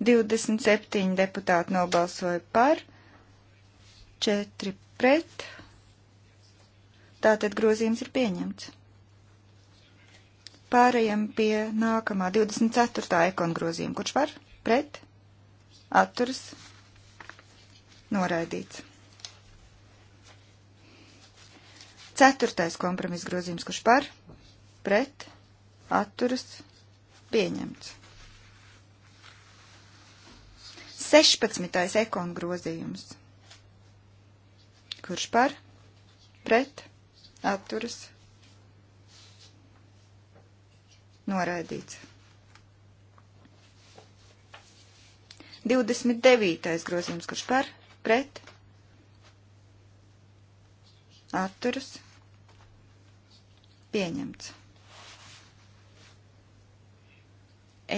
27 deputāti nobalsoja par, 4 pret. Tātad grozījums ir pieņemts. Pārējiem pie nākamā 24. ekon grozījuma. Kurš var? Pret? Atturs? Noraidīts. Ceturtais kompromiss grozījums, kurš par, pret, atturas, pieņemts. 16. ekonu grozījums. Kurš par? Pret? Atturas? Noraidīts. 29. grozījums, kurš par, pret, atturas, pieņemts.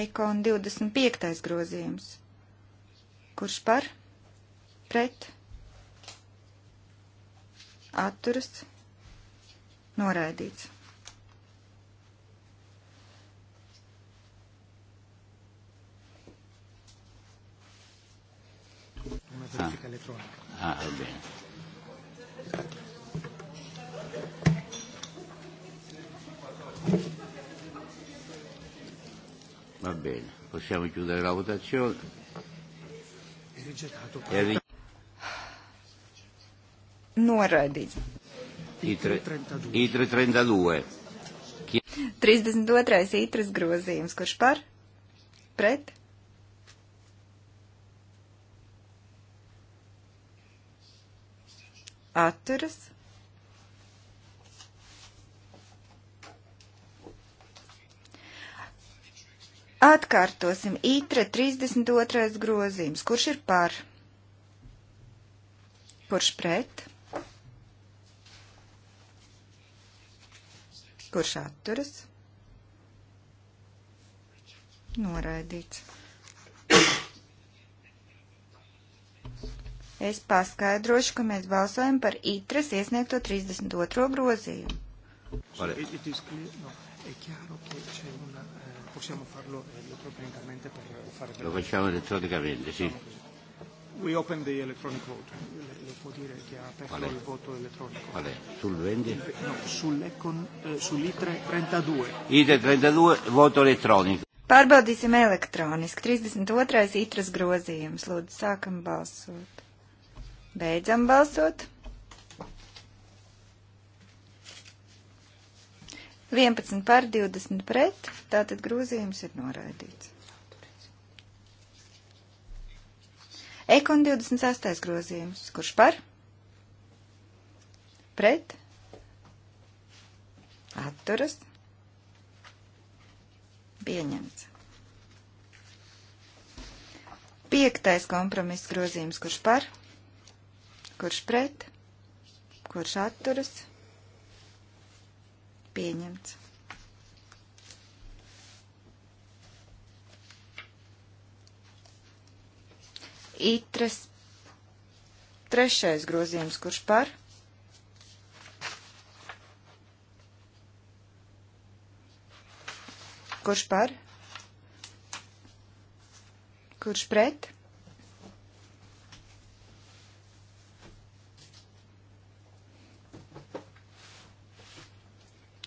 Ekon 25. grozījums Kurš par? Pret. Atturas. Noraidīts. Una verifica ah. elettronica. Ah, va ah, bene. Va bene, possiamo chiudere la votazione. Noraidīts. Itre 32. 32. ītras grozījums. Kurš par? Pret? Atturas? Atkārtosim ITRE 32. grozījums. Kurš ir par? Kurš pret? Kurš atturas? Noraidīts. Es paskaidrošu, ka mēs balsojam par ITRES iesniegto 32. grozījumu. Vale possiamo farlo elettronicamente per fare Lo facciamo elettronicamente, sì. We open the electronic vote. Le, le può dire che ha aperto Qual è? il voto elettronico. Qual è? Sul 20? No, sull'Econ, eh, sull'ITRE 32. ITRE 32, voto elettronico. Pārbaudīsim elektroniski. 32. itras grozījums. Lūdzu, sākam balsot. Beidzam balsot. 11 par 20 pret, tātad grozījums ir noraidīts. Ekon 26. grozījums. Kurš par? Pret? Atturas? Pieņemts. Piektais kompromiss grozījums. Kurš par? Kurš pret? Kurš atturas? Pieņemts Pieņemts. Itras trešais grozījums, kurš par? Kurš par? Kurš pret?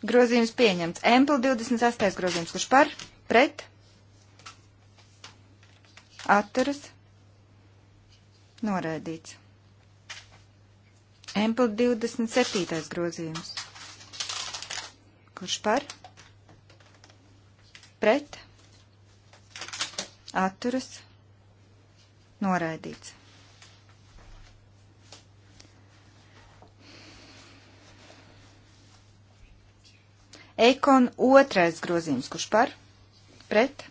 Grozījums pieņemts. Empel 28. grozījums. Kurš par? Pret? Atturas? Noraidīts. Empel 27. grozījums. Kurš par? Pret? Atturas? Noraidīts. Ekon otrais grozījums, kurš par, pret,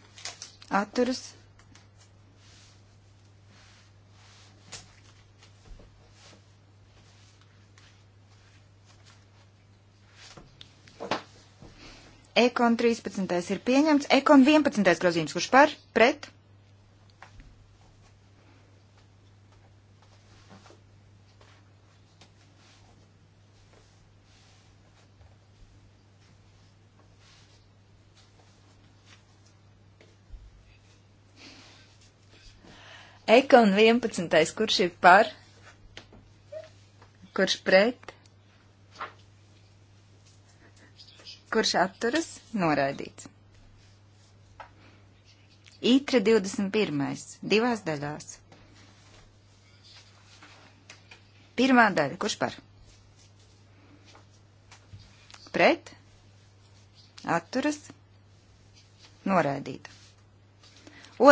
atturas. Ekon 13. ir pieņemts. Ekon 11. grozījums, kurš par, pret, atturas Ekon 11. Kurš ir par? Kurš pret? Kurš atturas? Noraidīts. Ītra 21. Divās daļās. Pirmā daļa. Kurš par? Pret? Atturas? Noraidīta.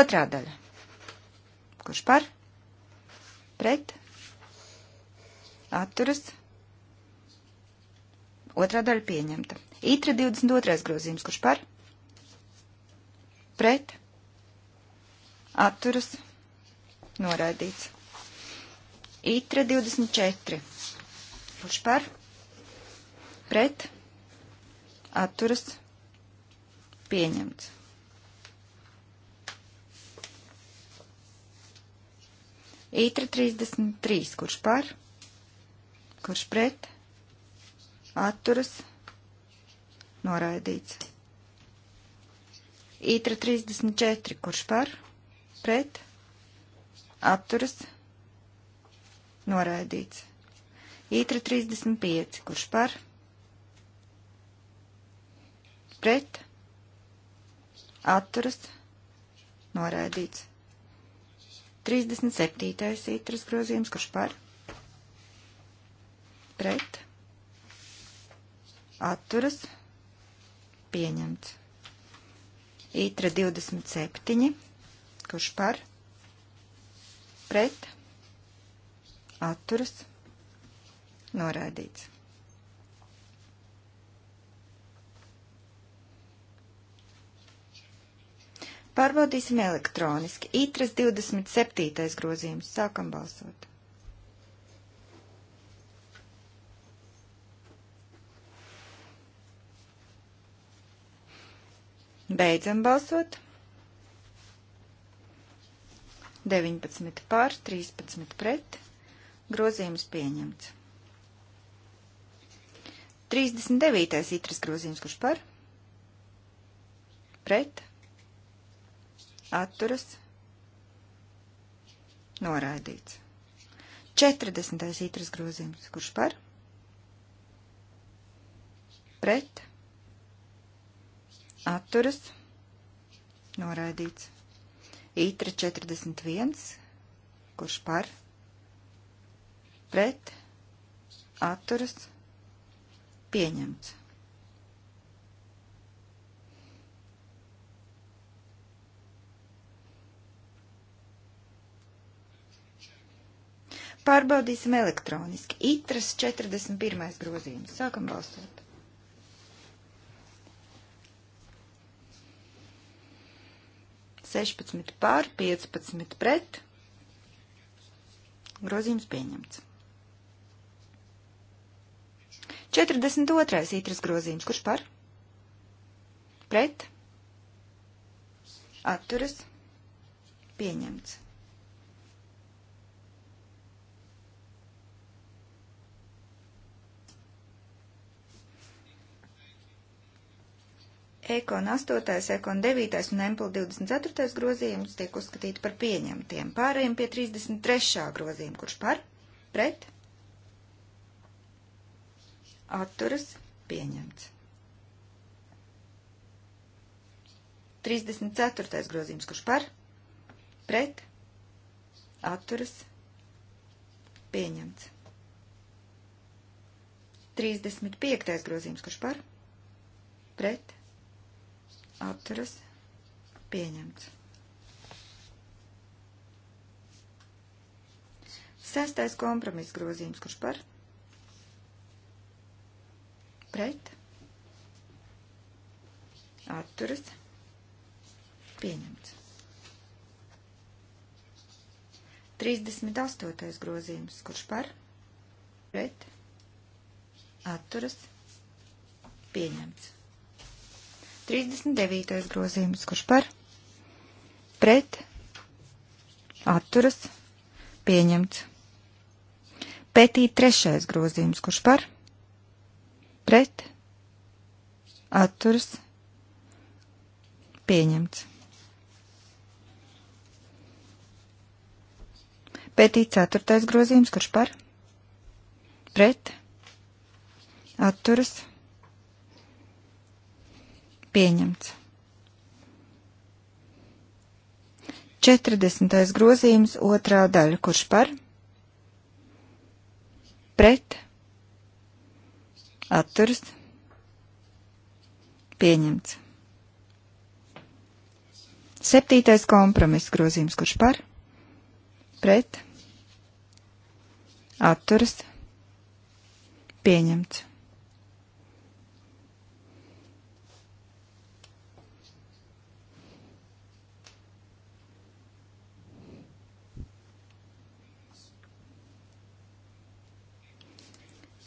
Otrā daļa. Kurš par? Pret? Atturas? Otrā daļa pieņemta. Itra 22. grozījums. Kurš par? Pret? Atturas? Noraidīts. Itra 24. Kurš par? Pret? Atturas? Pieņemts. Ītra 33, kurš par, kurš pret, atturas, noraidīts. Ītra 34, kurš par, pret, atturas, noraidīts. Ītra 35, kurš par, pret, atturas, noraidīts. 37. sītras grozījums, kurš par? Pret. Atturas. Pieņemts. Ītra 27. Kurš par? Pret. Atturas. Noraidīts. Pārbaudīsim elektroniski. Itras 27. grozījums. Sākam balsot. Beidzam balsot. 19 pār, 13 pret. Grozījums pieņemts. 39. itras grozījums, kurš par? Pret atturas, noraidīts. 40. ītras grozījums, kurš par, pret, atturas, noraidīts. Ītra 41, kurš par, pret, atturas, pieņemts. Pārbaudīsim elektroniski. Itras 41. grozījums. Sākam balsot. Sešpadsmit pār, piecpadsmit pret. Grozījums pieņemts. 42. ītras grozījums. Kurš par? Pret? Atturas? Pieņemts. Ekon 8, Ekon 9 un Empel 24 grozījums tiek uzskatīti par pieņemtiem. Pārējiem pie 33. grozījuma, kurš par, pret, atturas, pieņemts. 34. grozījums, kurš par, pret, atturas, pieņemts. 35. grozījums, kurš par, pret, atturas, pieņemts atturas pieņemts. Sestais kompromiss grozījums, kurš par? Pret. Atturas. Pieņemts. 38. grozījums, kurš par? Pret. Atturas. Pieņemts. 39. grozījums, kurš par pret atturas pieņemts. Pētī trešais grozījums, kurš par pret atturas pieņemts. Pētī ceturtais grozījums, kurš par pret atturas pieņemts Pieņemts. 40. grozījums otrā daļa, kurš par, pret, atturas, pieņemts. 7. kompromiss grozījums, kurš par, pret, atturas, pieņemts.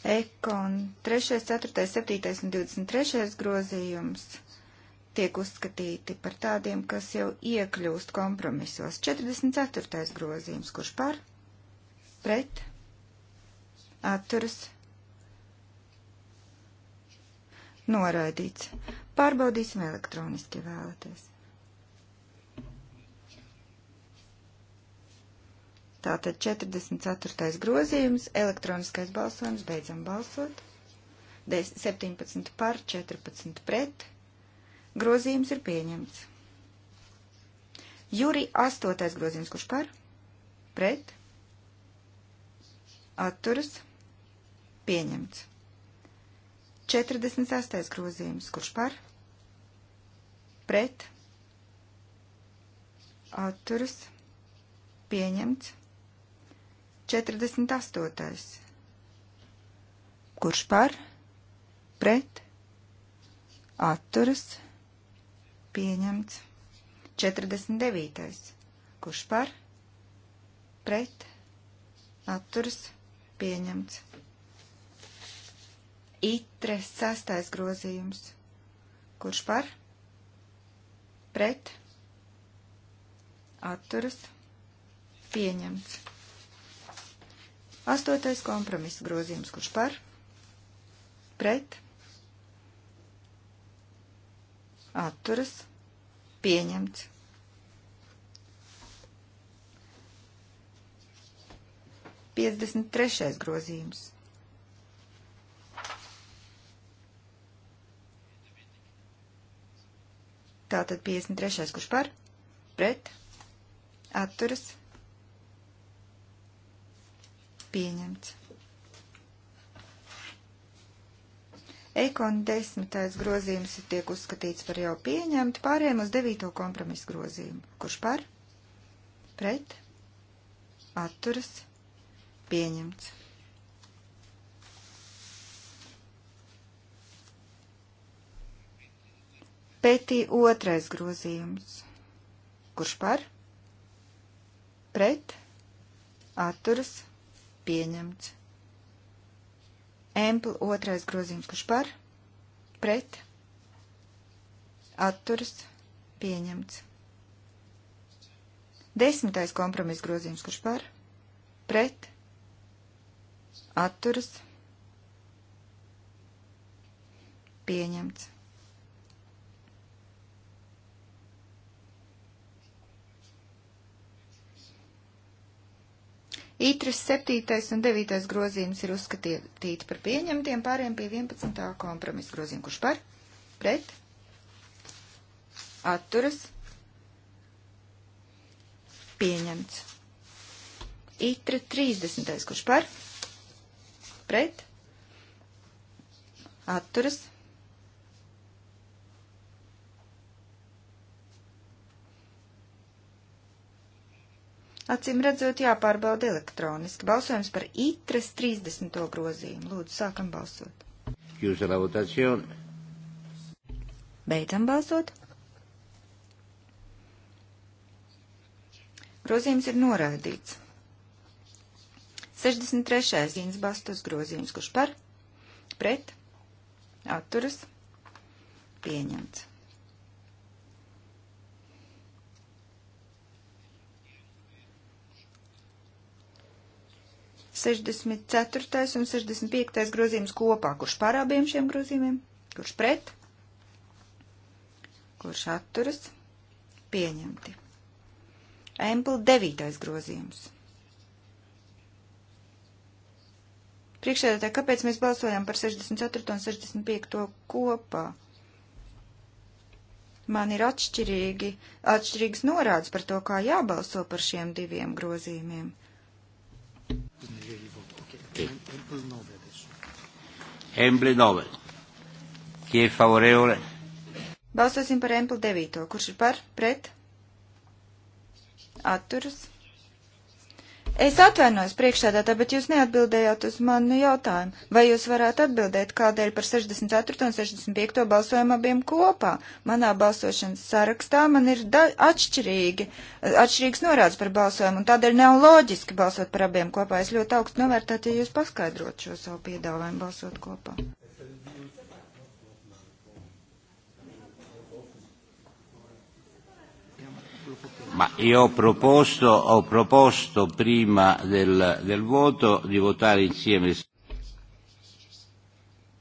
Ekon 3, 4, 7 un 23 grozījums tiek uzskatīti par tādiem, kas jau iekļūst kompromisos. 44. grozījums, kurš par, pret, atturas, noraidīts. Pārbaudīsim elektroniski vēlaties. Tātad 44. grozījums, elektroniskais balsojums, beidzam balsot. 17 par, 14 pret. Grozījums ir pieņemts. Juri 8. grozījums, kurš par? Pret. Atturas. Pieņemts. 48. grozījums, kurš par? Pret. Atturas. Pieņemts. 48. Kurš par? Pret? Atturas? Pieņemts. 49. Kurš par? Pret? Atturas? Pieņemts. Itre sastais grozījums. Kurš par? Pret? Atturas? Pieņemts. Astotais kompromiss grozījums, kurš par, pret, atturas, pieņemts. Piecdesmit trešais grozījums. Tātad 53. kurš par, pret, atturas, pieņemts Pieņemts. Ekon desmitais grozījums tiek uzskatīts par jau pieņemtu, pārējiem uz devīto kompromisu grozījumu. Kurš par? Pret? Atturas? Pieņemts. Pētī otrais grozījums. Kurš par? Pret? Atturas? Pieņemts pieņemts. Empl otrais grozījums, kurš par, pret, atturas, pieņemts. Desmitais kompromiss grozījums, kurš par, pret, atturas, pieņemts. Itris 7. un 9. grozījums ir uzskatīti par pieņemtiem, pāriem pie 11. kompromisa grozījuma. Kurš par? Pret? Atturas? Pieņemts. Itra 30. Kurš par? Pret? Atturas? Pieņemts Acīm redzot, jāpārbauda elektroniski. Balsojums par e ITRES 30. grozījumu. Lūdzu, sākam balsot. Chiusa la votazione. Beidzam balsot. Grozījums ir noraidīts. 63. Zīnas Bastos grozījums, kurš par, pret, atturas, pieņemts. 64. un 65. grozījums kopā, kurš par abiem šiem grozījumiem, kurš pret, kurš atturas, pieņemti. Empel 9. grozījums. Priekšsēdētāji, kāpēc mēs balsojam par 64. un 65. kopā? Man ir atšķirīgi, atšķirīgas norādes par to, kā jābalso par šiem diviem grozījumiem. Sì. Emple 9. Chi è favorevole? Balsosim par Emple 9. Kurš ir par? Pret? Atturas? Es atvainojos priekšsēdētā, bet jūs neatbildējāt uz manu jautājumu. Vai jūs varētu atbildēt, kādēļ par 64. un 65. balsojumu abiem kopā? Manā balsošanas sarakstā man ir atšķirīgi, atšķirīgs norāds par balsojumu, un tādēļ nav loģiski balsot par abiem kopā. Es ļoti augstu novērtētu, ja jūs paskaidrotu šo savu piedāvājumu balsot kopā. Ma io ho proposto, ho proposto prima del, del voto di votare insieme.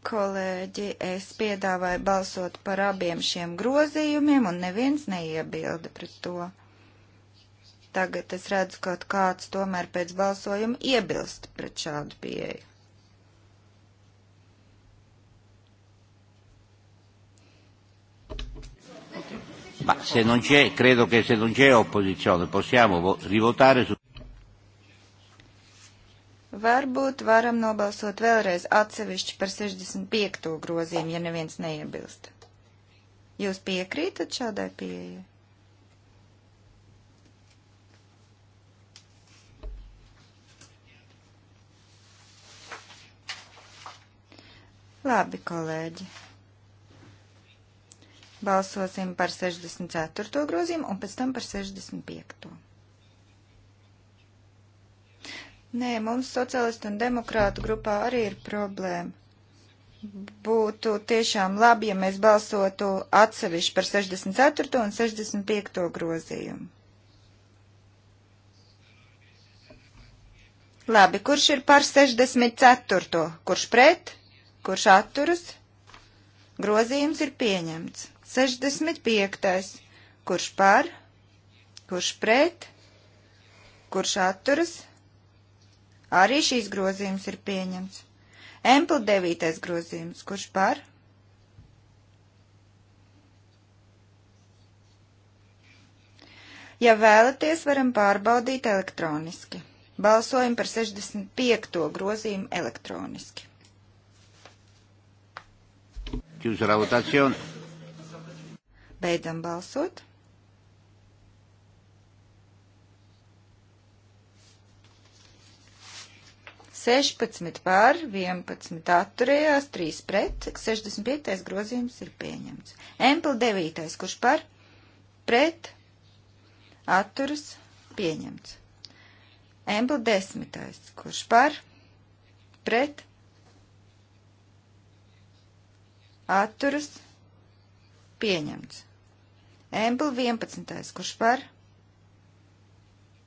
Kolēģi, es piedāvāju balsot par abiem šiem grozījumiem, un neviens neiebilda pret to. Tagad es redzu, ka kāds tomēr pēc balsojuma iebilst pret šādu pieeju. Ma se non c'è, credo che se non c'è opposizione possiamo rivotare su. Varbūt varam nobalsot vēlreiz atsevišķi par 65. grozījumu, ja neviens neiebilst. Jūs piekrītat šādai pieejai? Labi, kolēģi. Balsosim par 64. grozījumu un pēc tam par 65. Nē, mums socialistu un demokrātu grupā arī ir problēma. Būtu tiešām labi, ja mēs balsotu atsevišķi par 64. un 65. grozījumu. Labi, kurš ir par 64. kurš pret, kurš atturas? Grozījums ir pieņemts. 65. Kurš par? Kurš pret? Kurš atturas? Arī šīs grozījums ir pieņemts. Empl 9. grozījums. Kurš par? Ja vēlaties, varam pārbaudīt elektroniski. Balsojam par 65. grozījumu elektroniski. Chiusa la votazione. Beidzam balsot. Sešpadsmit pār, vienpadsmit atturējās, trīs pret, sešdesmit piektais grozījums ir pieņemts. Empel devītais, kurš par, pret, atturas, pieņemts. Empel desmitais, kurš par, pret, atturas, pieņemts. Empl 11. Kurš par?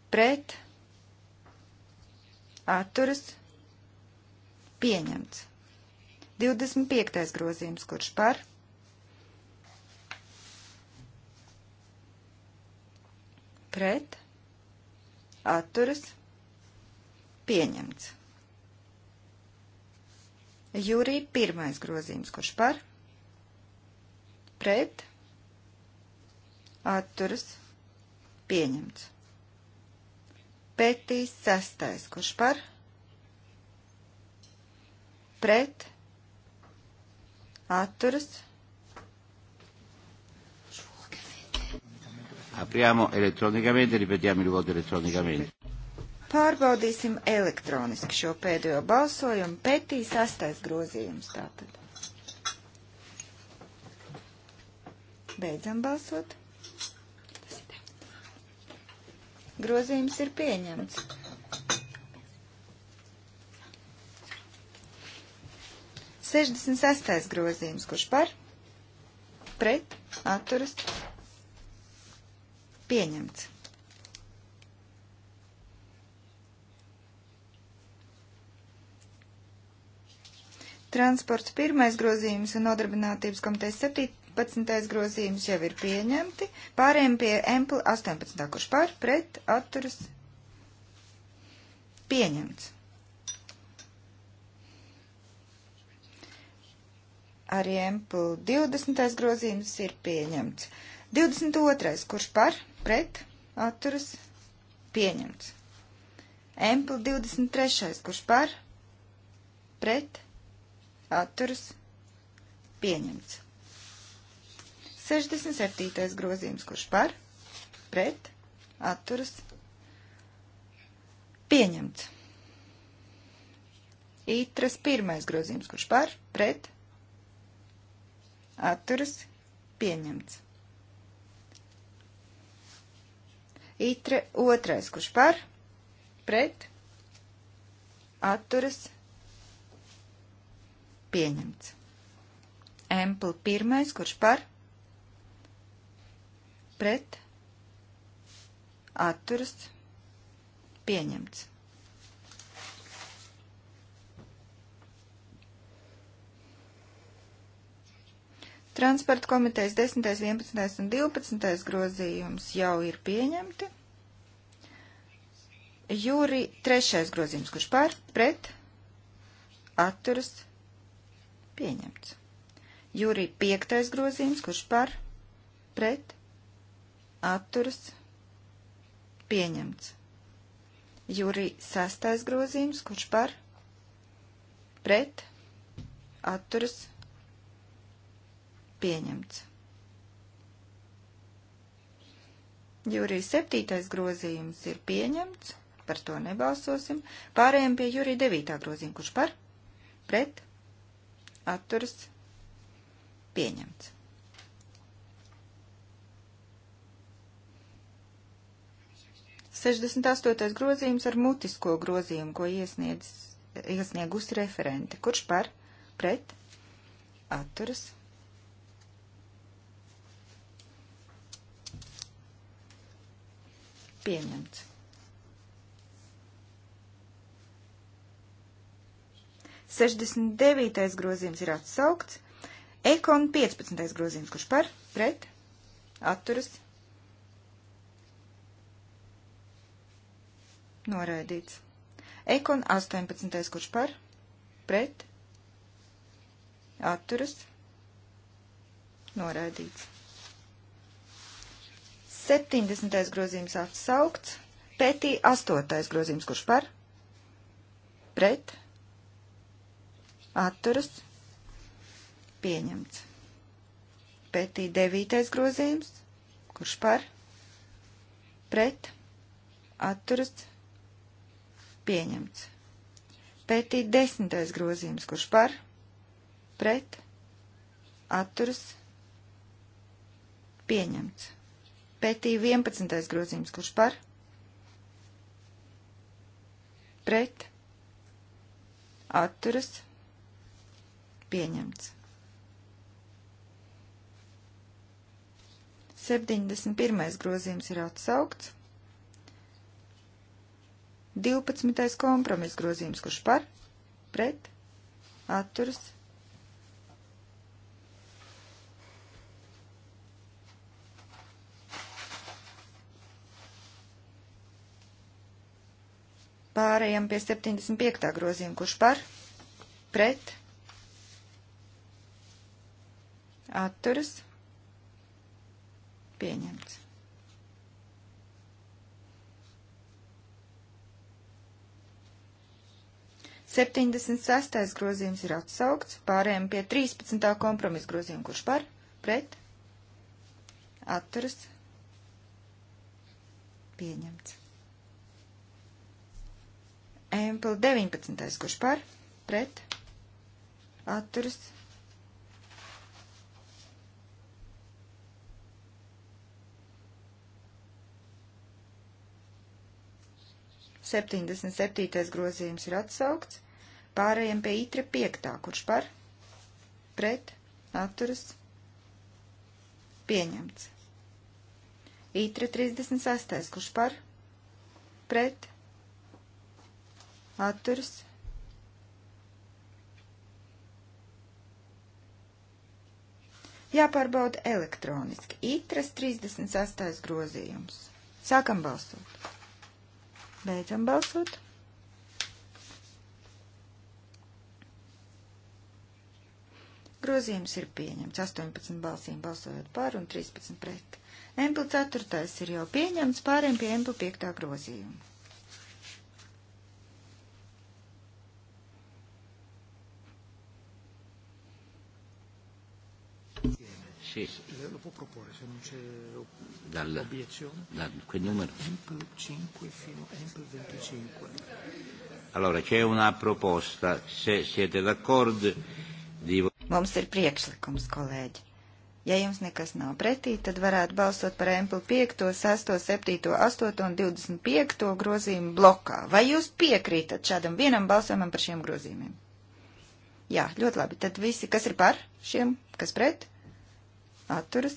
Pret. Atturas. Pieņemts. 25. grozījums. Kurš par? Pret. Atturas. Pieņemts. Jūrī pirmais grozījums. Kurš par? Pret atturas pieņemts. Pētīs sestais, kurš par pret atturas. Apriamo elettronicamente, ripetiamo il voto elettronicamente. Pārbaudīsim elektroniski šo pēdējo balsojumu. Pētī sastais grozījums tātad. Beidzam balsot. Grozījums ir pieņemts. Sešdesmit sestais grozījums, kurš par, pret, atturas, pieņemts. Transports pirmais grozījums un nodarbinātības komitejas septītais 17. grozījums jau ir pieņemti. Pārējiem pie Empli 18. kurš par pret atturas pieņemts. Arī Empli 20. grozījums ir pieņemts. 22. kurš par pret atturas pieņemts. Empli 23. kurš par pret atturas pieņemts pieņemts. 67. grozījums, kurš par, pret, atturas, pieņemts. Ītras pirmais grozījums, kurš par, pret, atturas, pieņemts. Itre otrais, kurš par, pret, atturas, pieņemts. Empli pirmais, kurš par, pret pret, atturas, pieņemts. Transporta komitejas 10., 11. un 12. grozījums jau ir pieņemti. Jūri trešais grozījums, kurš pār, pret, atturas, pieņemts. Jūri piektais grozījums, kurš par, pret, atturas pieņemts. Jūri sastais grozījums, kurš par pret atturas pieņemts. Jūrija septītais grozījums ir pieņemts, par to nebalsosim. Pārējiem pie jūrija devītā grozījuma, kurš par pret atturas pieņemts. 68. grozījums ar mutisko grozījumu, ko iesniedz, iesniegusi referente. Kurš par? Pret? Atturas? Pieņemts. Sešdesmit devītais grozījums ir atsaukts. Ekon 15. grozījums, kurš par, pret, atturas, noraidīts. Ekon 18. kurš par, pret, atturas, noraidīts. 70. grozījums atsaukts, pētī 8. grozījums kurš par, pret, atturas, pieņemts. Pētī 9. grozījums, kurš par, pret, atturas, pieņemts Pieņemts. Pētī desmitais grozījums, kurš par, pret, atturas, pieņemts. Pētī vienpadsmitais grozījums, kurš par, pret, atturas, pieņemts. 71. grozījums ir atsaukts. 12. kompromiss grozījums, kurš par, pret, atturas. Pārējām pie 75. grozījuma, kurš par, pret, atturas, pieņemts. 76. grozījums ir atsaukts, pārējām pie 13. kompromisa grozījuma, kurš par, pret, atturas, pieņemts. Empel 19. kurš par, pret, atturas, Septiņdesmit septītais grozījums ir atsaukts. Pārējiem pie itre piektā, kurš par, pret, atturas, pieņemts. Itre 36, kurš par, pret, atturas, jāpārbauda elektroniski. Itras 38. grozījums. Sākam balsot. Beidzam balsot. Grozījums ir pieņemts 18 balsīm balsojot par un 13 pret. Empl 4. ir jau pieņemts pāriem pie Empl 5. grozījuma. Sì. Lo può proporre se non c'è dal, obiezione? Da quel numero. Ample 5 fino a Ample 25. Allora c'è una proposta, se siete d'accordo, di Mums ir priekšlikums, kolēģi. Ja jums nekas nav pretī, tad varētu balsot par Emplu 5, 6, 7, 8 un 25 grozījumu blokā. Vai jūs piekrītat šādam vienam balsojumam par šiem grozījumiem? Jā, ļoti labi. Tad visi, kas ir par šiem, kas pret, atturas,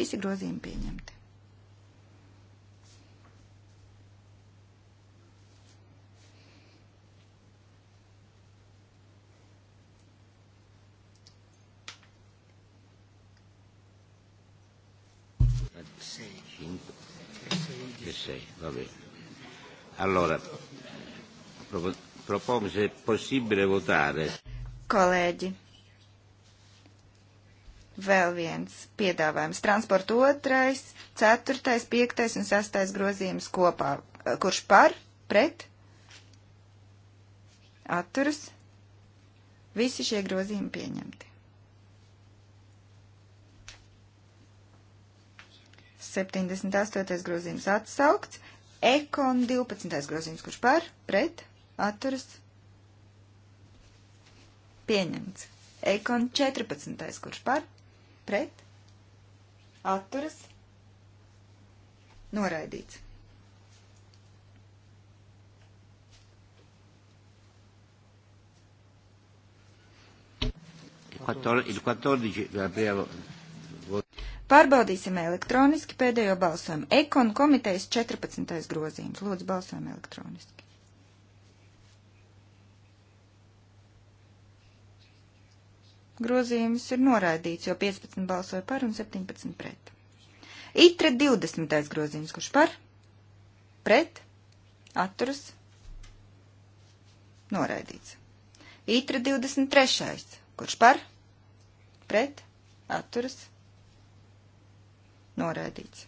visi grozījumi pieņemti. 26, va bene. Allora, propo, propongo se è possibile votare. Kolēģi, vēl viens piedāvājums. Transporta otrais, ceturtais, piektais un sastais grozījums kopā. Kurš par, pret, atturas, visi šie grozījumi pieņemti. 78. grozījums atsaukts. Ekon 12. grozījums, kurš par, pret, atturas, pieņemts. Ekon 14. kurš par, pret, atturas, noraidīts. Il 14 l'abbiamo Pārbaudīsim elektroniski pēdējo balsojumu. Ekon komitejas 14. grozījums. Lūdzu, balsojam elektroniski. Grozījums ir noraidīts, jo 15 balsoja par un 17 pret. Itre 20. grozījums, kurš par, pret, atturas, noraidīts. Itre 23. kurš par, pret, atturas, noraidīts noraidīts.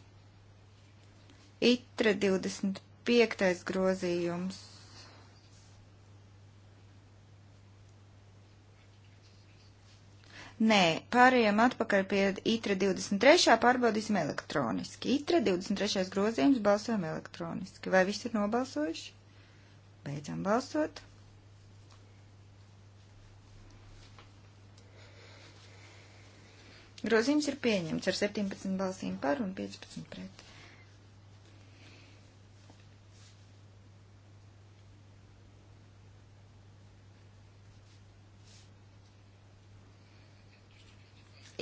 Itra 25. grozījums. Nē, pārējām atpakaļ pie itra 23. pārbaudīsim elektroniski. Itra 23. grozījums balsojam elektroniski. Vai visi ir nobalsojuši? Beidzam balsot. Grozījums ir pieņemts ar 17 balsīm par un 15 pret.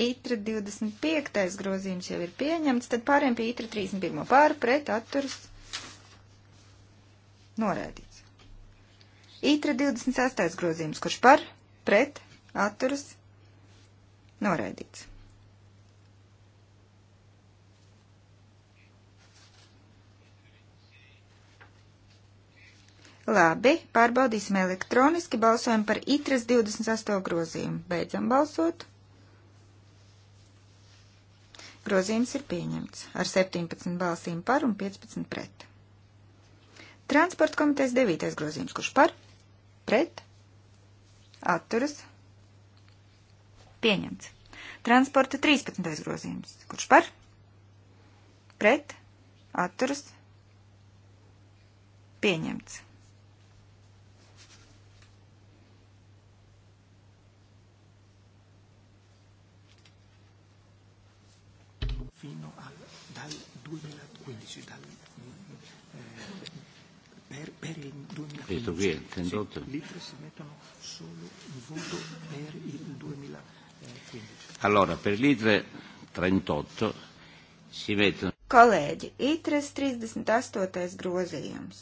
Itra 25. grozījums jau ir pieņemts, tad pāriem pie Itra 31. pār pret atturs norēdīts. Itra 26. grozījums, kurš par pret atturs norēdīts. Labi, pārbaudīsim elektroniski, balsojam par itras 28 grozījumu. Beidzam balsot. Grozījums ir pieņemts ar 17 balsīm par un 15 pret. Transporta komitejas 9. grozījums, kurš par, pret, atturas, pieņemts. Transporta 13. grozījums, kurš par, pret, atturas, pieņemts. fino al dal 2015, dal, eh, per, per il 2015. Sì, lì si mettono solo in voto per il 2015. Allora, per l'ITRE 38 si mettono. Kolēģi, ITRES 38. grozījums,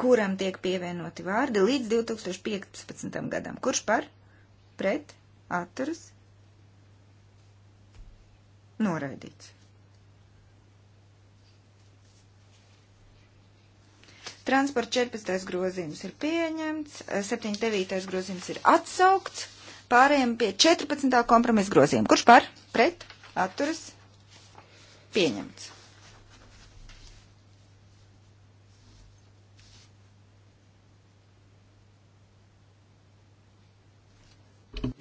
kuram tiek pievienoti vārdi līdz 2015. gadam. Kurš par? Pret? Atturas? Noraidīts. Transporta 14. grozījums ir pieņemts, 79. grozījums ir atsaukts, pārējiem pie 14. kompromisa grozījuma. Kurš par? Pret? Atturas? Pieņemts.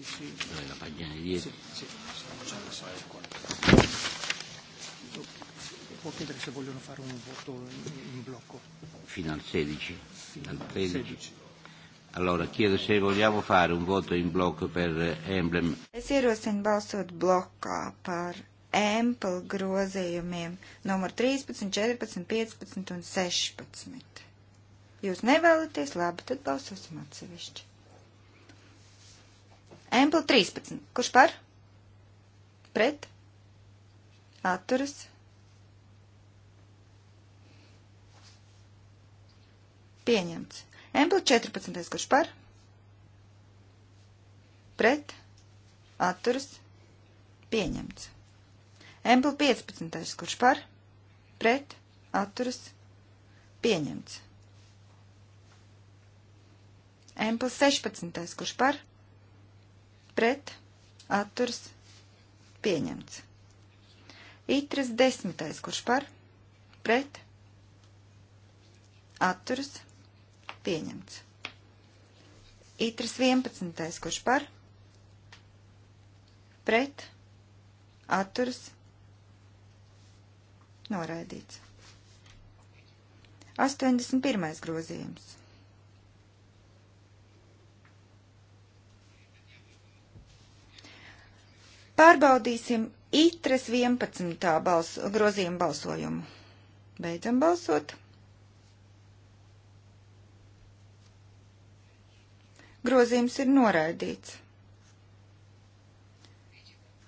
Sì, sì può chiedere se vogliono fare un voto in, in blocco. Fino al 16? Fino al 13. 16. Allora, chiedo se vogliamo fare un voto in blocco per Emblem. Es ierosinu balsot blokā par Ample grozījumiem numur 13, 14, 15 un 16. Jūs nevēlaties, labi, tad balsosim atsevišķi. Ample 13. Kurš par? Pret? Atturas? pieņemts. Emplu 14. kurš par? Pret. Atturas. Pieņemts. Emplu 15. kurš par? Pret. Atturas. Pieņemts. Emplu 16. kurš par? Pret. Atturas. Pieņemts. Itras 10. kurš par? Pret. Atturas. Pieņemts Pieņemts. Itras 11. Kurš par? Pret. Atturas. Noraidīts. 81. grozījums. Pārbaudīsim itres 11. Balso, grozījuma balsojumu. Beidzam balsot. Grozījums ir noraidīts.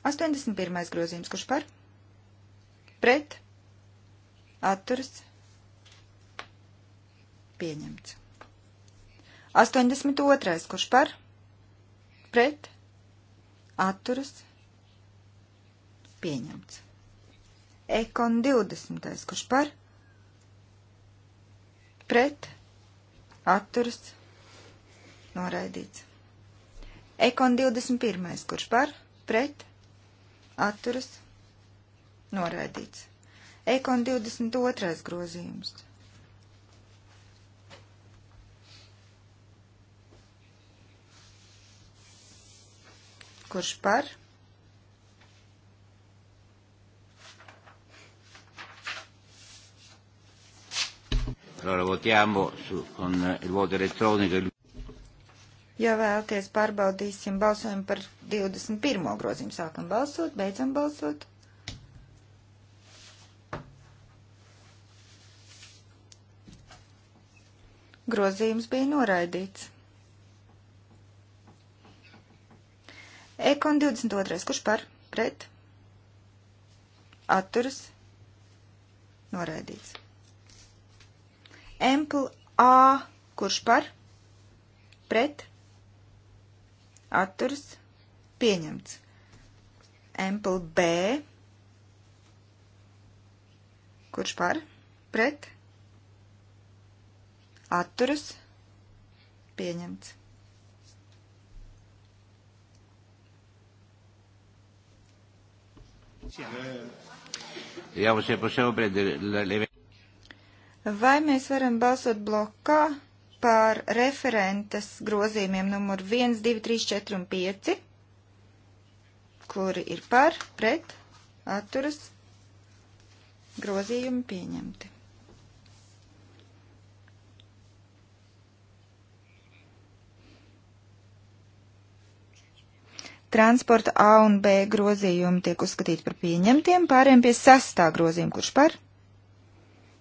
81. grozījums, kurš par? Pret. Atturs. Pieņemts. 82. kurš par? Pret. Atturs. Pieņemts. Ekon 20. kurš par? Pret. Atturs. Pieņemts Noraidīts. Ekon 21. Kurš par? Pret? Atturas? Noraidīts. Ekon 22. grozījums. Kurš par? Allora votiamo su, con il voto elettronico. Ja vēlaties, pārbaudīsim balsojumu par 21. grozījumu. Sākam balsot, beidzam balsot. Grozījums bija noraidīts. Ekon 22. Kurš par? Pret? Atturas? Noraidīts. Empl A. Kurš par? Pret? atturs pieņemts. Ample B, kurš par, pret, atturs pieņemts. Vai mēs varam balsot blokā? par referentes grozījumiem numur 1, 2, 3, 4 un 5, kuri ir par, pret, atturas, grozījumi pieņemti. Transporta A un B grozījumi tiek uzskatīti par pieņemtiem, pāriem pie sastā grozījuma, kurš par,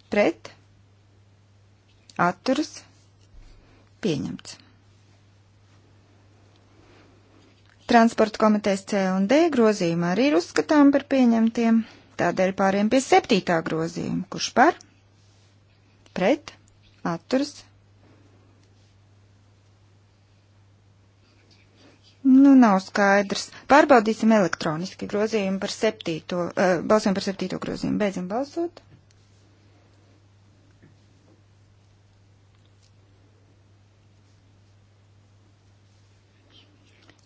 pret, atturas, Pieņemts. Transporta komitejas C un D grozījuma arī ir uzskatām par pieņemtiem, tādēļ pāriem pie septītā grozījuma, kurš par, pret, atturs. Nu, nav skaidrs. Pārbaudīsim elektroniski grozījumu par septīto, uh, eh, balsojumu par septīto grozījumu. Beidzam balsot.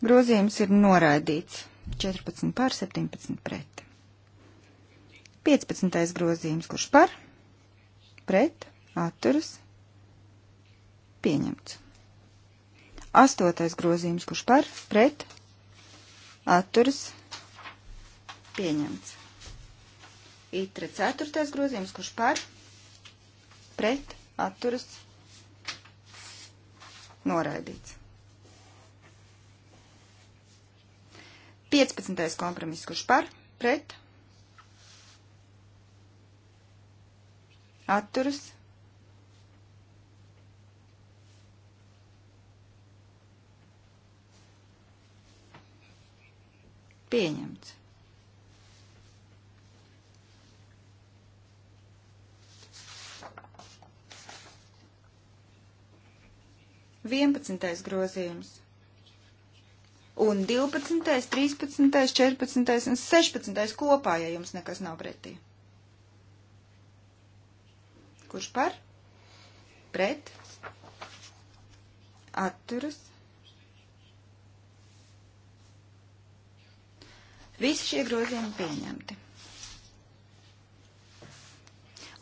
Grozījums ir noraidīts. 14 pār 17 pret. 15. grozījums, kurš par, pret, atturas, pieņemts. 8. grozījums, kurš par, pret, atturas, pieņemts. Itra 4. grozījums, kurš par, pret, atturas, noraidīts. 15. kompromiss, kurš par, pret, atturas. Pieņemts. Vienpadsmitais grozījums. Un 12., 13., 14. un 16. kopā, ja jums nekas nav pretī. Kurš par? Pret? Atturas? Visi šie grozījumi pieņemti.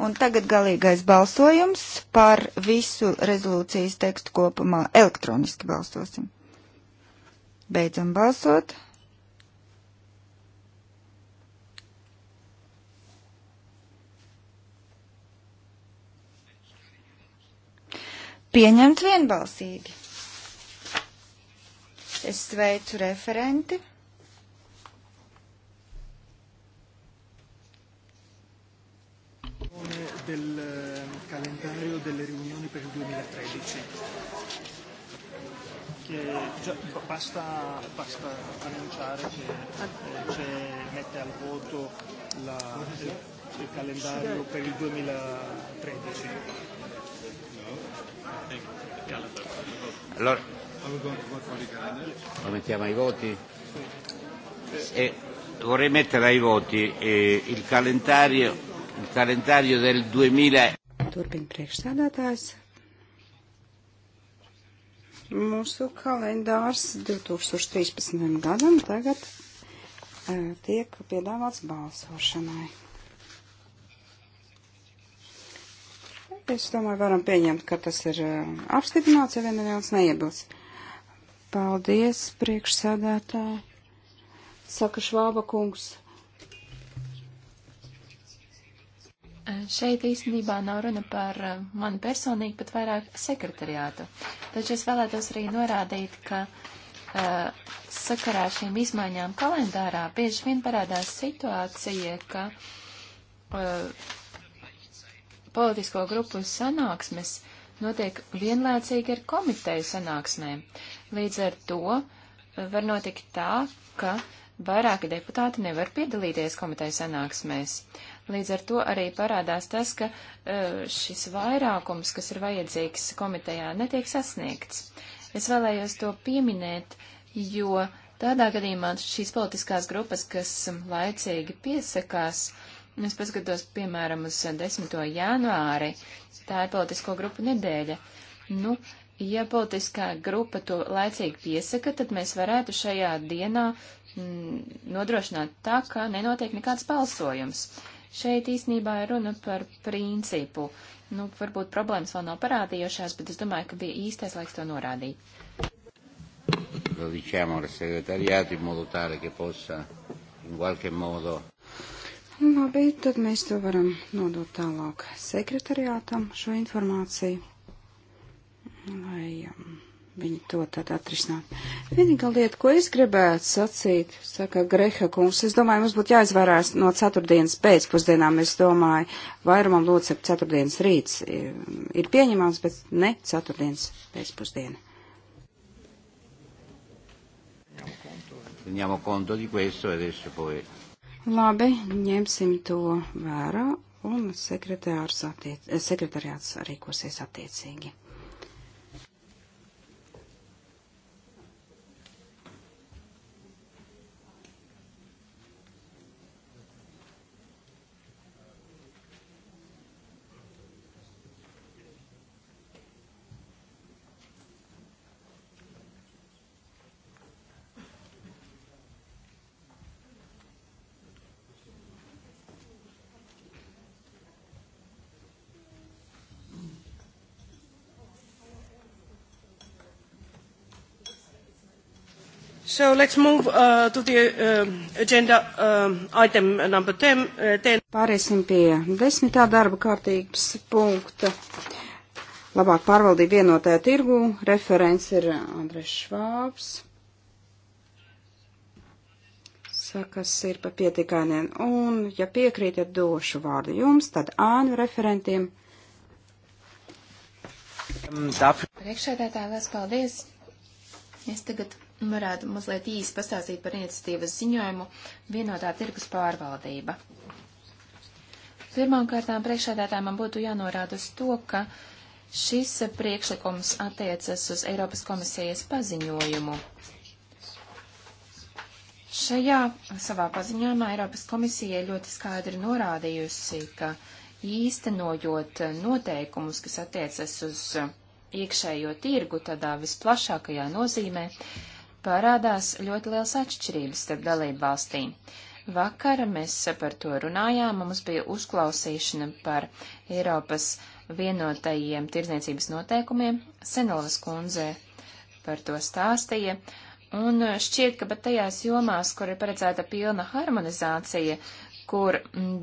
Un tagad galīgais balsojums par visu rezolūcijas tekstu kopumā. Elektroniski balsosim. Beidzam balsot. Pieņemt vienbalsīgi. Es sveicu referenti. del eh, calendario delle riunioni per il 2013 che già, basta, basta annunciare che eh, c'è, mette al voto la, il, il calendario per il 2013. Allora, lo mettiamo ai voti? E vorrei mettere ai voti eh, il, calendario, il calendario del 2000. Turpin priekšsēdētājs. Mūsu kalendārs 2013. gadam tagad e, tiek piedāvāts balsošanai. Es domāju, varam pieņemt, ka tas ir e, apstiprināts, ja vien neviens neiebilst. Paldies, priekšsēdētāji, saka Švāba kungs. Šeit īstenībā nav runa par eh, mani personīgi, bet vairāk sekretariātu. Taču es vēlētos arī norādīt, ka uh, sakarā ar šīm izmaiņām kalendārā bieži vien parādās situācija, ka uh, politisko grupu sanāksmes notiek vienlaicīgi ar komiteju sanāksmēm. Līdz ar to var notikt tā, ka vairāki deputāti nevar piedalīties komiteju sanāksmēs. Uh, Līdz ar to arī parādās tas, ka e, šis vairākums, kas ir vajadzīgs komitejā, netiek sasniegts. Es vēlējos to pieminēt, jo tādā gadījumā šīs politiskās grupas, kas laicīgi piesakās, Es paskatos, piemēram, uz 10. janvāri, tā ir politisko grupu nedēļa. Nu, ja politiskā grupa to laicīgi piesaka, tad mēs varētu šajā dienā mm, nodrošināt tā, ka nenotiek nekāds balsojums. Šeit īsnībā ir runa par principu. Nu, varbūt problēmas vēl nav parādījušās, bet es domāju, ka bija īstais laiks to norādīt. Lo diciamo al segretariato in modo tale che possa in qualche modo. Nu, labi, tad mēs to varam nodot tālāk sekretariātam šo informāciju, lai um, viņi to tad atrisināt. Vienīgā lieta, ko es gribētu sacīt, saka Greha kungs, es domāju, mums būtu jāizvairās no ceturtdienas pēcpusdienām, es domāju, vairumam lūdzu, ka ceturtdienas rīts ir pieņemams, bet ne ceturtdienas pēcpusdiena. E Labi, ņemsim to vērā un sekretārs attiec, eh, sekretariāts rīkosies attiecīgi. So let's move uh, to the uh, agenda um, item number 10. Uh, 10. Pāriesim pie desmitā darba kārtības punkta. Labāk pārvaldība vienotajā tirgu. Referents ir Andres Švābs. Sakas ir pa pietikainiem. Un, ja piekrītat, došu vārdu jums, tad ānu referentiem. Priekšēdētāji, liels paldies! Es tagad varētu mazliet īsi pastāstīt par iniciatīvas ziņojumu vienotā tirgus pārvaldība. Pirmām kārtām priekšādātājiem man būtu jānorāda uz to, ka šis priekšlikums attiecas uz Eiropas komisijas paziņojumu. Šajā savā paziņojumā Eiropas komisija ļoti skaidri norādījusi, ka īstenojot noteikumus, kas attiecas uz iekšējo tirgu tādā visplašākajā nozīmē, uh, parādās ļoti liels atšķirības starp dalību valstīm. Vakar mēs par to runājām, mums bija uzklausīšana par Eiropas vienotajiem tirdzniecības noteikumiem. Senelovas kundze par to stāstīja. Un šķiet, ka pat tajās jomās, kur ir paredzēta pilna harmonizācija, kur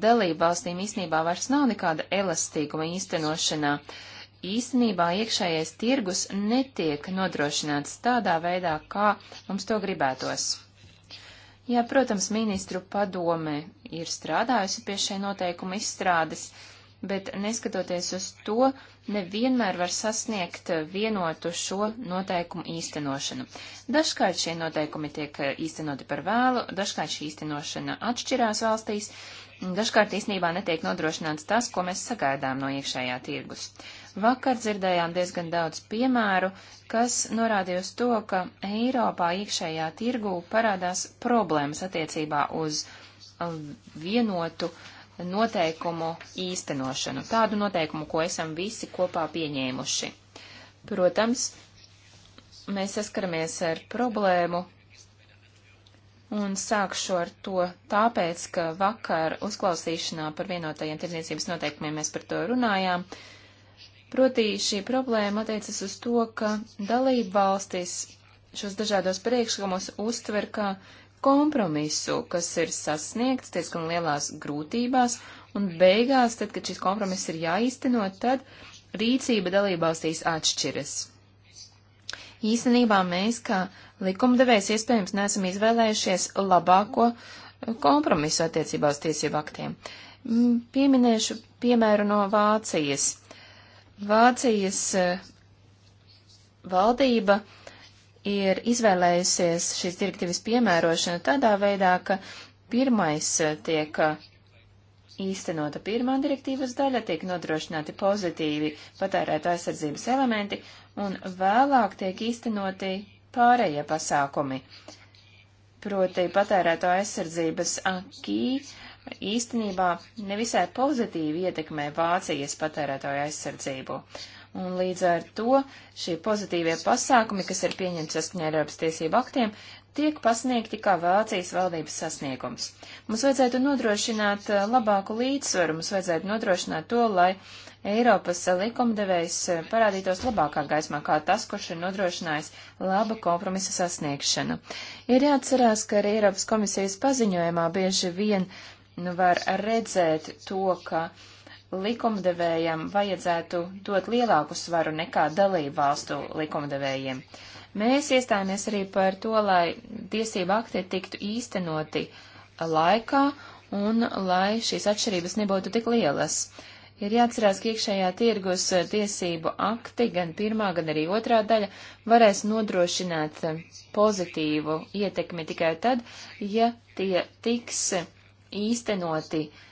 dalību valstīm īstenībā vairs nav nekāda elastīguma īstenošanā, uh, īstenībā iekšējais tirgus netiek nodrošināts tādā veidā, kā mums to gribētos. Jā, protams, ministru padome ir strādājusi pie šai noteikuma izstrādes, uh, bet neskatoties uz to, nevienmēr var sasniegt eh, vienotu šo noteikumu īstenošanu. Dažkārt šie noteikumi tiek eh, īstenoti par vēlu, dažkārt šī īstenošana atšķirās valstīs, dažkārt īstenībā netiek nodrošināts tas, ko mēs sagaidām no iekšējā tirgus. Vakar dzirdējām diezgan daudz piemēru, kas norādīja uz to, ka Eiropā iekšējā tirgū parādās problēmas attiecībā uz eh, vienotu uh, noteikumu īstenošanu, tādu noteikumu, ko esam visi kopā pieņēmuši. Protams, mēs saskaramies ar problēmu, un sākšu ar to tāpēc, ka vakar uzklausīšanā par vienotajiem tirdzniecības noteikumiem mēs par to runājām. Proti šī problēma attiecas uz to, ka dalība valstis šos dažādos priekšlikumus uztver kā kompromisu, kas ir sasniegts diezgan lielās grūtībās, un beigās, tad, kad šis kompromiss ir jāīsteno, tad rīcība dalībvalstīs atšķiras. Īstenībā mēs, kā likumdevējs, iespējams, neesam izvēlējušies labāko eh, kompromisu attiecībā uz tiesību aktiem. Mm, pieminēšu piemēru no Vācijas. Vācijas eh, valdība uh, ir izvēlējusies šīs direktīvas piemērošanu tādā veidā, ka pirmais eh, tiek eh, īstenota pirmā direktīvas daļa, tiek nodrošināti pozitīvi patērēta aizsardzības elementi, un vēlāk tiek īstenoti pārējie pasākumi. Proti patērēto aizsardzības akī īstenībā nevisai pozitīvi ietekmē Vācijas patērētāju aizsardzību. Uh, Un līdz ar to šie pozitīvie pasākumi, kas ir pieņemti saskaņā ar Eiropas tiesību aktiem, tiek pasniegti kā Vācijas valdības sasniegums. Mums vajadzētu nodrošināt eh, labāku līdzsvaru, mums vajadzētu nodrošināt to, lai Eiropas likumdevējs eh, parādītos labākā gaismā kā tas, kurš ir nodrošinājis laba kompromisa sasniegšanu. Ir jāatcerās, ka arī Eiropas komisijas paziņojumā bieži vien nu, var redzēt to, ka uh, likumdevējam vajadzētu dot lielāku svaru nekā dalību valstu likumdevējiem. Mēs iestājāmies arī par to, lai tiesība akti tiktu īstenoti laikā un lai šīs atšķirības nebūtu tik lielas. Ir jāatcerās, ka iekšējā tirgus tiesību akti, gan pirmā, gan arī otrā daļa, varēs nodrošināt pozitīvu ietekmi tikai tad, ja tie tiks īstenoti uh,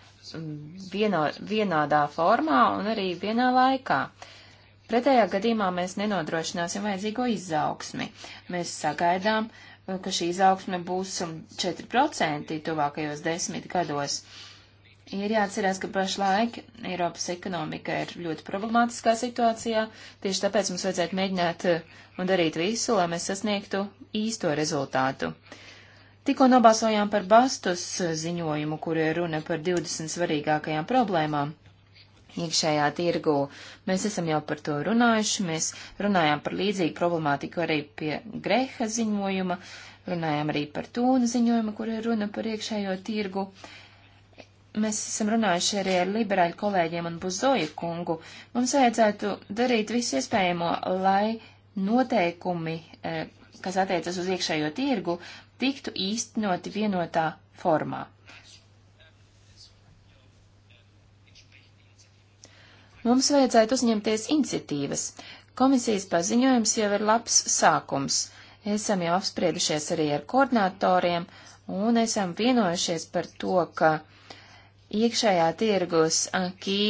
vieno, vienādā formā un arī vienā laikā. Pretējā gadījumā mēs nenodrošināsim vajadzīgo izaugsmi. Mēs sagaidām, ka šī izaugsme būs 4% tuvākajos desmit gados. Ir jāatcerās, ka pašlaik Eiropas ekonomika ir ļoti problemātiskā situācijā, tieši tāpēc mums vajadzētu mēģināt eh, un darīt visu, lai mēs sasniegtu īsto rezultātu. Uh, Tikko nobalsojām par Bastus ziņojumu, kur ir runa par 20 svarīgākajām problēmām iekšējā tirgū. Mēs esam jau par to runājuši, mēs runājām par līdzīgu problemātiku arī pie Greha ziņojuma, runājām arī par Tūna ziņojumu, kur ir runa par iekšējo tirgu. Mēs esam runājuši arī ar liberāļu kolēģiem un Buzoju kungu. Mums vajadzētu darīt visu iespējamo, lai noteikumi, eh, kas attiecas uz iekšējo tirgu, tiktu īstenoti vienotā formā. Mums vajadzētu uzņemties iniciatīvas. Komisijas paziņojums jau ir labs sākums. Esam jau apspriedušies arī ar koordinatoriem un esam vienojušies par to, ka iekšējā tirgus akī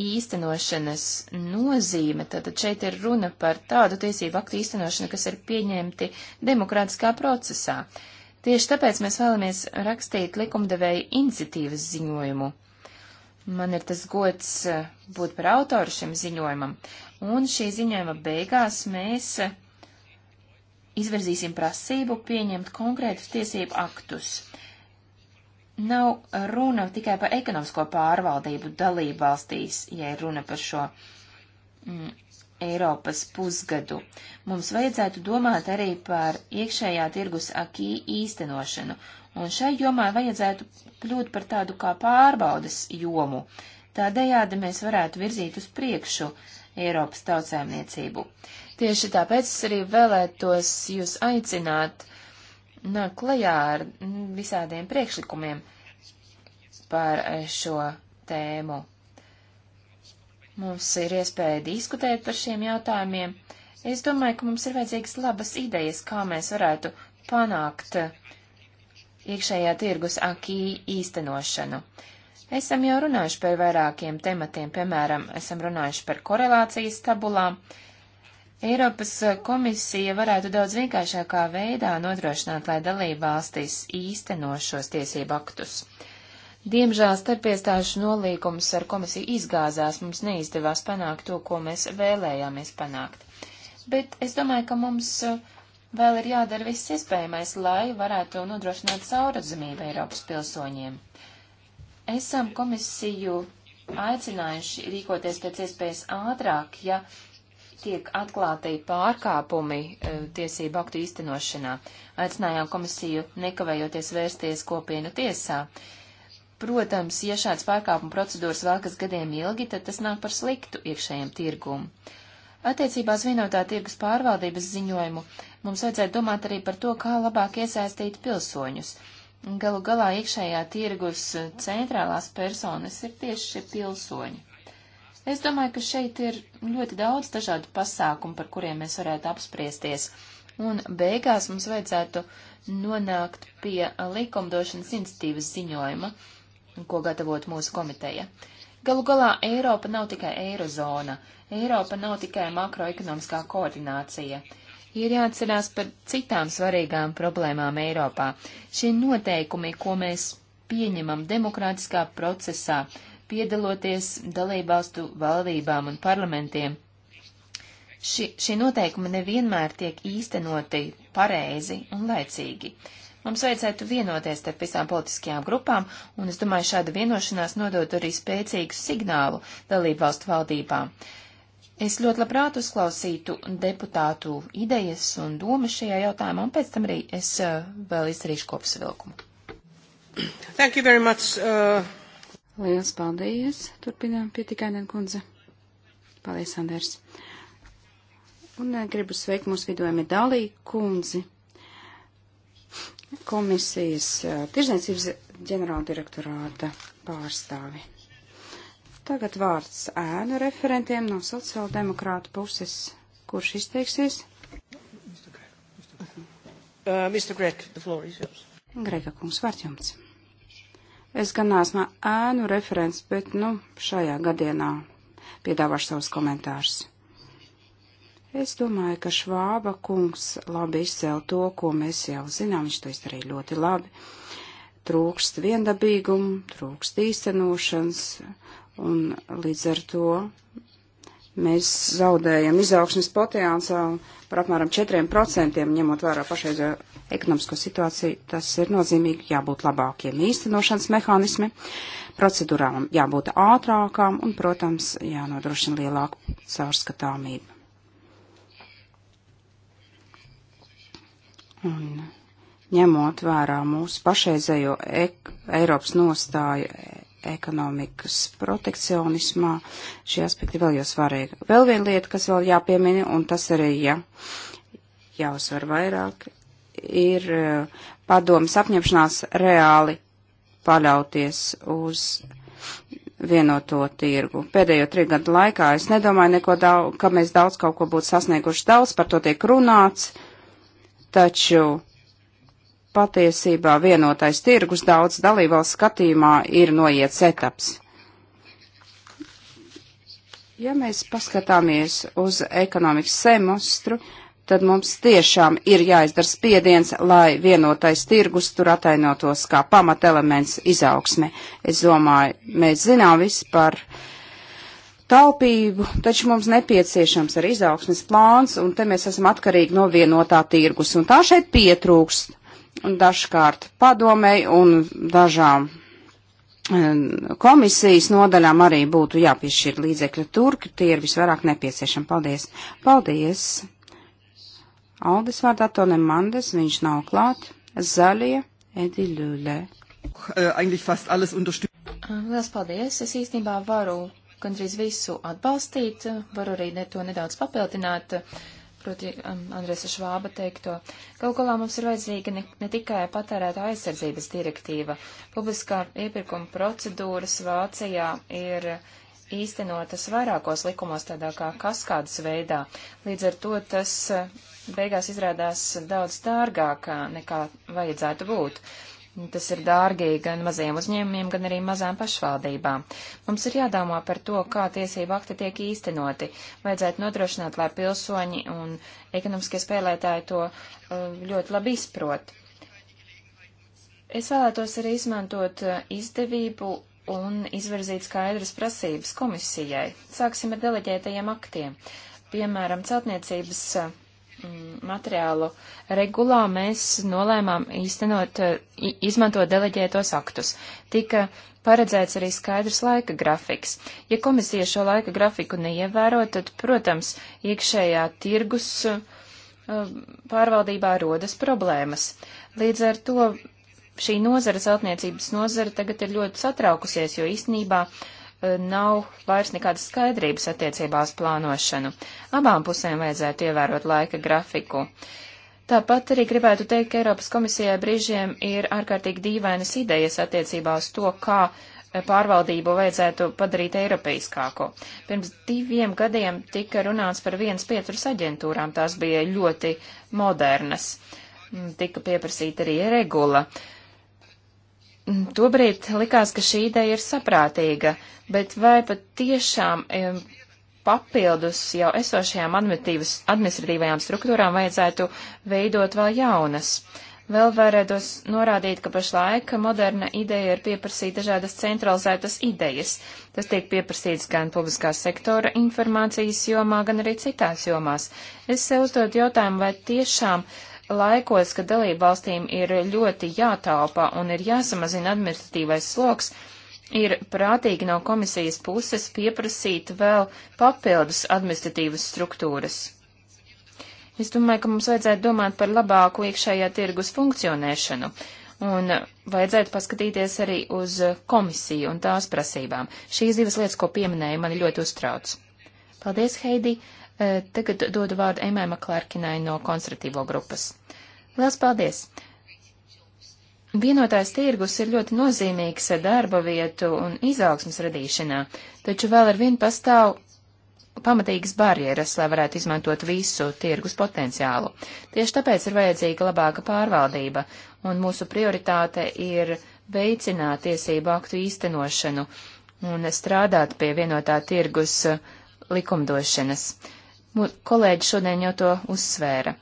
īstenošanas nozīme, tātad šeit ir runa par tādu tiesību aktu īstenošanu, kas ir pieņemti demokrātiskā procesā. Tieši tāpēc mēs vēlamies rakstīt likumdevēja iniciatīvas ziņojumu. Man ir tas gods eh, būt par autoru šim ziņojumam, un šī ziņojuma beigās mēs eh, izvirzīsim prasību pieņemt konkrētus tiesību aktus nav runa tikai par ekonomisko pārvaldību dalību valstīs, ja ir runa par šo mm, Eiropas pusgadu. Mums vajadzētu domāt arī par iekšējā tirgus akī īstenošanu, un šai jomā vajadzētu kļūt par tādu kā pārbaudas jomu. Tādējādi mēs varētu virzīt uz priekšu Eiropas tautsēmniecību. Tieši tāpēc es arī vēlētos jūs aicināt nāk klajā ar visādiem priekšlikumiem par eh, šo tēmu. Mums ir iespēja diskutēt par šiem jautājumiem. Es domāju, ka mums ir vajadzīgas labas idejas, kā mēs varētu panākt eh, iekšējā tirgus akī īstenošanu. Esam jau runājuši par vairākiem tematiem, piemēram, esam runājuši par korelācijas tabulām. Uh, Eiropas eh, komisija varētu daudz vienkāršākā veidā nodrošināt, lai dalībvalstis īsteno šos tiesību aktus. Diemžēl starpiestāšu nolīgums ar komisiju izgāzās, mums neizdevās panākt to, ko mēs vēlējāmies panākt. Bet es domāju, ka mums eh, vēl ir jādara viss iespējamais, lai varētu nodrošināt sauradzamību Eiropas pilsoņiem. Esam komisiju aicinājuši rīkoties pēc iespējas ātrāk, ja tiek atklāti pārkāpumi e, tiesību aktu īstenošanā. Aicinājām komisiju nekavējoties vērsties kopienu tiesā. Protams, ja šāds pārkāpuma procedūras valkas gadiem ilgi, tad tas nāk par sliktu iekšējiem tirgumu. Attiecībās vienotā tirgus pārvaldības ziņojumu mums vajadzētu domāt arī par to, kā labāk iesaistīt pilsoņus. Galu galā iekšējā tirgus centrālās personas ir tieši šie pilsoņi. Es domāju, ka šeit ir ļoti daudz dažādu pasākumu, par kuriem mēs varētu apspriesties. Un beigās mums vajadzētu nonākt pie likumdošanas institīvas ziņojuma, ko gatavot mūsu komiteja. Galu galā Eiropa nav tikai eirozona, Eiropa nav tikai makroekonomiskā koordinācija. Ir jāatcerās par citām svarīgām problēmām Eiropā. Šie noteikumi, ko mēs pieņemam demokrātiskā procesā, piedaloties dalībvalstu valdībām un parlamentiem. Ši, šie noteikumi nevienmēr tiek īstenoti pareizi un laicīgi. Mums vajadzētu vienoties ar visām politiskajām grupām, un es domāju, šāda vienošanās nodot arī spēcīgu signālu dalībvalstu valdībām. Es ļoti labprāt uzklausītu deputātu idejas un domas šajā jautājumā, un pēc tam arī es uh, vēl izdarīšu kopsavilkumu. Thank you very much. Uh... Liels paldies, turpinām pietikainen kundze. Paldies, Anders. Un eh, gribu sveikt mūsu vidojumi Dalī kundzi, komisijas eh, tirzniecības ģenerāldirektorāta pārstāvi. Tagad vārds ēnu referentiem no sociāldemokrāta puses. Kurš izteiksies? Uh, Grega kungs, vārds jums. Es gan esmu ēnu referents, bet, nu, šajā gadienā piedāvāšu savus komentārus. Es domāju, ka Švāba kungs labi izcēl to, ko mēs jau zinām, viņš to izdarīja ļoti labi. Trūkst viendabīgumu, trūkst īstenošanas, un līdz ar to Mēs zaudējam izaugsmes potenciālu par apmēram 4%, ņemot vērā pašreizējo ekonomisko situāciju. Tas ir nozīmīgi, jābūt labākiem īstenošanas mehānismi, procedūrām jābūt ātrākām un, protams, jānodrošina lielāku caurskatāmību. Un ņemot vērā mūsu pašreizējo ek Eiropas nostāju ekonomikas protekcionismā. Šie aspekti vēl jau svarīgi. Vēl viena lieta, kas vēl jāpiemina, un tas arī ja, jāuzsver vairāk, ir eh, padomas apņemšanās reāli paļauties uz vienoto tirgu. Pēdējo trīs gadu laikā es nedomāju, neko daudz, ka mēs daudz kaut ko būtu sasnieguši. Daudz par to tiek runāts, taču patiesībā vienotais tirgus daudz dalībvalsts skatījumā ir noiets etaps. Ja mēs paskatāmies uz ekonomikas semestru, tad mums tiešām ir jāizdara spiediens, lai vienotais tirgus tur atainotos kā pamatelements izaugsme. Es domāju, mēs zinām visu par taupību, taču mums nepieciešams arī izaugsmes plāns, un te mēs esam atkarīgi no vienotā tirgus, un tā šeit pietrūkst dažkārt padomēji un dažām e, komisijas nodaļām arī būtu jāpiešķir līdzekļi tur, ka tie ir visvairāk nepieciešami. Paldies! Paldies! Aldis vārdā to nemandes, viņš nav klāt. Zaļie, Edi Ļulē. Äh, äh, Lielas paldies! Es īstenībā varu gandrīz visu atbalstīt, varu arī ne to nedaudz papildināt proti um, Andresa Švāba teikto. Galu galā mums ir vajadzīga ne, ne tikai patērēta aizsardzības direktīva. Publiskā iepirkuma procedūras Vācijā ir īstenotas vairākos likumos tādā kā kaskādas veidā. Līdz ar to tas uh, beigās izrādās daudz dārgāk uh, nekā vajadzētu būt. Tas ir dārgi gan mazajiem uzņēmumiem, gan arī mazām pašvaldībām. Mums ir jādomā par to, kā tiesība akti tiek īstenoti. Vajadzētu nodrošināt, lai pilsoņi un ekonomiskie spēlētāji to uh, ļoti labi izprot. Es vēlētos arī izmantot uh, izdevību un izvirzīt skaidras prasības komisijai. Sāksim ar deleģētajiem aktiem. Piemēram, celtniecības uh, Mm, materiālu regulā mēs nolēmām īstenot, eh, izmantot deleģētos aktus. Tika paredzēts arī skaidrs laika grafiks. Ja komisija šo laika grafiku neievēro, tad, protams, iekšējā tirgus eh, pārvaldībā rodas problēmas. Līdz ar to šī nozara, celtniecības nozara, tagad ir ļoti satraukusies, jo īstenībā uh, nav vairs nekādas skaidrības attiecībās plānošanu. Abām pusēm vajadzētu ievērot laika grafiku. Tāpat arī gribētu teikt, ka Eiropas komisijai brīžiem ir ārkārtīgi dīvainas idejas attiecībā uz to, kā eh, pārvaldību vajadzētu padarīt eiropeiskāko. Pirms diviem gadiem tika runāts par vienas pieturas aģentūrām, tās bija ļoti modernas. Tika pieprasīta arī regula. Uh, Mm, tobrīd likās, ka šī ideja ir saprātīga, bet vai pat tiešām papildus jau esošajām administratīvajām struktūrām vajadzētu veidot vēl jaunas? Vēl varētos norādīt, ka pašlaik moderna ideja ir pieprasīt dažādas centralizētas idejas. Tas tiek pieprasīts gan publiskā sektora informācijas jomā, gan arī citās jomās. Es sev uzdot jautājumu, vai tiešām uh, Laikos, kad dalību valstīm ir ļoti jātaupa un ir jāsamazina administratīvais sloks, ir prātīgi no komisijas puses pieprasīt vēl papildus administratīvas struktūras. Es domāju, ka mums vajadzētu domāt par labāku iekšējā tirgus funkcionēšanu, un vajadzētu paskatīties arī uz komisiju un tās prasībām. Šīs divas lietas, ko pieminēja, mani ļoti uztrauc. Paldies, Heidi! Eh, tagad dodu vārdu Emai Maklārkinai no konservatīvo grupas. Lielas paldies! Vienotājs tirgus ir ļoti nozīmīgs darba vietu un izaugsmas radīšanā, taču vēl ar vienu pastāv pamatīgas barjeras, lai varētu izmantot visu tirgus potenciālu. Tieši tāpēc ir vajadzīga labāka pārvaldība, un mūsu prioritāte ir veicināt tiesību aktu īstenošanu un strādāt pie vienotā tirgus likumdošanas. Uh, Kolēģi šodien jau to uzsvēra.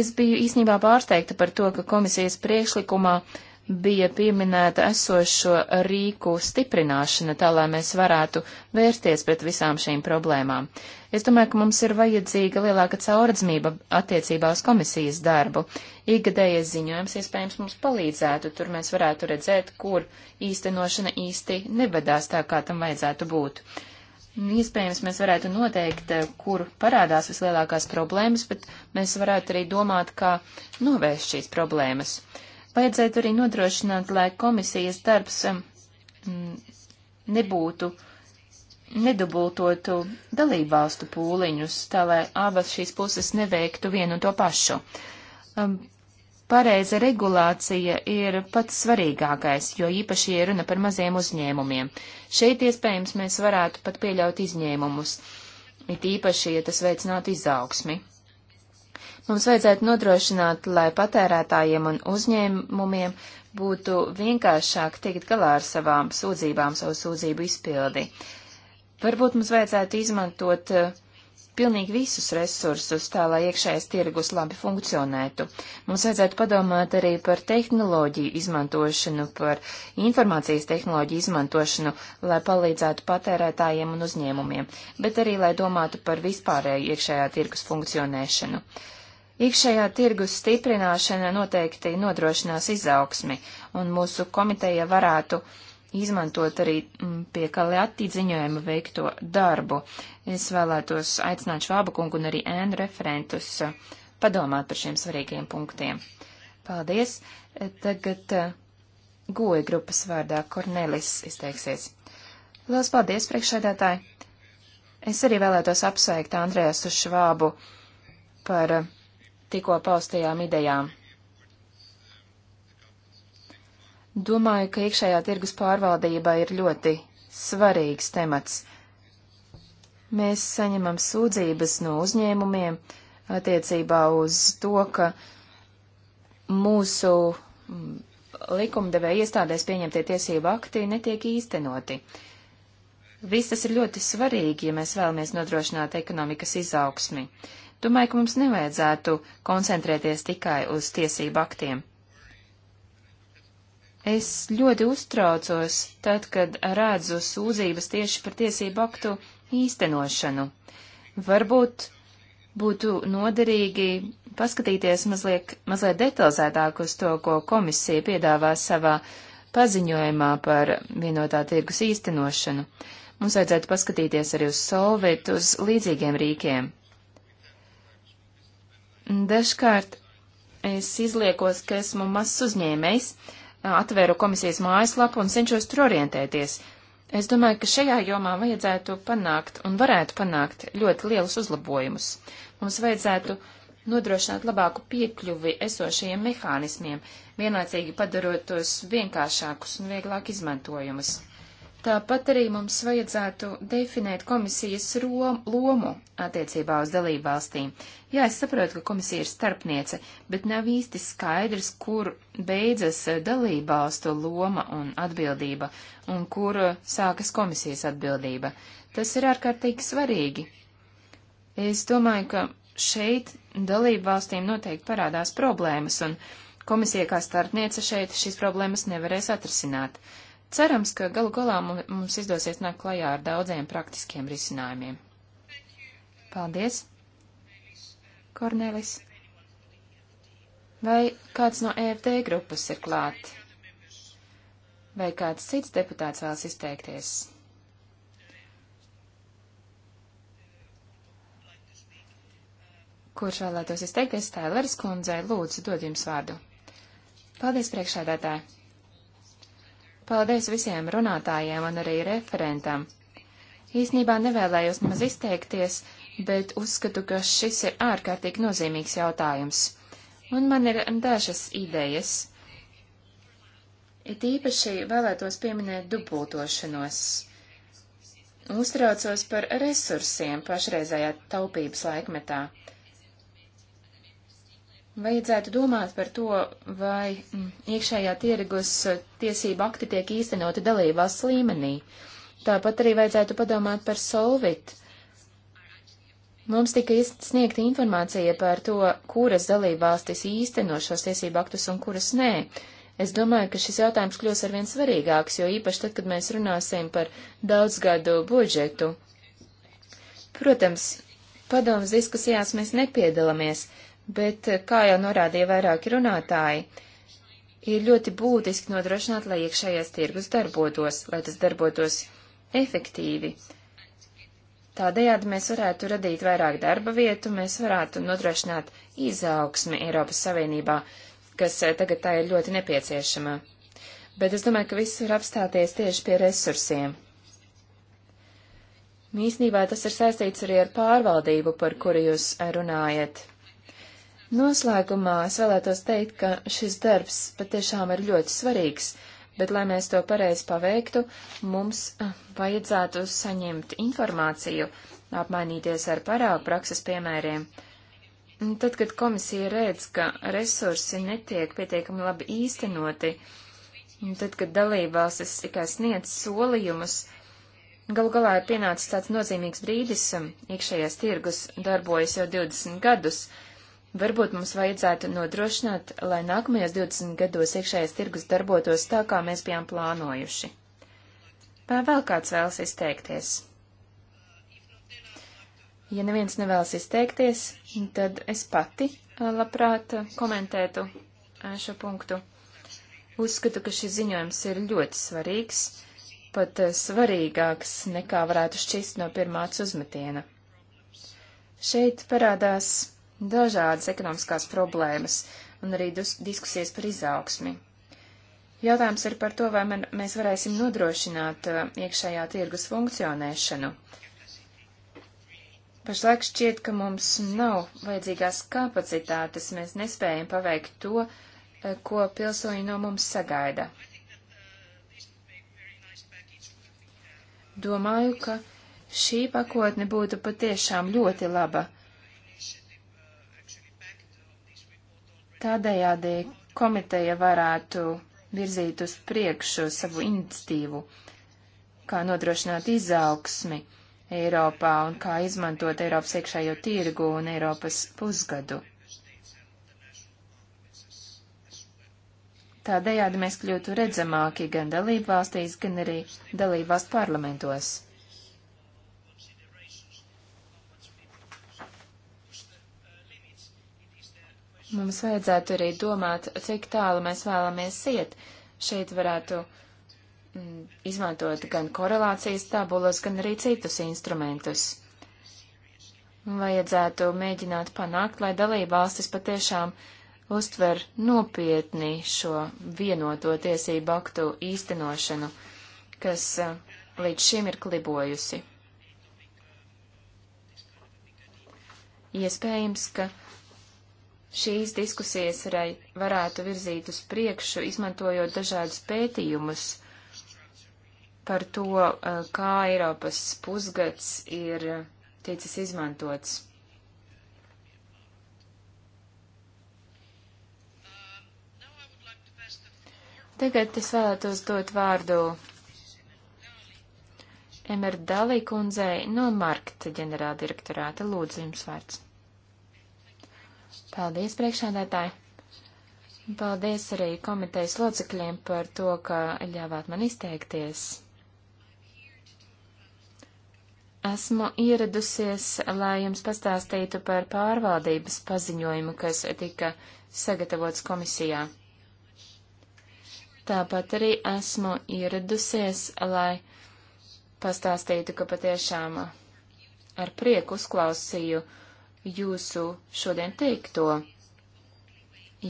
Es biju īsnībā pārsteigta par to, ka komisijas priekšlikumā bija pieminēta esošo rīku stiprināšana, tā lai mēs varētu vērsties pret visām šīm problēmām. Es domāju, ka mums ir vajadzīga lielāka caurredzamība attiecībā uz komisijas darbu. Ikgadējais ziņojums iespējams mums palīdzētu, tur mēs varētu redzēt, kur īstenošana īsti nevedās tā, kā tam vajadzētu būt. Iespējams, mēs varētu noteikt, eh, kur parādās vislielākās problēmas, bet mēs varētu arī domāt, kā novērst šīs problēmas. Vajadzētu arī nodrošināt, lai komisijas darbs eh, mm, nebūtu nedubultotu dalību valstu pūliņus, tā lai abas šīs puses neveiktu vienu un to pašu. Ehm, pareiza regulācija ir pats svarīgākais, jo īpaši ir runa par maziem uzņēmumiem. Šeit iespējams mēs varētu pat pieļaut izņēmumus, it īpaši, ja tas veicinātu izaugsmi. Mums vajadzētu nodrošināt, lai patērētājiem un uzņēmumiem būtu vienkāršāk tikt galā ar savām sūdzībām, savu sūdzību izpildi. Varbūt mums vajadzētu izmantot uh, pilnīgi visus resursus tā, lai iekšējais tirgus labi funkcionētu. Mums vajadzētu padomāt arī par tehnoloģiju izmantošanu, par informācijas tehnoloģiju izmantošanu, lai palīdzētu patērētājiem un uzņēmumiem, bet arī, lai domātu par vispārēju iekšējā tirgus funkcionēšanu. Iekšējā tirgus stiprināšana noteikti nodrošinās izaugsmi, un mūsu komiteja varētu uh, izmantot arī mm, pie Kaliati ziņojuma veikto darbu. Es vēlētos aicināt Švāba kungu un arī ēnu referentus eh, padomāt par šiem svarīgiem punktiem. Paldies! E, tagad eh, goja grupas vārdā Kornelis izteiksies. Lielas paldies, priekšsēdētāji! Es arī vēlētos apsveikt Andrēsu Švābu par eh, tikko paustajām idejām. Domāju, ka iekšējā tirgus pārvaldība ir ļoti svarīgs temats. Mēs saņemam sūdzības no uzņēmumiem attiecībā uz to, ka mūsu mm, likumdevēja iestādēs pieņemtie tiesību akti netiek īstenoti. Viss tas ir ļoti svarīgi, ja mēs vēlamies nodrošināt ekonomikas izaugsmi. Domāju, ka mums nevajadzētu koncentrēties tikai uz tiesību aktiem. Es ļoti uztraucos tad, kad redzu sūdzības tieši par tiesību aktu īstenošanu. Varbūt būtu noderīgi paskatīties mazliet, mazliet detalizētāk uz to, ko komisija piedāvā savā paziņojumā par vienotā tirgus īstenošanu. Mums vajadzētu paskatīties arī uz solvit, uz līdzīgiem rīkiem. Dažkārt es izliekos, ka esmu mazs uzņēmējs, atvēru komisijas mājaslapu un cenšos tur orientēties. Es domāju, ka šajā jomā vajadzētu panākt un varētu panākt ļoti lielus uzlabojumus. Mums vajadzētu nodrošināt labāku piekļuvi esošajiem mehānismiem, vienlaicīgi padarot tos vienkāršākus un vieglāk izmantojumus. Tāpat arī mums vajadzētu definēt komisijas rom, lomu attiecībā uz dalībvalstīm. Jā, es saprotu, ka komisija ir starpniece, bet nav īsti skaidrs, kur beidzas eh, dalībvalstu loma un atbildība, un kur eh, sākas komisijas atbildība. Tas ir ārkārtīgi svarīgi. Es domāju, ka šeit dalībvalstīm noteikti parādās problēmas, un komisija kā starpniece šeit šīs problēmas nevarēs atrisināt. Cerams, ka galu galā mums izdosies nākt klajā ar daudziem praktiskiem risinājumiem. Paldies, Kornelis. Vai kāds no EFD grupas ir klāt? Vai kāds cits deputāts vēlas izteikties? Kurš vēlētos izteikties? Tēlers kundze, lūdzu, dod jums vārdu. Paldies, priekšādātāji! Paldies visiem runātājiem un arī referentam. Īsnībā nevēlējos nemaz izteikties, bet uzskatu, ka šis ir ārkārtīgi nozīmīgs jautājums. Un man ir dažas idejas. It īpaši vēlētos pieminēt dubultošanos. Uztraucos par resursiem pašreizējā taupības laikmetā. Vajadzētu domāt par to, vai mm, iekšējā tirgus eh, tiesība akti tiek īstenoti dalībās līmenī. Tāpat arī vajadzētu padomāt par solvit. Mums tika sniegta informācija par to, kuras dalībvalstis īsteno šos tiesību aktus un kuras nē. Es domāju, ka šis jautājums kļūs arvien svarīgāks, jo īpaši tad, kad mēs runāsim par daudzgadu budžetu. Protams, padomas diskusijās mēs nepiedalāmies bet, eh, kā jau norādīja vairāki runātāji, ir ļoti būtiski nodrošināt, lai iekšējais tirgus darbotos, lai tas darbotos efektīvi. Tādējādi mēs varētu radīt vairāk darba vietu, mēs varētu nodrošināt izaugsmi Eiropas Savienībā, kas eh, tagad tā ir ļoti nepieciešama. Bet es domāju, ka viss var apstāties tieši pie resursiem. Mīsnībā tas ir saistīts arī ar pārvaldību, par kuru jūs eh, runājat. Noslēgumā es vēlētos teikt, ka šis darbs patiešām ir ļoti svarīgs, bet, lai mēs to pareizi paveiktu, mums eh, vajadzētu saņemt informāciju, apmainīties ar parāgu prakses piemēriem. Tad, kad komisija redz, ka resursi netiek pietiekami labi īstenoti, tad, kad dalībvalstis tikai sniedz solījumus, Galu galā ir pienācis tāds nozīmīgs brīdis, um, iekšējais tirgus darbojas jau 20 gadus, Varbūt mums vajadzētu nodrošināt, lai nākamajos 20 gados iekšējais tirgus darbotos tā, kā mēs bijām plānojuši. Vai vēl kāds vēlas izteikties? Ja neviens nevēlas izteikties, tad es pati labprāt komentētu šo punktu. Uzskatu, ka šis ziņojums ir ļoti svarīgs, pat svarīgāks nekā varētu šķist no pirmāts uzmetiena. Šeit parādās dažādas ekonomiskās problēmas un arī diskusijas par izaugsmi. Jautājums ir par to, vai man, mēs varēsim nodrošināt uh, iekšējā tirgus funkcionēšanu. Pašlaik šķiet, ka mums nav vajadzīgās kapacitātes, mēs nespējam paveikt to, uh, ko pilsoņi no mums sagaida. Domāju, ka šī pakotne būtu patiešām ļoti laba Tādējādi komiteja varētu virzīt uz priekšu savu iniciatīvu, kā nodrošināt izaugsmi Eiropā un kā izmantot Eiropas iekšējo tirgu un Eiropas pusgadu. Tādējādi mēs kļūtu redzamāki gan dalībvalstīs, gan arī dalībvalstu parlamentos. Mums vajadzētu arī domāt, cik tālu mēs vēlamies iet. Šeit varētu mm, izmantot gan korelācijas tabulas, gan arī citus instrumentus. Vajadzētu mēģināt panākt, lai dalībvalstis patiešām uztver nopietni šo vienoto tiesību aktu īstenošanu, kas eh, līdz šim ir klibojusi. Iespējams, ka šīs diskusijas arī varētu virzīt uz priekšu, izmantojot dažādus pētījumus par to, kā Eiropas pusgads ir ticis izmantots. Tagad es vēlētos dot vārdu Emerdalī kundzei no Markta ģenerāldirektorāta. Lūdzu, jums vārds. Paldies, priekšādētāji! Paldies arī komitejas locekļiem par to, ka ļāvāt man izteikties. Esmu ieradusies, lai jums pastāstītu par pārvaldības paziņojumu, kas tika sagatavots komisijā. Tāpat arī esmu ieradusies, lai pastāstītu, ka patiešām ar prieku uzklausīju uh, jūsu šodien teikto,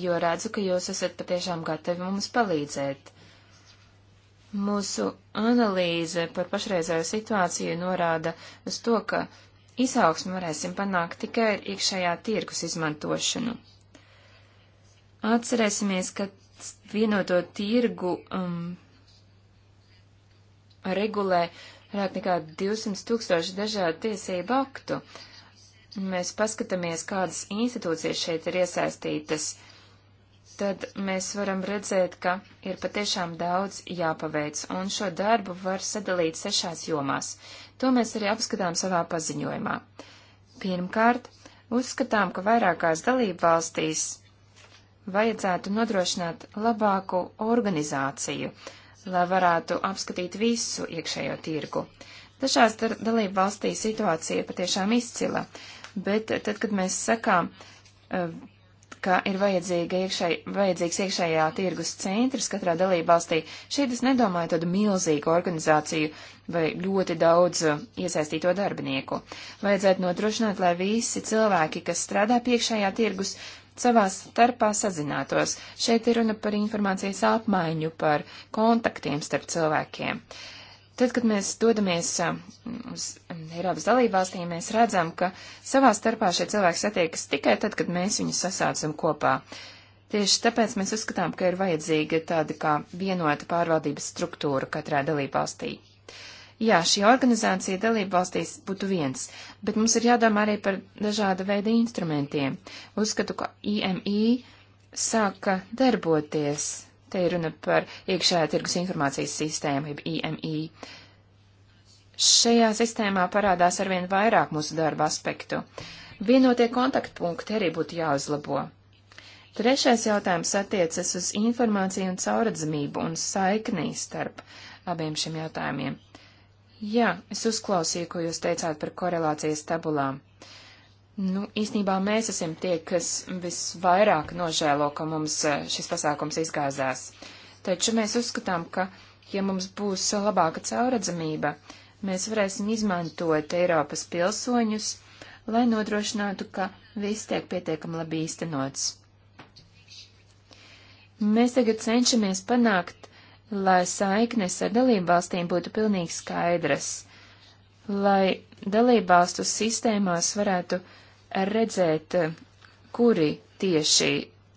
jo redzu, ka jūs esat patiešām gatavi mums palīdzēt. Mūsu analīze par pašreizējo situāciju norāda uz to, ka izaugsmu varēsim panākt tikai ar iekšējā tirkus izmantošanu. Atcerēsimies, ka vienoto tirgu um, regulē vairāk nekā 200 tūkstoši dažādu tiesību aktu. Uh, mēs paskatāmies, kādas institūcijas šeit ir iesaistītas, tad mēs varam redzēt, ka ir patiešām daudz jāpaveic, un šo darbu var sadalīt sešās jomās. To mēs arī apskatām savā paziņojumā. Pirmkārt, uzskatām, ka vairākās dalību valstīs vajadzētu nodrošināt labāku organizāciju, lai varētu apskatīt visu iekšējo tirgu. Dažās dalību valstī situācija ir patiešām izcila bet tad, kad mēs sakām, eh, ka ir iekšēj, vajadzīgs iekšējā tirgus centrs katrā dalībvalstī, šeit es nedomāju tādu milzīgu organizāciju vai ļoti daudz eh, iesaistīto darbinieku. Vajadzētu nodrošināt, lai visi cilvēki, kas strādā pie iekšējā tirgus, savā starpā sazinātos. Šeit ir runa par informācijas apmaiņu, par kontaktiem starp cilvēkiem. Uh, Tad, kad mēs dodamies uz Eiropas dalībvalstīm, mēs redzam, ka savā starpā šie cilvēki satiekas tikai tad, kad mēs viņus sasācam kopā. Tieši tāpēc mēs uzskatām, ka ir vajadzīga tāda kā vienota pārvaldības struktūra katrā dalībvalstī. Jā, šī organizācija dalībvalstīs būtu viens, bet mums ir jādomā arī par dažāda veida instrumentiem. Uzskatu, ka IMI sāka darboties Te ir runa par iekšējā tirgus informācijas sistēmu, jeb IMI. E e. Šajā sistēmā parādās arvien vairāk mūsu darba aspektu. Vienotie kontaktpunkti arī būtu jāuzlabo. Trešais jautājums attiecas uz informāciju un cauradzamību un saiknī starp abiem šiem jautājumiem. Jā, es uzklausīju, ko jūs teicāt par korelācijas tabulām. Uh, Nu, īstenībā mēs esam tie, kas visvairāk nožēlo, ka mums eh, šis pasākums izgāzās. Taču mēs uzskatām, ka, ja mums būs labāka cauradzamība, mēs varēsim izmantot Eiropas pilsoņus, lai nodrošinātu, ka viss tiek pietiekami labi īstenots. Mēs tagad cenšamies panākt, lai saiknes ar dalībvalstīm būtu pilnīgi skaidras, lai dalībvalstu sistēmās varētu redzēt, kuri tieši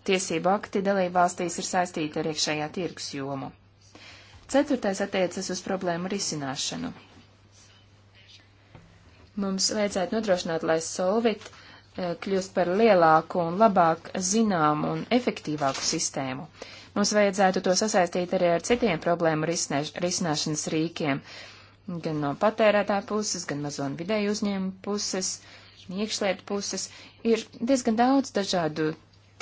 tiesību akti dalībvalstīs ir saistīti ar iekšējā tirgus jomu. Ceturtais attiecas uz problēmu risināšanu. Mums vajadzētu nodrošināt, lai Solvit eh, kļūst par lielāku un labāk zināmu un efektīvāku sistēmu. Mums vajadzētu to sasaistīt arī ar citiem problēmu risinēš, risināšanas rīkiem, gan no patērētāja puses, gan mazo un vidēju uzņēmumu puses, uh, iekšlietu puses. Ir diezgan daudz dažādu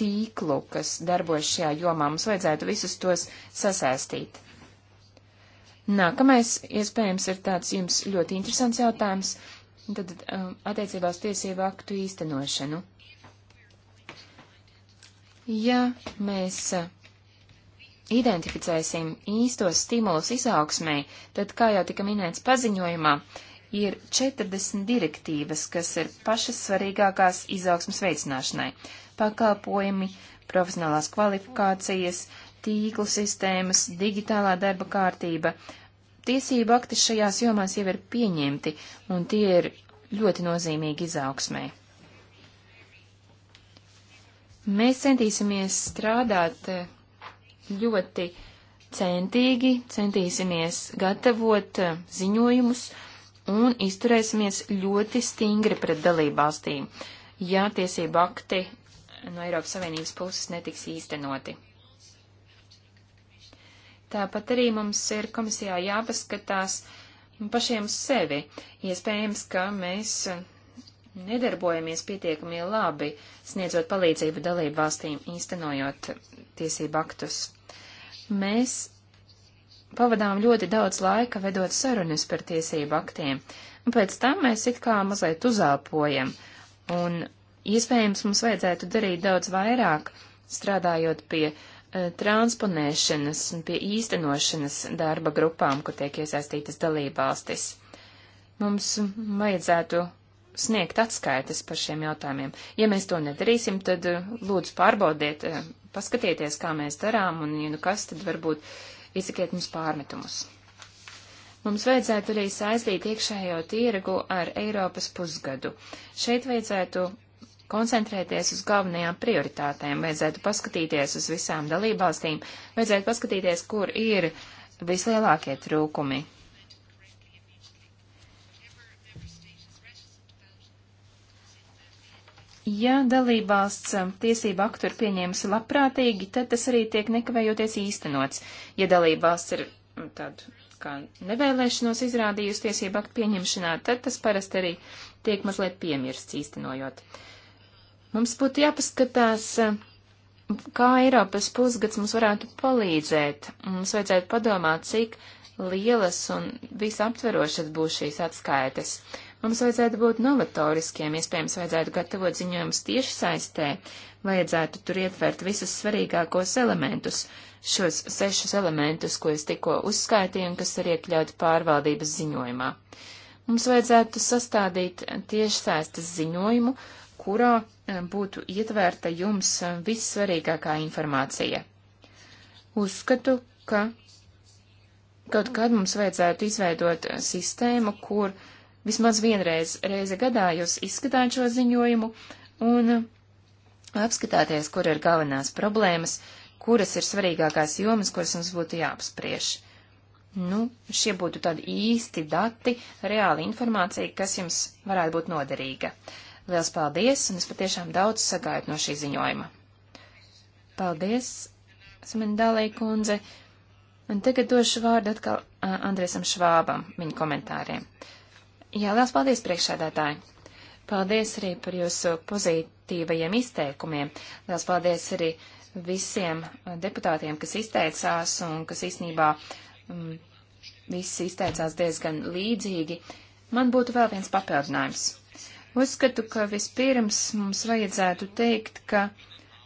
tīklu, kas darbojas šajā jomā. Mums vajadzētu visus tos sasēstīt. Nākamais, iespējams, ir tāds jums ļoti interesants jautājums, tad um, attiecībā uz tiesību aktu īstenošanu. Ja mēs uh, identificēsim īstos stimulus izaugsmēji, tad, kā jau tika minēts paziņojumā, uh, ir 40 direktīvas, kas ir pašas svarīgākās izaugsmas veicināšanai - pakalpojumi, profesionālās kvalifikācijas, tīklu sistēmas, digitālā darba kārtība. Tiesība akti šajās jomās jau ir pieņemti, un tie ir ļoti nozīmīgi izaugsmē. Mēs centīsimies strādāt eh, ļoti centīgi, centīsimies gatavot eh, ziņojumus, uh, un izturēsimies ļoti stingri pret dalībvalstīm, ja tiesību akti no Eiropas Savienības puses netiks īstenoti. Tāpat arī mums ir komisijā jāpaskatās pašiem uz sevi. Iespējams, ka mēs nedarbojamies pietiekami labi, sniedzot palīdzību dalību valstīm īstenojot tiesību aktus. Mēs pavadām ļoti daudz laika vedot sarunas par tiesību aktiem, un pēc tam mēs it kā mazliet uzelpojam, un iespējams mums vajadzētu darīt daudz vairāk, strādājot pie uh, transponēšanas un pie īstenošanas darba grupām, kur tiek iesaistītas dalībvalstis. Mums vajadzētu sniegt atskaites par šiem jautājumiem. Ja mēs to nedarīsim, tad eh, lūdzu pārbaudiet, eh, paskatieties, kā mēs darām, un, ja nu kas, tad varbūt izsakiet mums pārmetumus. Mums vajadzētu arī saistīt iekšējo tirgu ar Eiropas pusgadu. Šeit vajadzētu koncentrēties uz galvenajām prioritātēm, vajadzētu paskatīties uz visām dalībvalstīm, vajadzētu paskatīties, kur ir vislielākie trūkumi, Ja dalībvalsts um, tiesību aktu ir pieņēmusi labprātīgi, tad tas arī tiek nekavējoties īstenots. Ja dalībvalsts ir um, tādu kā nevēlēšanos izrādījusi tiesību aktu pieņemšanā, tad tas parasti arī tiek mazliet piemirsts īstenojot. Mums būtu jāpaskatās, um, kā Eiropas pusgads mums varētu palīdzēt. Mums vajadzētu padomāt, cik lielas un visaptverošas būs šīs atskaites. Uh, Mums vajadzētu būt novatoriskiem, iespējams, vajadzētu gatavot ziņojumus tieši saistē, vajadzētu tur ietvert visus svarīgākos elementus, šos sešus elementus, ko es tikko uzskaitīju un kas ir iekļauti pārvaldības ziņojumā. Mums vajadzētu sastādīt tiešsaistes ziņojumu, kurā eh, būtu ietvērta jums eh, vissvarīgākā informācija. Uzskatu, ka kaut kad mums vajadzētu izveidot sistēmu, kur vismaz vienreiz reize gadā jūs izskatāt šo ziņojumu un apskatāties, kur ir galvenās problēmas, kuras ir svarīgākās jomas, kuras mums būtu jāapspriež. Nu, šie būtu tādi īsti dati, reāla informācija, kas jums varētu būt noderīga. Liels paldies, un es patiešām daudz sagaidu no šī ziņojuma. Paldies, Samendālei kundze, un tagad došu vārdu atkal Andresam Švābam viņa komentāriem. Uh, Jā, liels paldies priekšsēdētāji. Paldies arī par jūsu pozitīvajiem izteikumiem. Liels paldies arī visiem uh, deputātiem, kas izteicās un kas īsnībā mm, visi izteicās diezgan līdzīgi. Man būtu vēl viens papildinājums. Uzskatu, ka vispirms mums vajadzētu teikt, ka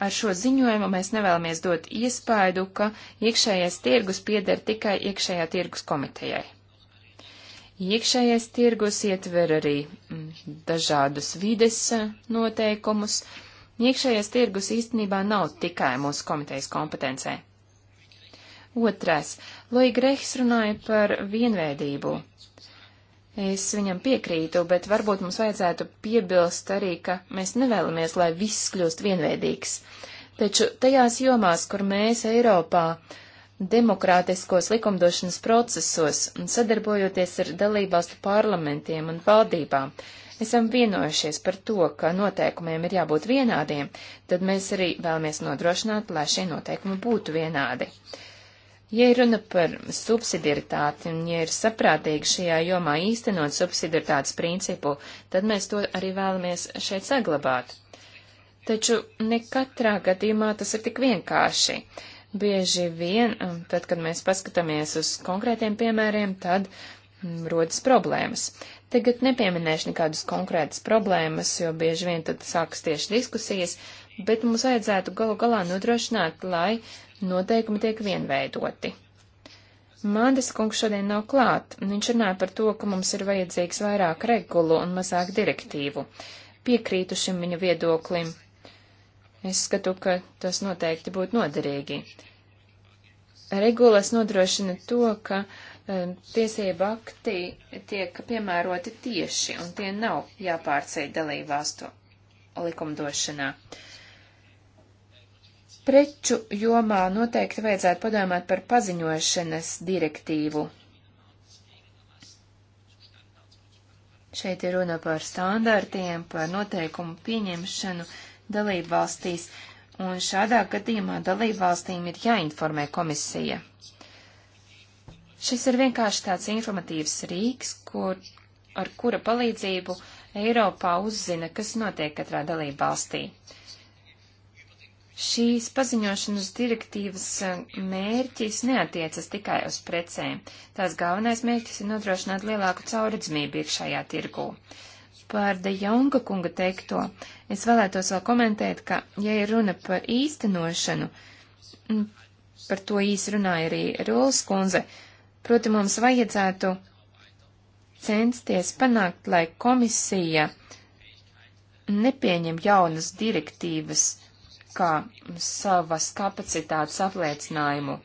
ar šo ziņojumu mēs nevēlamies dot iespēju, ka iekšējais tirgus pieder tikai iekšējā tirgus komitejai. Iekšējais tirgus ietver arī mm, dažādus vides eh, noteikumus. Iekšējais tirgus īstenībā nav tikai mūsu komitejas kompetencē. Otrais. Loija Grehs runāja par vienveidību. Es viņam piekrītu, bet varbūt mums vajadzētu piebilst arī, ka mēs nevēlamies, lai viss kļūst vienveidīgs. Taču tajās jomās, kur mēs Eiropā demokrātiskos likumdošanas procesos un sadarbojoties ar dalībvalstu parlamentiem un valdībām. Esam vienojušies par to, ka noteikumiem ir jābūt vienādiem, tad mēs arī vēlamies nodrošināt, lai šie noteikumi būtu vienādi. Ja ir runa par subsidiaritāti un ja ir saprātīgi šajā jomā īstenot subsidiaritātes principu, tad mēs to arī vēlamies šeit saglabāt. Taču ne katrā gadījumā tas ir tik vienkārši. Uh, Bieži vien, um, tad, kad mēs paskatāmies uz konkrētiem piemēriem, tad mm, rodas problēmas. Tagad nepieminēšu nekādus konkrētas problēmas, jo bieži vien tad sākas tieši diskusijas, bet mums vajadzētu galu galā nodrošināt, lai noteikumi tiek vienveidoti. Mādes kungs šodien nav klāt, un viņš runāja par to, ka mums ir vajadzīgs vairāk regulu un mazāk direktīvu. Piekrītu šim viņa viedoklim. Es skatu, ka tas noteikti būtu noderīgi. Regulas nodrošina to, ka um, tiesība akti tiek piemēroti tieši, un tie nav jāpārceļ dalībvalstu likumdošanā. Preču jomā noteikti vajadzētu padomāt par paziņošanas direktīvu. Šeit ir runa par standartiem, par noteikumu pieņemšanu, uh, dalību valstīs, un šādā gadījumā dalību valstīm ir jāinformē komisija. Šis ir vienkārši tāds informatīvs rīks, kur, ar kura palīdzību Eiropā uzzina, kas notiek katrā dalību valstī. Šīs paziņošanas direktīvas eh, mērķis neatiecas tikai uz precēm. Tās galvenais mērķis ir nodrošināt lielāku caurredzmību iekšējā tirgū. Par De Jonga kunga teikto es vēlētos vēl komentēt, ka, ja ir runa par īstenošanu, par to īsi runāja arī Rūlas kundze, proti mums vajadzētu censties panākt, lai komisija nepieņem jaunas direktīvas kā savas kapacitātes apliecinājumu.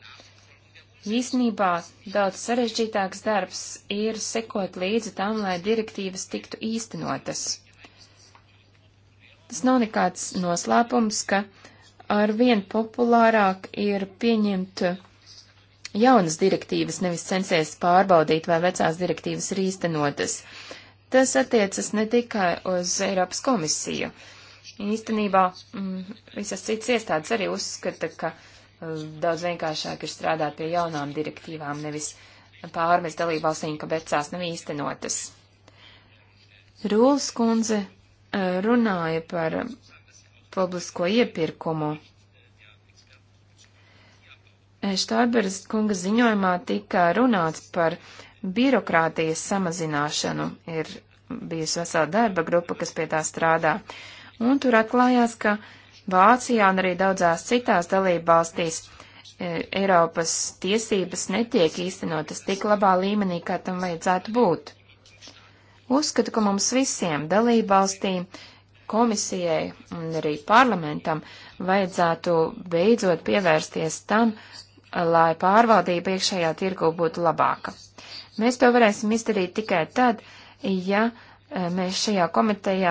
Īsnībā daudz sarežģītāks darbs ir sekot līdzi tam, lai direktīvas tiktu īstenotas. Tas nav nekāds noslēpums, ka arvien populārāk ir pieņemt jaunas direktīvas, nevis censties pārbaudīt, vai vecās direktīvas ir īstenotas. Tas attiecas ne tikai uz Eiropas komisiju. Īstenībā mm, visas citas iestādes arī uzskata, ka daudz vienkāršāk ir strādāt pie jaunām direktīvām, nevis pārmest dalībvalstīm, ka vecās nav īstenotas. Rūlas kundze eh, runāja par publisko iepirkumu. Eh, Štārberas kunga ziņojumā tika runāts par birokrātijas samazināšanu. Ir bijusi vesela darba grupa, kas pie tā strādā. Un tur atklājās, ka uh, Vācijā un arī daudzās citās dalībvalstīs e, Eiropas tiesības netiek īstenotas tik labā līmenī, kā tam vajadzētu būt. Uzskatu, ka mums visiem dalībvalstīm, komisijai un arī parlamentam vajadzētu beidzot pievērsties tam, lai pārvaldība iekšējā tirgu būtu labāka. Mēs to varēsim izdarīt tikai tad, ja uh, Eh, mēs šajā komitejā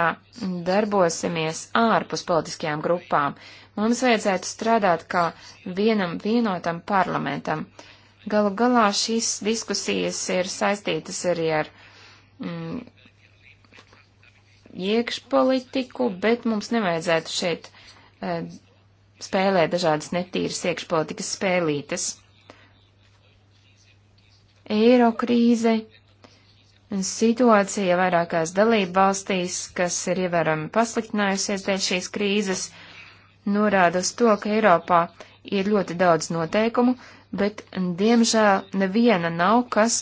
darbosimies ārpus politiskajām grupām. Mums vajadzētu strādāt kā vienam vienotam parlamentam. Galu galā šīs diskusijas ir saistītas arī ar mm, iekšpolitiku, bet mums nevajadzētu šeit e, spēlēt dažādas netīras iekšpolitikas spēlītes. Eiro krīze, Situācija vairākās dalību valstīs, kas ir ievērojami pasliktinājusies dēļ šīs krīzes, norāda uz to, ka Eiropā ir ļoti daudz noteikumu, bet diemžēl neviena nav, kas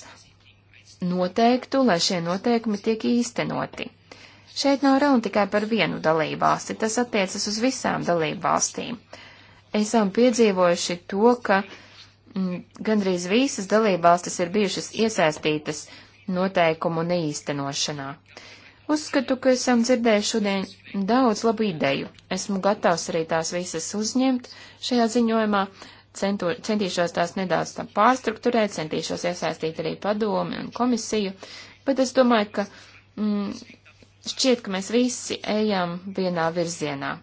noteiktu, lai šie noteikumi tiek īstenoti. Šeit nav runa tikai par vienu dalību valsti, tas attiecas uz visām dalību valstīm. Esam piedzīvojuši to, ka m, mm, gandrīz visas dalību valstis ir bijušas iesaistītas noteikumu neīstenošanā. Uzskatu, ka esam dzirdējuši šodien daudz labu ideju. Esmu gatavs arī tās visas uzņemt šajā ziņojumā, centu, centīšos tās nedaudz tam pārstruktūrēt, centīšos iesaistīt arī padomi un komisiju, bet es domāju, ka mm, šķiet, ka mēs visi ejam vienā virzienā.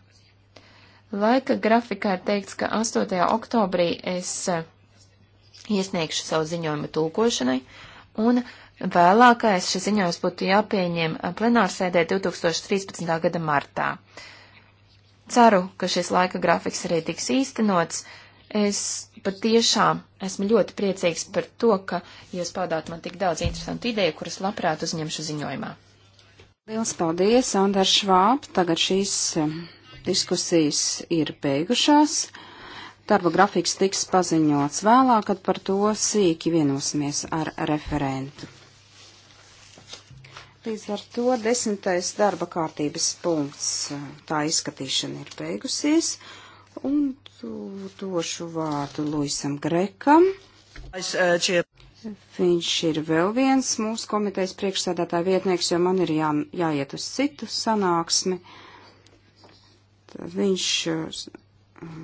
Laika grafikā ir teikts, ka 8. oktobrī es eh, iesniegšu savu ziņojumu tulkošanai, un Vēlākais šis ziņojums būtu jāpieņem plenārsēdē 2013. gada martā. Ceru, ka šis laika grafiks arī tiks īstenots. Es patiešām esmu ļoti priecīgs par to, ka jūs paudāt man tik daudz interesantu ideju, kuras labprāt uzņemšu ziņojumā. Liels paldies, Anders Švāb. Tagad šīs um, diskusijas ir beigušās. Darba grafiks tiks paziņots vēlāk, kad par to sīki vienosimies ar referentu. Līdz ar to desmitais darba kārtības punkts tā izskatīšana ir beigusies. Un došu vārdu Luisam Grekam. Uh, viņš ir vēl viens mūsu komitejas priekšsēdētāja vietnieks, jo man ir jā, jāiet uz citu sanāksmi. Tad viņš uh,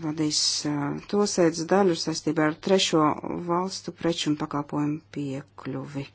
vadīs uh, to sēdes daļu saistībā ar trešo valstu preču un pakalpojumu piekļuvi.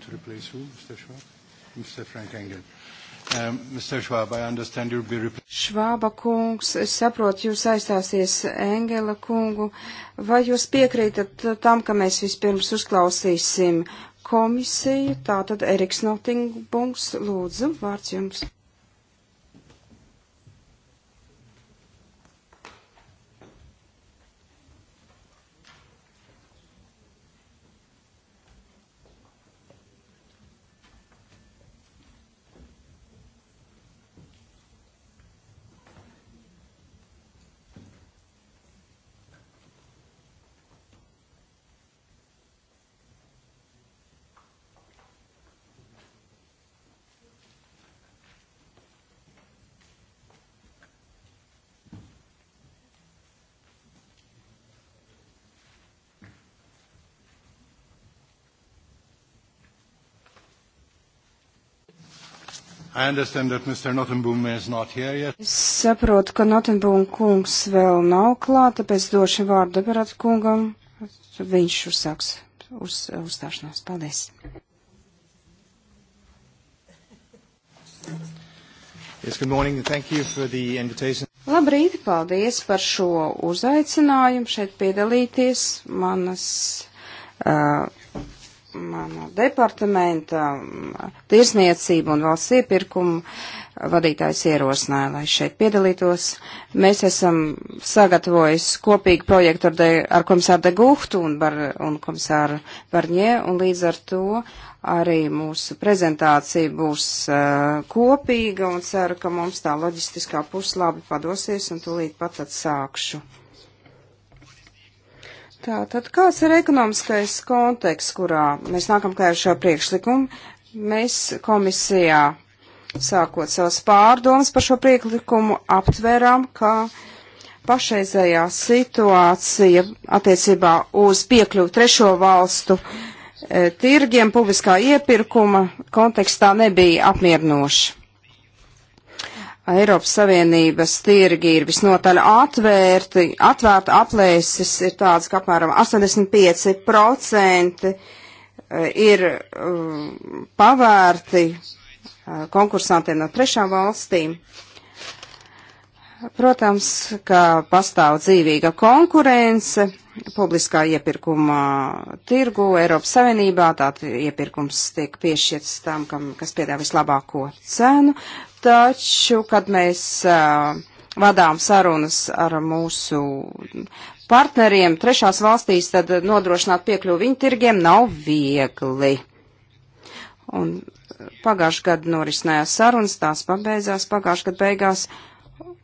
want to replace who, Mr. Schwab? Mr. Frank Engel. Um, Mr. Schwab, I understand you'll be replaced. Švāba kungs, es saprotu, jūs aizstāsies Engela kungu. Vai jūs piekrītat tam, ka mēs vispirms uzklausīsim komisiju? Tātad Eriks Notingbungs, lūdzu, vārds jums. Es saprotu, ka Notenbūna kungs vēl nav klāt, tāpēc došu vārdu Deberat kungam. Viņš uzsāks uz, uzstāšanos. Paldies. Yes, good morning. Thank you for the invitation. Labrīt, paldies par šo uzaicinājumu šeit piedalīties manas uh, mana departamenta tirsniecība un valsts iepirkuma vadītājs ierosināja, lai šeit piedalītos. Mēs esam sagatavojis kopīgu projektu ar, de, ar komisāru de Guhtu un, bar, un komisāru Barņē, un līdz ar to arī mūsu prezentācija būs uh, kopīga un ceru, ka mums tā loģistiskā puslāba padosies un tūlīt pat atsākšu. Tātad, kāds ir ekonomiskais konteksts, kurā mēs nākam klāt ar šo priekšlikumu? Mēs komisijā, sākot savas pārdomas par šo priekšlikumu, aptverām, ka pašreizējā situācija attiecībā uz piekļuvu trešo valstu e, tirgiem publiskā iepirkuma kontekstā nebija apmierinoša. Eiropas Savienības tirgi ir visnotaļ atvērti, atvērta aplēses ir tāds, ka apmēram 85% eh, ir mm, pavērti eh, konkursantiem no trešām valstīm. Protams, ka pastāv dzīvīga konkurence, publiskā iepirkuma tirgu Eiropas Savienībā, tātad iepirkums tiek piešķirts tam, kam, kas piedāvā vislabāko cenu, taču, kad mēs uh, vadām sarunas ar mūsu partneriem trešās valstīs, tad nodrošināt piekļuvu viņu tirgiem nav viegli. Un pagājušajā gadā norisinājās sarunas, tās pabeidzās pagājušajā gadā beigās. Uh,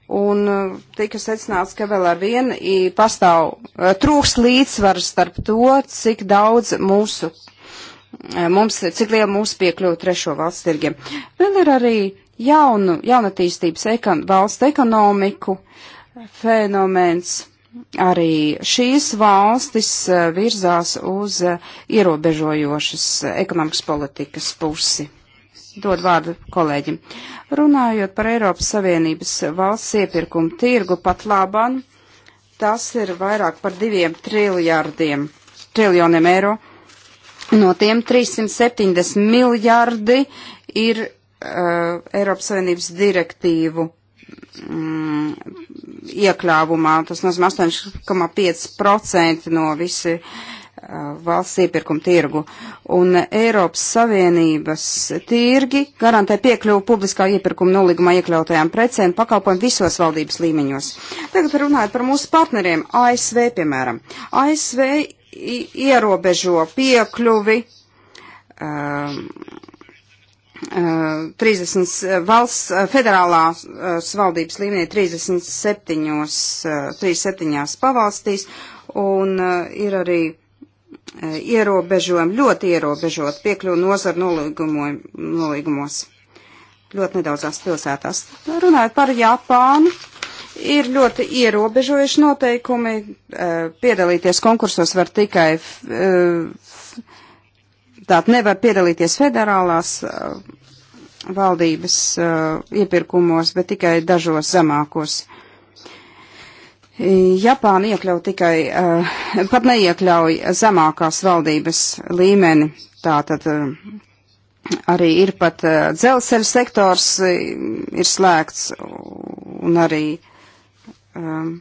Un eh, tika secināts, ka vēl ar vienu pastāv eh, trūks līdzsvaru starp to, cik daudz mūsu, eh, mums, cik liela mūsu piekļuva trešo valsts tirgiem. Vēl ir arī jaunu, jaunatīstības ekon, valsts ekonomiku fenomens. Arī šīs valstis virzās uz ierobežojošas ekonomikas politikas pusi dod vārdu kolēģim. Runājot par Eiropas Savienības valsts iepirkumu tirgu pat labam, tas ir vairāk par diviem triljārdiem, triljoniem eiro. No tiem 370 miljārdi ir uh, Eiropas Savienības direktīvu mm, iekļāvumā. Tas nozīmē 8,5% no visi Uh, valsts iepirkuma tirgu, un Eiropas Savienības tirgi garantē piekļuvu publiskā iepirkuma nolīgumā iekļautajām precēm pakalpojumu visos valdības līmeņos. Tagad runājot par mūsu partneriem, ASV piemēram. ASV ierobežo piekļuvi. Um, 30 uh, valsts uh, federālās valdības līmenī 37, 37 pavalstīs, un ir arī Eh, ierobežojumi, ļoti ierobežot piekļuvu nozaru nolīgumos. Ļoti nedaudzās pilsētās. Runājot par Japānu, ir ļoti ierobežojuši noteikumi. Eh, piedalīties konkursos var tikai, eh, tātad nevar piedalīties federālās valdības iepirkumos, bet tikai dažos zemākos Japāna iekļauj tikai, uh, pat neiekļauj zemākās valdības līmeni, tātad uh, arī ir pat uh, dzelzceļa sektors ir slēgts un arī um,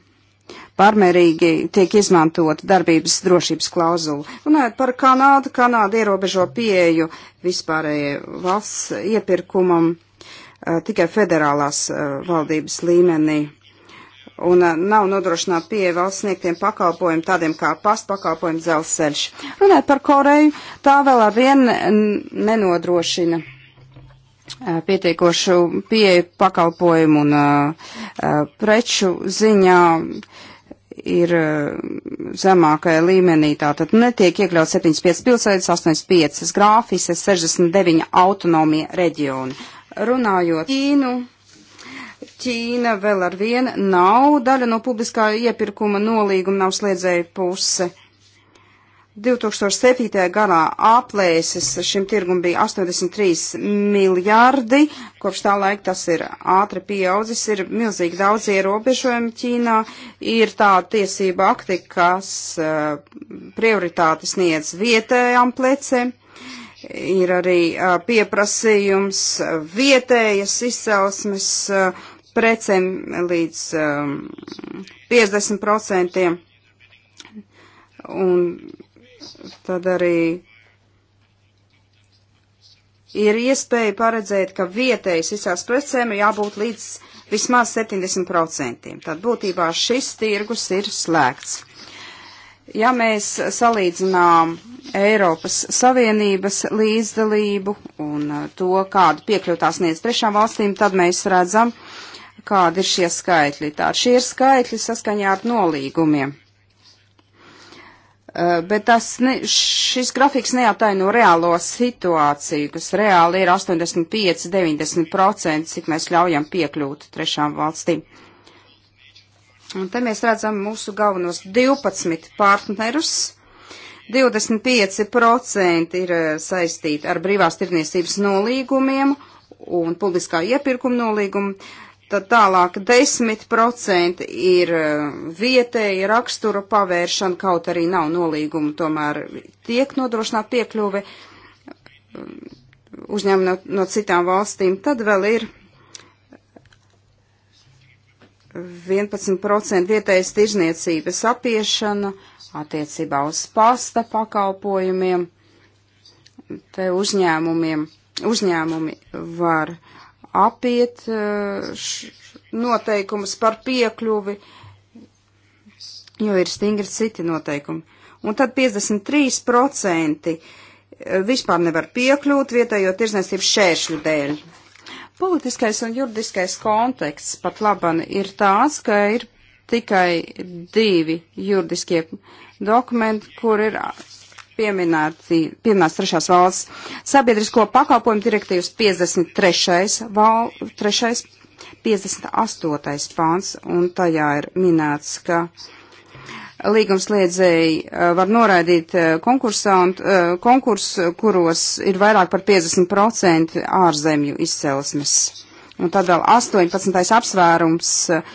pārmērīgi tiek izmantot darbības drošības klauzula. Runājot par Kanādu, Kanāda ierobežo pieeju vispārējai valsts iepirkumam tikai federālās valdības līmenī un nav nodrošināta pieeja valsts sniegtiem pakalpojumiem, tādiem kā pastpakalpojumi dzelzceļš. Runājot par Koreju, tā vēl ar vien nenodrošina pietiekošu pieeju pakalpojumu un uh, preču ziņā ir zemākajā līmenī. Tātad netiek iekļauts 75 pilsētas, 85 grāfises, 69 autonomija reģioni. Runājot Ķīnu Ķīna vēl ar vienu nav daļa no publiskā iepirkuma nolīguma, nav slēdzēja puse. 2007. gadā aplēses šim tirgum bija 83 miljārdi, kopš tā laika tas ir ātri pieaudzis, ir milzīgi daudz ierobežojumi Ķīnā, ir tā tiesība akti, kas uh, prioritāti sniedz vietējām plecēm, ir arī uh, pieprasījums vietējas izcelsmes uh, precēm līdz um, 50%. Un tad arī ir iespēja paredzēt, ka vietējas visās precēm ir jābūt līdz vismaz 70%. Tad būtībā šis tirgus ir slēgts. Ja mēs salīdzinām Eiropas Savienības līdzdalību un to, kādu piekļūtās sniedz trešām valstīm, tad mēs redzam, uh, kādi ir šie skaitļi. Tā šie ir skaitļi saskaņā ar nolīgumiem. Uh, bet tas, ne, šis grafiks neataino reālo situāciju, kas reāli ir 85-90%, cik mēs ļaujam piekļūt trešām valstīm. Un te mēs redzam mūsu galvenos 12 partnerus. 25% ir uh, saistīti ar brīvās tirdzniecības nolīgumiem un publiskā iepirkuma nolīgumu. Tad tālāk 10% ir eh, vietēja rakstura pavēršana, kaut arī nav nolīguma, tomēr tiek nodrošināta piekļuve eh, uzņēmumi no, no citām valstīm. Tad vēl ir 11% vietējas tirzniecības apiešana attiecībā uz pasta pakalpojumiem. Te uzņēmumiem, uzņēmumi var apiet eh, noteikumus par piekļuvi, jo ir stingri citi noteikumi. Un tad 53% eh, vispār nevar piekļūt vietējo tirzniecības šēršļu dēļ. Politiskais un juridiskais konteksts pat laban ir tāds, ka ir tikai divi juridiskie dokumenti, kur ir pieminēts trešās valsts sabiedrisko pakalpojumu direktīvas 53. Val, 3. 58. pāns, un tajā ir minēts, ka līgumsliedzēji eh, var noraidīt konkursā un konkursu, kuros ir vairāk par 50% ārzemju izcelsmes. Un tad vēl 18. apsvērums eh,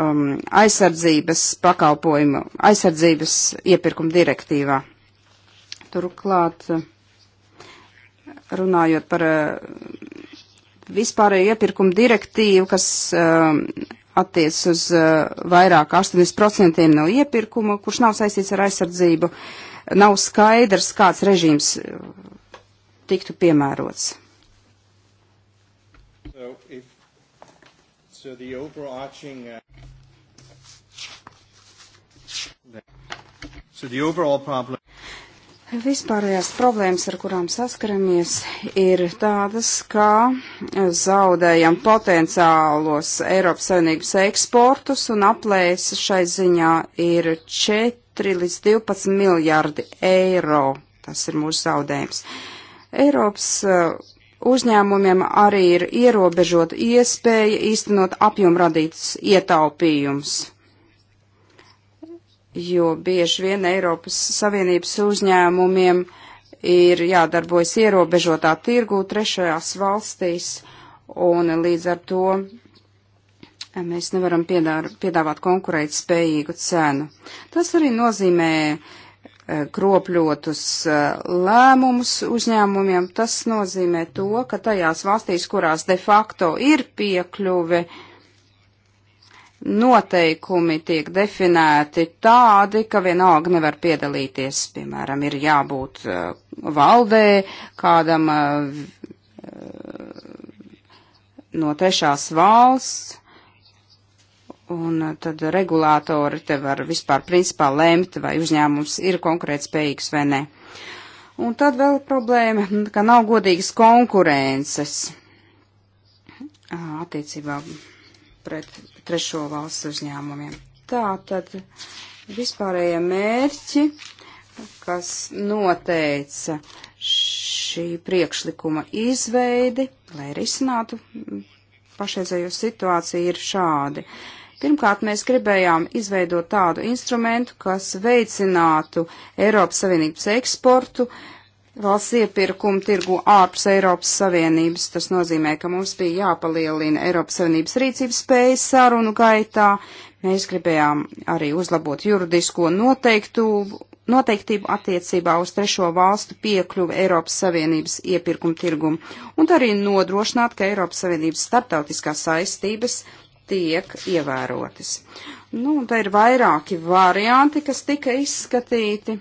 um, aizsardzības pakalpojumu, aizsardzības iepirkuma direktīvā. Turklāt, runājot par eh, vispārēju iepirkumu direktīvu, kas eh, attiec uz eh, vairāk 80% no iepirkuma, kurš nav saistīts ar aizsardzību, nav skaidrs, kāds režīms tiktu piemērots. So if, so the overarching, uh... So the overall problem. Vispārējās problēmas, ar kurām saskaramies, ir tādas, kā zaudējam potenciālos Eiropas Savienības eksportus un aplēses šai ziņā ir 4 līdz 12 miljardi eiro. Tas ir mūsu zaudējums. Eiropas uh, uzņēmumiem arī ir ierobežota iespēja īstenot apjomradītas ietaupījumus jo bieži vien Eiropas Savienības uzņēmumiem ir jādarbojas ierobežotā tirgū trešajās valstīs, un līdz ar to mēs nevaram piedār, piedāvāt konkurēt spējīgu cenu. Tas arī nozīmē eh, kropļotus eh, lēmumus uzņēmumiem. Tas nozīmē to, ka tajās valstīs, kurās de facto ir piekļuve uh, noteikumi tiek definēti tādi, ka vienalga nevar piedalīties. Piemēram, ir jābūt uh, valdē kādam uh, uh, no trešās valsts, un tad regulātori te var vispār principā lemt, vai uzņēmums ir konkurētspējīgs vai ne. Un tad vēl problēma, ka nav godīgas konkurences attiecībā pret trešo valsts uzņēmumiem. Tā tad vispārējie mērķi, kas noteica šī priekšlikuma izveidi, lai risinātu pašreizējo situāciju, ir šādi. Pirmkārt, mēs gribējām izveidot tādu instrumentu, kas veicinātu Eiropas Savienības eksportu, uh, valsts iepirkumu tirgu ārpus Eiropas Savienības. Tas nozīmē, ka mums bija jāpalielina Eiropas Savienības rīcības spējas sarunu gaitā. Mēs gribējām arī uzlabot juridisko noteiktību, noteiktību attiecībā uz trešo valstu piekļuvu Eiropas Savienības iepirkumu tirgumu un arī nodrošināt, ka Eiropas Savienības starptautiskās saistības tiek ievērotas. Nu, tā ir vairāki varianti, kas tika izskatīti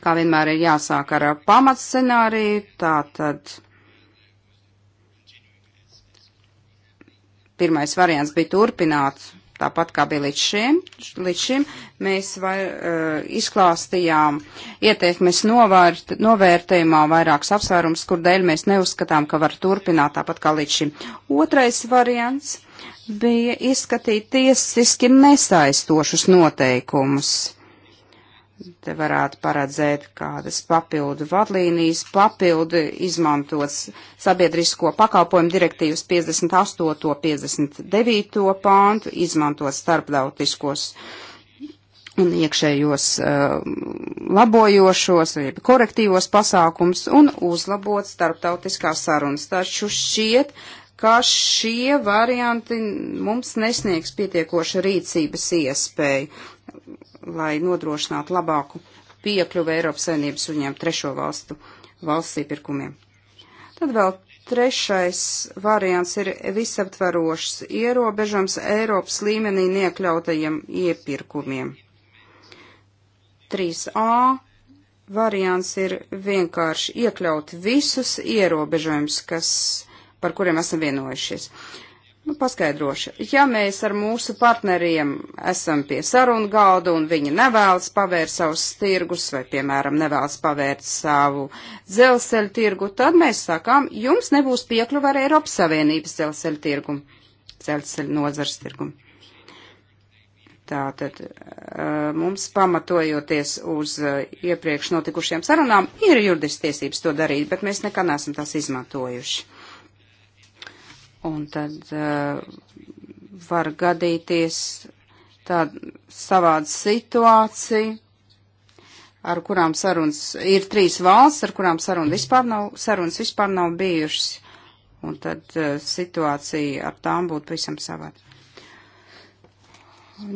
kā vienmēr ir jāsāk ar pamatscenāriju, tā tad pirmais variants bija turpināt tāpat kā bija līdz šim. Līdz šim mēs vai, uh, izklāstījām ieteikmes novērt, novērtējumā vairākus apsvērums, kur dēļ mēs neuzskatām, ka var turpināt tāpat kā līdz šim. Otrais variants bija izskatīt tiesiski nesaistošus noteikumus Te varētu paredzēt kādas papildu vadlīnijas, papildu izmantots sabiedrisko pakalpojumu direktīvas 58. 59. pāntu, izmantot starptautiskos un iekšējos uh, labojošos vai korektīvos pasākums un uzlabot starptautiskās sarunas. Taču šķiet, ka šie varianti mums nesniegs pietiekoši rīcības iespēju lai nodrošinātu labāku piekļuvu Eiropas saimnības suņiem trešo valstu valsts iepirkumiem. Tad vēl trešais variants ir visaptvarošs ierobežams Eiropas līmenī niekļautajiem iepirkumiem. 3a variants ir vienkārši iekļaut visus ierobežojumus, kas, par kuriem esam vienojušies. Nu, paskaidrošu. Ja mēs ar mūsu partneriem esam pie sarunu galda un viņi nevēlas pavērt savus tirgus vai, piemēram, nevēlas pavērt savu dzelzceļu tirgu, tad mēs sakām, jums nebūs piekļuva ar Eiropas Savienības dzelzceļu tirgumu, dzelzceļu nozars tirgumu. Tātad mums pamatojoties uz iepriekš notikušiem sarunām ir juridiski tiesības to darīt, bet mēs nekad neesam tās izmantojuši. Un tad uh, var gadīties tāda savāda situācija, ar kurām sarunas, ir trīs valsts, ar kurām sarunas vispār nav, sarunas vispār nav bijušas. Un tad uh, situācija ar tām būtu pavisam savāda.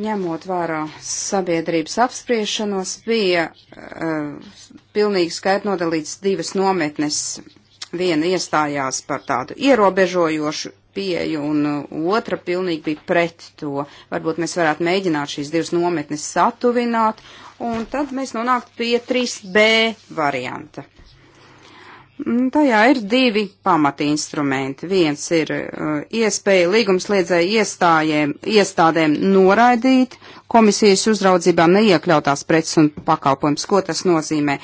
Ņemot vērā sabiedrības apspriešanos, bija uh, pilnīgi skait nodalīts divas nometnes Viena iestājās par tādu ierobežojošu pieeju, un uh, otra pilnīgi bija pret to. Varbūt mēs varētu mēģināt šīs divas nometnes satuvināt, un tad mēs nonāktu pie 3B varianta. Mm, tajā ir divi pamati instrumenti. Viens ir uh, iespēja līgumsliedzēju iestādēm noraidīt komisijas uzraudzībā neiekļautās preces un pakalpojums. Ko tas nozīmē?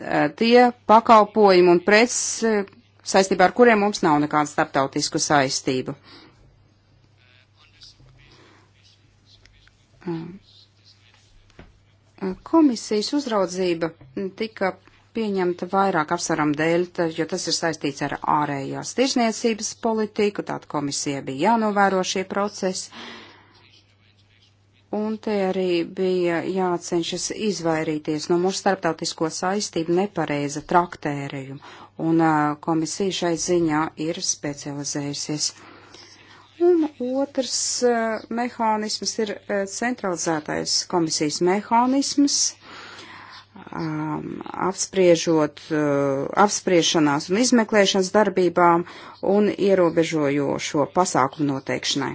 Eh, tie pakalpojumi un preces, eh, saistībā ar kuriem mums nav nekādu starptautisku saistību. Eh, komisijas uzraudzība tika pieņemta vairāk apsvaram dēļ, jo tas ir saistīts ar ārējās tirzniecības politiku, tātad komisija bija jānovēro šie procesi. Uh, Un te arī bija jācenšas izvairīties no mūsu starptautisko saistību nepareiza traktērējuma, un komisija šai ziņā ir specializējusies. Un otrs mehānisms ir centralizētais komisijas mehānisms, um, apspriežot, uh, apspriešanās un izmeklēšanas darbībām un ierobežojošo pasākumu noteikšanai.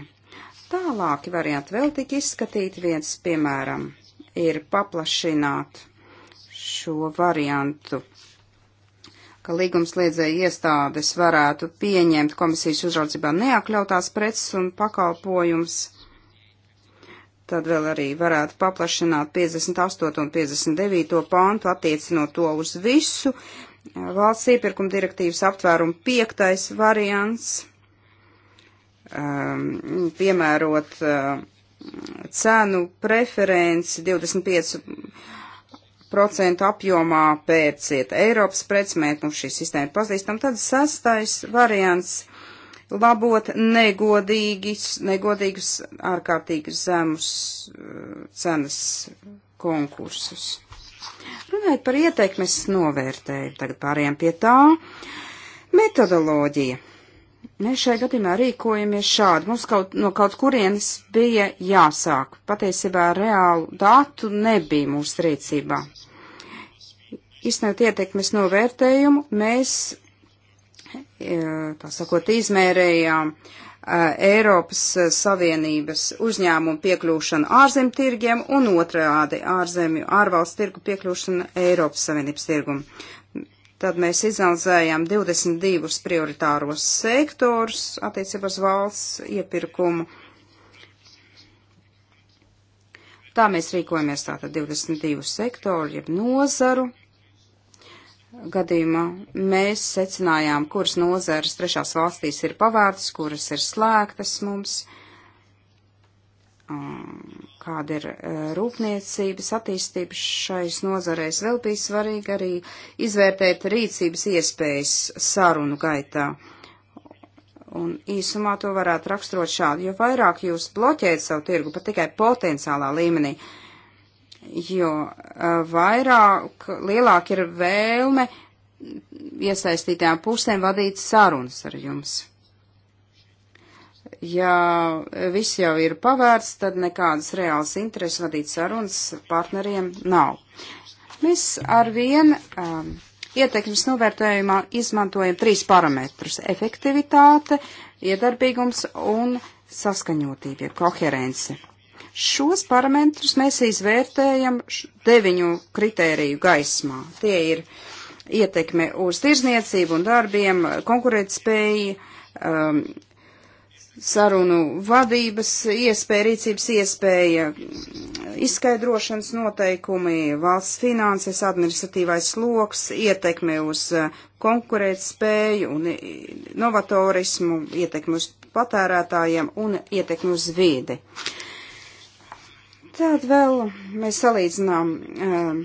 Tālāki varianti vēl tika izskatīti. Viens, piemēram, ir paplašināt šo variantu ka līgumsliedzēja iestādes varētu pieņemt komisijas uzraudzībā neakļautās preces un pakalpojums. Tad vēl arī varētu paplašināt 58 un 59 pāntu, attiecinot to uz visu. Eh, valsts iepirkuma direktīvas aptvērumu piektais variants um, piemērot uh, cenu preferenci 25% apjomā pērciet Eiropas pretsmēt, nu šī sistēma pazīstam, tad sastais variants labot negodīgus, negodīgus ārkārtīgi zemus uh, cenas konkursus. Runājot par ieteikmes novērtēju, tagad pārējām pie tā. Metodoloģija Mēs šajā gadījumā rīkojamies šādi. Mums kaut, no kaut kurienes bija jāsāk. Patiesībā reālu datu nebija mūsu rīcībā. Iznot ietekmes novērtējumu, mēs, e, tā sakot, izmērējām e, Eiropas Savienības uzņēmumu piekļūšanu ārzem tirgiem un otrādi ārzemju ārvalstu tirgu piekļūšanu Eiropas Savienības tirgumu. Tad mēs izanalizējām 22 prioritāros sektors attiecībā uz valsts iepirkumu. Tā mēs rīkojamies tātad 22 sektoru, jeb nozaru. Gadījumā mēs secinājām, kuras nozares trešās valstīs ir pavērtas, kuras ir slēgtas mums. Um, kāda ir e, rūpniecības attīstība šais nozarēs. Vēl bija svarīgi arī izvērtēt rīcības iespējas sarunu gaitā. Un īsumā to varētu raksturot šādi, jo vairāk jūs bloķējat savu tirgu pat tikai potenciālā līmenī, jo e, vairāk lielāk ir vēlme iesaistītām pusēm vadīt sarunas ar jums ja viss jau ir pavērts, tad nekādas reālas intereses vadīt sarunas partneriem nav. Mēs ar vien um, ietekmes novērtējumā izmantojam trīs parametrus - efektivitāte, iedarbīgums un saskaņotība, koherence. Šos parametrus mēs izvērtējam deviņu kritēriju gaismā. Tie ir ietekme uz tirzniecību un darbiem, konkurētspēju, um, sarunu vadības iespēja, rīcības iespēja, izskaidrošanas noteikumi, valsts finanses, administratīvais sloks, ietekme uz eh, konkurētspēju un eh, novatorismu, ietekme uz patērētājiem un ietekme uz vīdi. Tad vēl mēs salīdzinām um,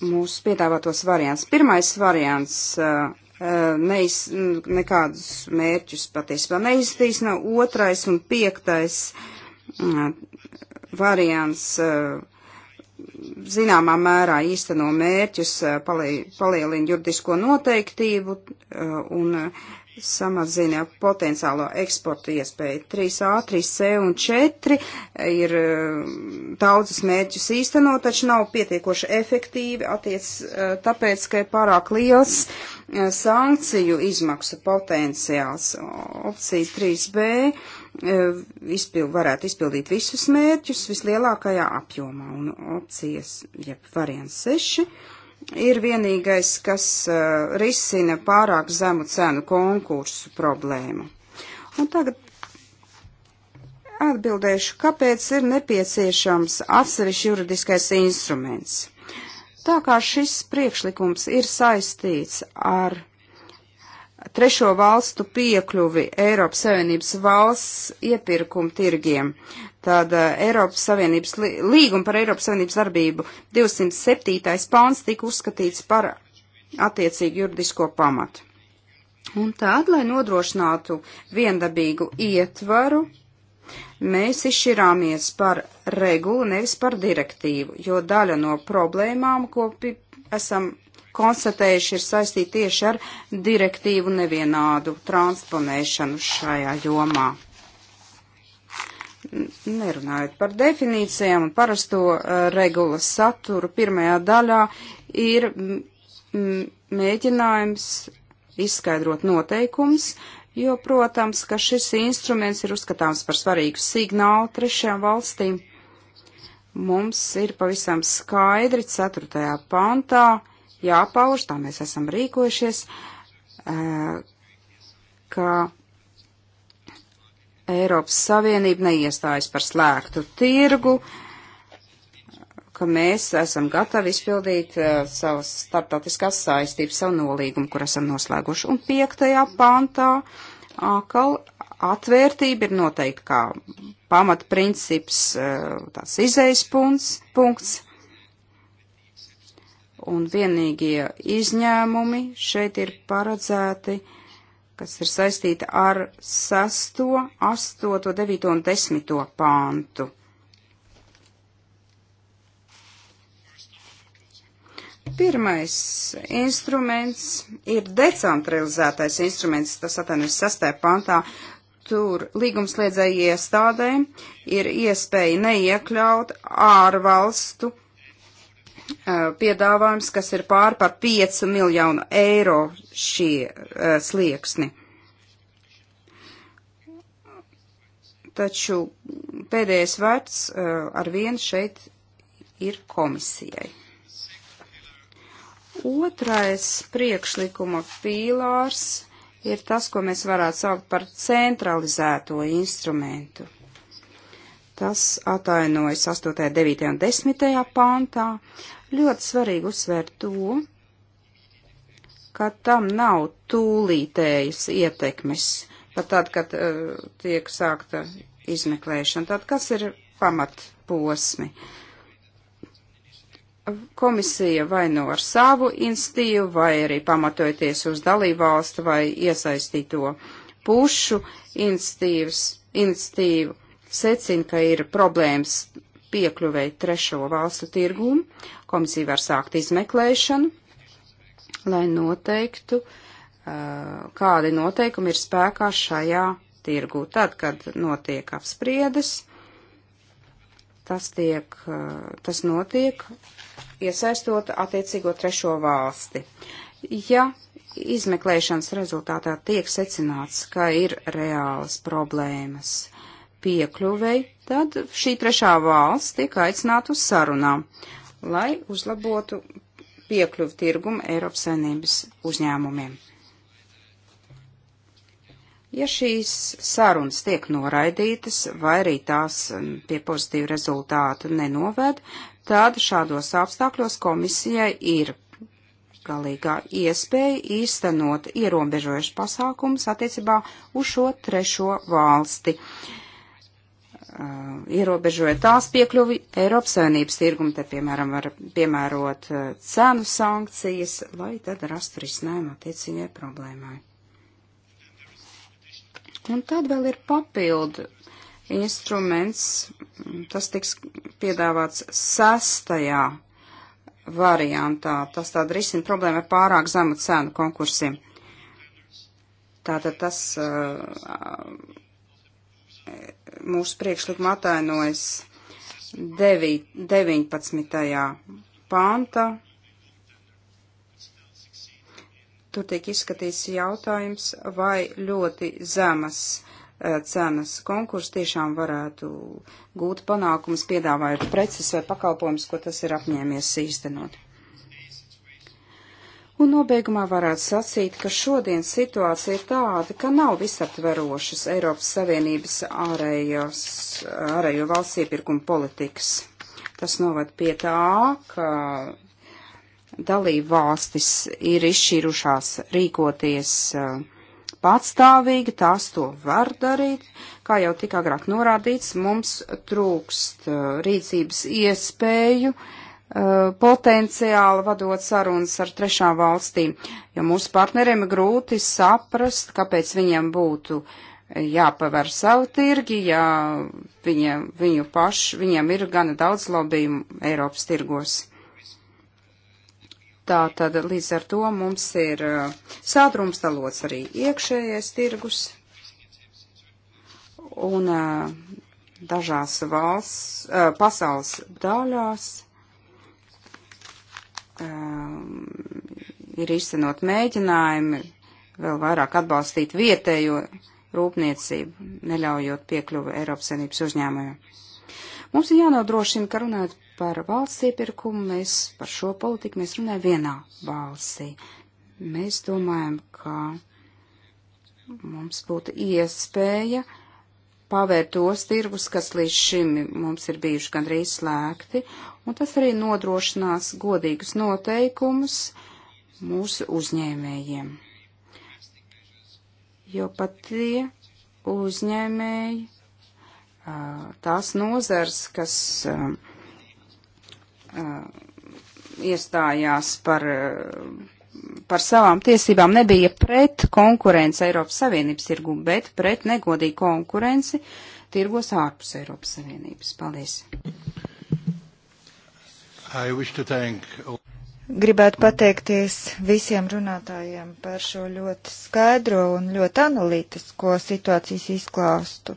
mūsu piedāvātos variants. Pirmais variants uh, neiz, eh, mm, nekādus mērķus patiesībā neizstīs. Nav otrais un piektais mm, variants eh, zināmā mērā īsteno mērķus, eh, palielina juridisko noteiktību un samazina potenciālo eksporta iespēju. 3A, 3C un 4 ir daudzas um, mērķus īstenot, taču nav pietiekoši efektīvi, attiec uh, tāpēc, ka ir pārāk liels uh, sankciju izmaksu potenciāls. Opcija 3B uh, izpild, varētu izpildīt visus mērķus vislielākajā apjomā un opcijas, jeb variants 6 ir vienīgais, kas uh, risina pārāk zemu cenu konkursu problēmu. Un tagad atbildēšu, kāpēc ir nepieciešams atsevišķi juridiskais instruments. Tā kā šis priekšlikums ir saistīts ar trešo valstu piekļuvi Eiropas Savienības valsts iepirkuma tirgiem, Tad Eiropas Savienības līguma par Eiropas Savienības darbību 207. pāns tika uzskatīts par attiecīgu juridisko pamatu. Un tad, lai nodrošinātu viendabīgu ietvaru, mēs izšķirāmies par regulu, nevis par direktīvu, jo daļa no problēmām, ko esam konstatējuši, ir saistīta tieši ar direktīvu nevienādu transponēšanu šajā jomā nerunājot par definīcijām un parasto eh, regulas saturu, pirmajā daļā ir mēģinājums izskaidrot noteikums, jo, protams, ka šis instruments ir uzskatāms par svarīgu signālu trešajām valstīm. Mums ir pavisam skaidri 4. pantā jāpauž, tā mēs esam rīkojušies, eh, ka Eiropas Savienība neiestājas par slēgtu tirgu, ka mēs esam gatavi izpildīt uh, savas starptautiskās saistības, savu nolīgumu, kur esam noslēguši. Un piektajā pantā atkal atvērtība ir noteikti kā pamatprincips, uh, eh, tās izējas punkts, punkts. Un vienīgie izņēmumi šeit ir paredzēti uh, kas ir saistīta ar 6, 8, 9 un 10 pāntu. Pirmais instruments ir decentralizētais instruments, tas atvainojas 6. pantā. Tur līgumslēdzēji iestādēm ir iespēja neiekļaut ārvalstu valstu Eh, piedāvājums, kas ir pār par 5 miljonu eiro šie eh, slieksni. Taču pēdējais vērts eh, ar vienu šeit ir komisijai. Otrais priekšlikuma pīlārs ir tas, ko mēs varētu saukt par centralizēto instrumentu. Tas atainojas 8., 9. un 10. pantā. Uh, Ļoti svarīgi uzsvērt to, ka tam nav tūlītējas ietekmes, pat tad, kad uh, tiek sākta izmeklēšana. Tad kas ir pamatposmi? Komisija vai no nu ar savu institīvu, vai arī pamatojoties uz dalībvalstu vai iesaistīto pušu institīvas, institīvu secina, ka ir problēmas piekļuvēju trešo valstu tirgumu. Komisija var sākt izmeklēšanu, lai noteiktu, kādi noteikumi ir spēkā šajā tirgu. Tad, kad notiek apspriedes, tas, tiek, tas notiek iesaistot attiecīgo trešo valsti. Ja izmeklēšanas rezultātā tiek secināts, ka ir reālas problēmas piekļuvei, tad šī trešā valsts tiek aicināta uz sarunām, lai uzlabotu piekļuvu tirgumu Eiropas saimnības uzņēmumiem. Ja šīs sarunas tiek noraidītas vai arī tās um, pie pozitīvu rezultātu nenoved, tad šādos apstākļos komisijai ir galīgā iespēja īstenot ierobežojušas pasākums attiecībā uz šo trešo valsti. Uh, uh, ierobežoja tās piekļuvi Eiropas Savienības tirgumu, te piemēram var piemērot uh, cenu sankcijas, lai tad rastu risinājumu attiecīgai problēmai. Un tad vēl ir papildu instruments, tas tiks piedāvāts sestajā variantā, tas tāda risina problēma ar pārāk zemu cenu konkursiem. Tātad tas uh, mūsu priekšlikuma atainojas 9, 19. pānta. Tur tiek izskatīts jautājums, vai ļoti zemas eh, cenas konkurss tiešām varētu gūt panākumus, piedāvājot preces vai pakalpojumus, ko tas ir apņēmies īstenot. Un nobeigumā varētu sacīt, ka šodien situācija ir tāda, ka nav visaptverošas Eiropas Savienības ārējos, ārējo valsts iepirkuma politikas. Tas novad pie tā, ka dalību valstis ir izšķirušās rīkoties eh, patstāvīgi, tās to var darīt. Kā jau tik agrāk norādīts, mums trūkst eh, rīcības iespēju. Uh, Eh, potenciāli vadot sarunas ar trešām valstīm, jo mūsu partneriem ir grūti saprast, kāpēc viņiem būtu jāpaver savu tirgi, ja viņa, viņu pašu, viņiem ir gana daudz lobbyjumu Eiropas tirgos. Tā tad līdz ar to mums ir eh, sādrumstalots arī iekšējais tirgus un eh, dažās valsts, pasaules daļās um, ir izcenot mēģinājumi vēl vairāk atbalstīt vietējo rūpniecību, neļaujot piekļuvu Eiropas Savienības uzņēmumiem. Mums ir jānodrošina, ka runājot par valsts iepirkumu, mēs par šo politiku mēs runājam vienā valstī. Mēs domājam, ka mums būtu iespēja uh, pavērt tos tirgus, kas līdz šim mums ir bijuši gandrīz slēgti, un tas arī nodrošinās godīgus noteikumus mūsu uzņēmējiem. Jo pat tie uzņēmēji, tās nozars, kas iestājās par par savām tiesībām nebija pret konkurence Eiropas Savienības tirgu, bet pret negodīgu konkurenci tirgos ārpus Eiropas Savienības. Paldies! Thank... Gribētu pateikties visiem runātājiem par šo ļoti skaidro un ļoti analītisko situācijas izklāstu.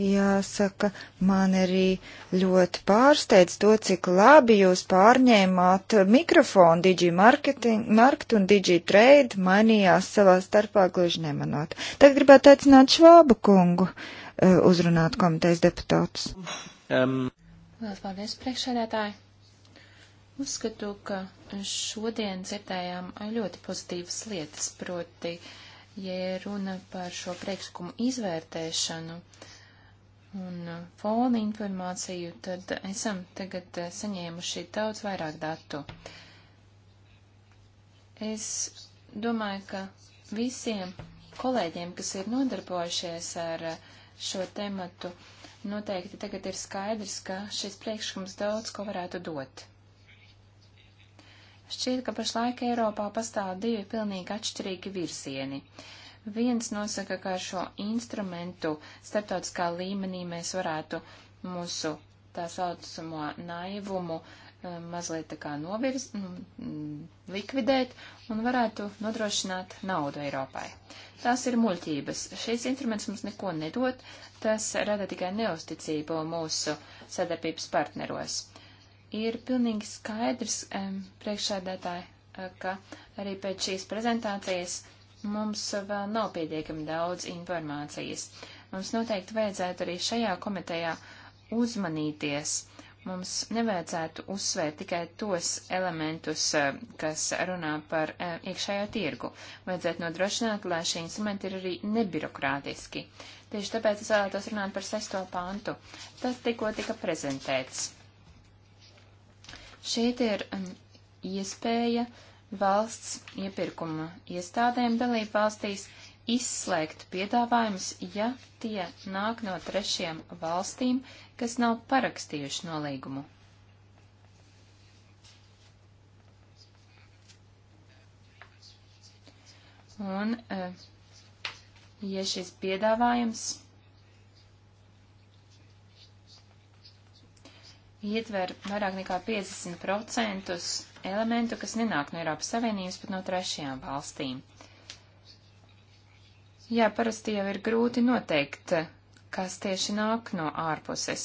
Jāsaka, man arī ļoti pārsteidz to, cik labi jūs pārņēmāt mikrofonu. Digi Market un Digi Trade mainījās savā starpā gluži nemanot. Tagad gribētu aicināt Švābu kungu e, uzrunāt komitejas deputātus. Um. Lielas paldies, priekšsēdētāji! Uzskatu, ka šodien dzirdējām ļoti pozitīvas lietas, proti, ja runa par šo priekšlikumu izvērtēšanu. Uh, un uh, fona informāciju, tad esam tagad uh, saņēmuši daudz vairāk datu. Es domāju, ka visiem kolēģiem, kas ir nodarbojušies ar uh, šo tematu, noteikti tagad ir skaidrs, ka šis priekšlikums daudz ko varētu dot. Šķiet, ka pašlaik Eiropā pastāv divi pilnīgi atšķirīgi virzieni. Uh, Viens nosaka, kā šo instrumentu starptautiskā līmenī mēs varētu mūsu tā saucamo naivumu eh, mazliet tā kā novirz, nu, mm, likvidēt un varētu nodrošināt naudu Eiropai. Tās ir muļķības. Šis instruments mums neko nedod, tas rada tikai neusticību mūsu sadarbības partneros. Ir pilnīgi skaidrs, priekšādātāji, eh, ka arī pēc šīs prezentācijas mums vēl nav pietiekami daudz informācijas. Mums noteikti vajadzētu arī šajā komitejā uzmanīties. Mums nevajadzētu uzsvērt tikai tos elementus, eh, kas runā par eh, iekšējo tirgu. Vajadzētu nodrošināt, lai šie instrumenti ir arī nebirokrātiski. Tieši tāpēc es vēlētos runāt par sesto pantu. Tas tikko tika prezentēts. Šeit ir mm, iespēja uh, valsts iepirkuma iestādēm dalību valstīs izslēgt piedāvājumus, ja tie nāk no trešiem valstīm, kas nav parakstījuši nolīgumu. Un, eh, ja šis piedāvājums ietver vairāk nekā 50% elementu, kas nenāk no Eiropas Savienības, bet no trešajām valstīm. Jā, parasti jau ir grūti noteikt, kas tieši nāk no ārpuses,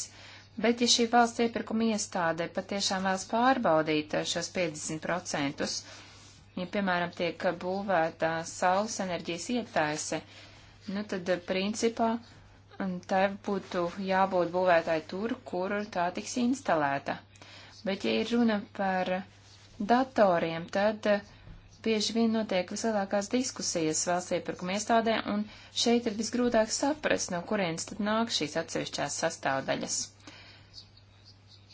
bet ja šī valsts iepirkuma iestāde patiešām vēlas pārbaudīt šos 50%, ja, piemēram, tiek būvēta saules enerģijas ietaise, nu tad, principā, tai būtu jābūt būvētāji tur, kur tā tiks instalēta. Bet, ja ir runa par datoriem, tad eh, bieži vien notiek vislielākās diskusijas valsts iepirkuma iestādē, un šeit ir visgrūtāk saprast, no kurienes tad nāk šīs atsevišķās sastāvdaļas.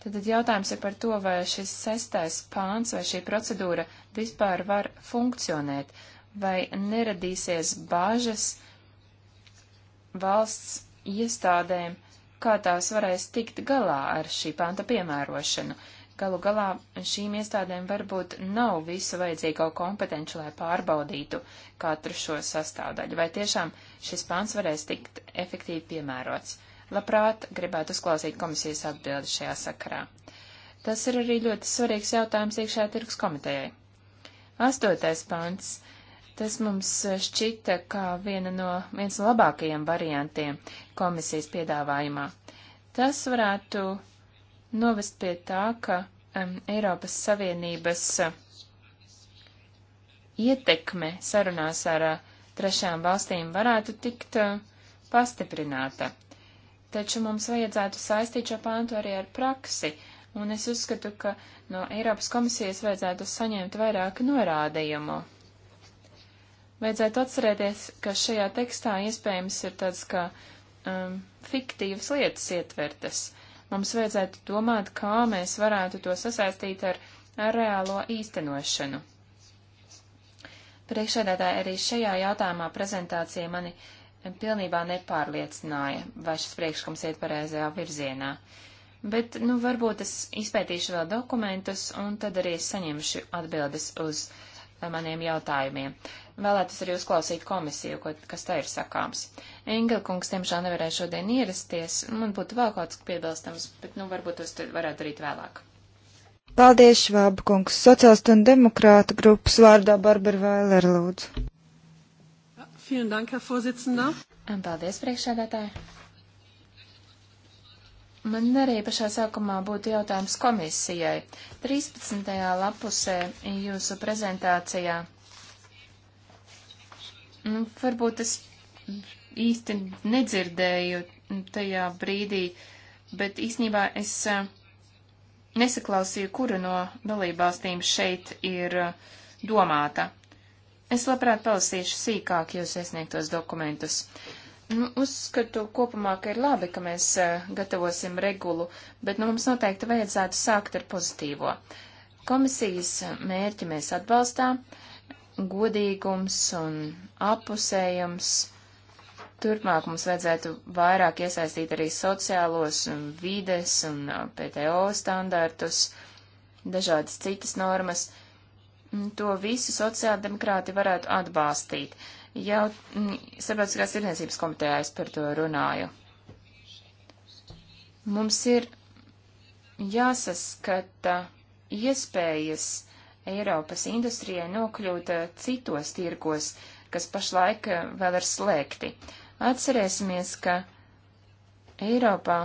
Tad jautājums ir par to, vai šis sestais pāns vai šī procedūra vispār var funkcionēt, vai neradīsies bāžas valsts iestādēm, kā tās varēs tikt galā ar šī panta piemērošanu. Galu galā šīm iestādēm varbūt nav visu vajadzīgo kompetenci, lai pārbaudītu katru šo sastāvdaļu, vai tiešām šis pāns varēs tikt efektīvi piemērots. Labprāt, gribētu uzklausīt komisijas atbildi šajā sakarā. Tas ir arī ļoti svarīgs jautājums iekšējā tirgus komitejai. Astotais pāns. Tas mums šķita kā viena no, viens no labākajiem variantiem komisijas piedāvājumā. Tas varētu novest pie tā, ka um, Eiropas Savienības uh, ietekme sarunās ar uh, eh, trešām valstīm varētu tikt uh, pastiprināta. Taču mums vajadzētu saistīt šo pāntu arī ar praksi, un es uzskatu, ka no Eiropas komisijas vajadzētu saņemt vairāk norādījumu. Vajadzētu atcerēties, ka šajā tekstā iespējams ir tāds kā um, fiktīvas lietas ietvertas. Uh, Mums vajadzētu domāt, kā mēs varētu to sasaistīt ar, ar reālo īstenošanu. Priekšēdētāji arī šajā jautājumā prezentācija mani pilnībā nepārliecināja, vai šis priekšlikums iet pareizajā virzienā. Bet, nu, varbūt es izpētīšu vēl dokumentus, un tad arī saņemšu atbildes uz uh, maniem jautājumiem. Vēlētos arī uzklausīt komisiju, ko, kas tā ir sakāms. Engelkungs, tiemžēl, nevarēja šodien ierasties. Man būtu vēl kaut kas piebilstams, bet, nu, varbūt tos varētu darīt vēlāk. Paldies, Švāba kungs. Sociālistu un demokrātu grupas vārdā Barbara Vēlera lūdzu. Ja, vielen Dank, Herr Vorsitzender. Paldies, priekšsēdētāji. Man arī pašā sākumā būtu jautājums komisijai. 13. lapusē jūsu prezentācijā. Nu, varbūt es īsti nedzirdēju tajā brīdī, bet īsnībā es nesaklausīju, kura no dalībvalstīm šeit ir domāta. Es labprāt palasīšu sīkāk jūs iesniegtos dokumentus. Nu, uzskatu kopumā, ka ir labi, ka mēs uh, gatavosim regulu, bet nu, mums noteikti vajadzētu sākt ar pozitīvo. Komisijas mērķi mēs atbalstām - godīgums un apusējums. Turpmāk mums vajadzētu vairāk iesaistīt arī sociālos un vides un eh, PTO standartus, dažādas citas normas. Mm, to visu sociāldemokrāti varētu atbalstīt. Uh, Jau mm, sabiedriskās tirdzniecības komitejā es par to runāju. Mums ir jāsaskata iespējas Eiropas industrijai nokļūt eh, citos tirgos, kas pašlaik eh, vēl ir slēgti. Atcerēsimies, ka Eiropā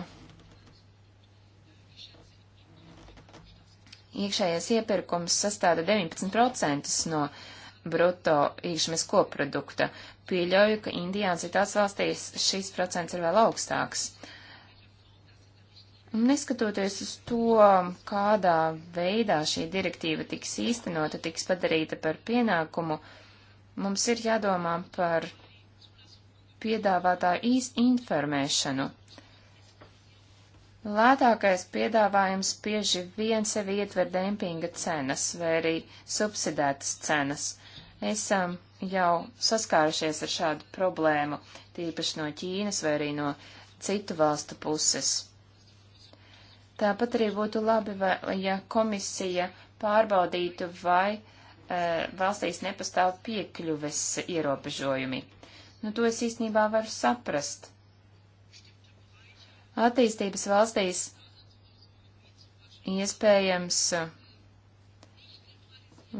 iekšējais iepirkums sastāda 19% no uh, bruto īkšķmes koprodukta. Pieļauju, ka Indijā un citās valstīs šis procents ir vēl augstāks. Neskatoties uz to, kādā veidā šī direktīva tiks īstenota, tiks padarīta par pienākumu, mums ir jādomā par piedāvātāju īs informēšanu. Lētākais piedāvājums bieži vien sevi ietver dempinga cenas vai arī subsidētas cenas esam jau saskārušies ar šādu problēmu, tīpaši no Ķīnas vai arī no citu valstu puses. Tāpat arī būtu labi, vai, ja komisija pārbaudītu, vai e, valstīs nepastāv piekļuves ierobežojumi. Nu, to es īstenībā varu saprast. Attīstības valstīs iespējams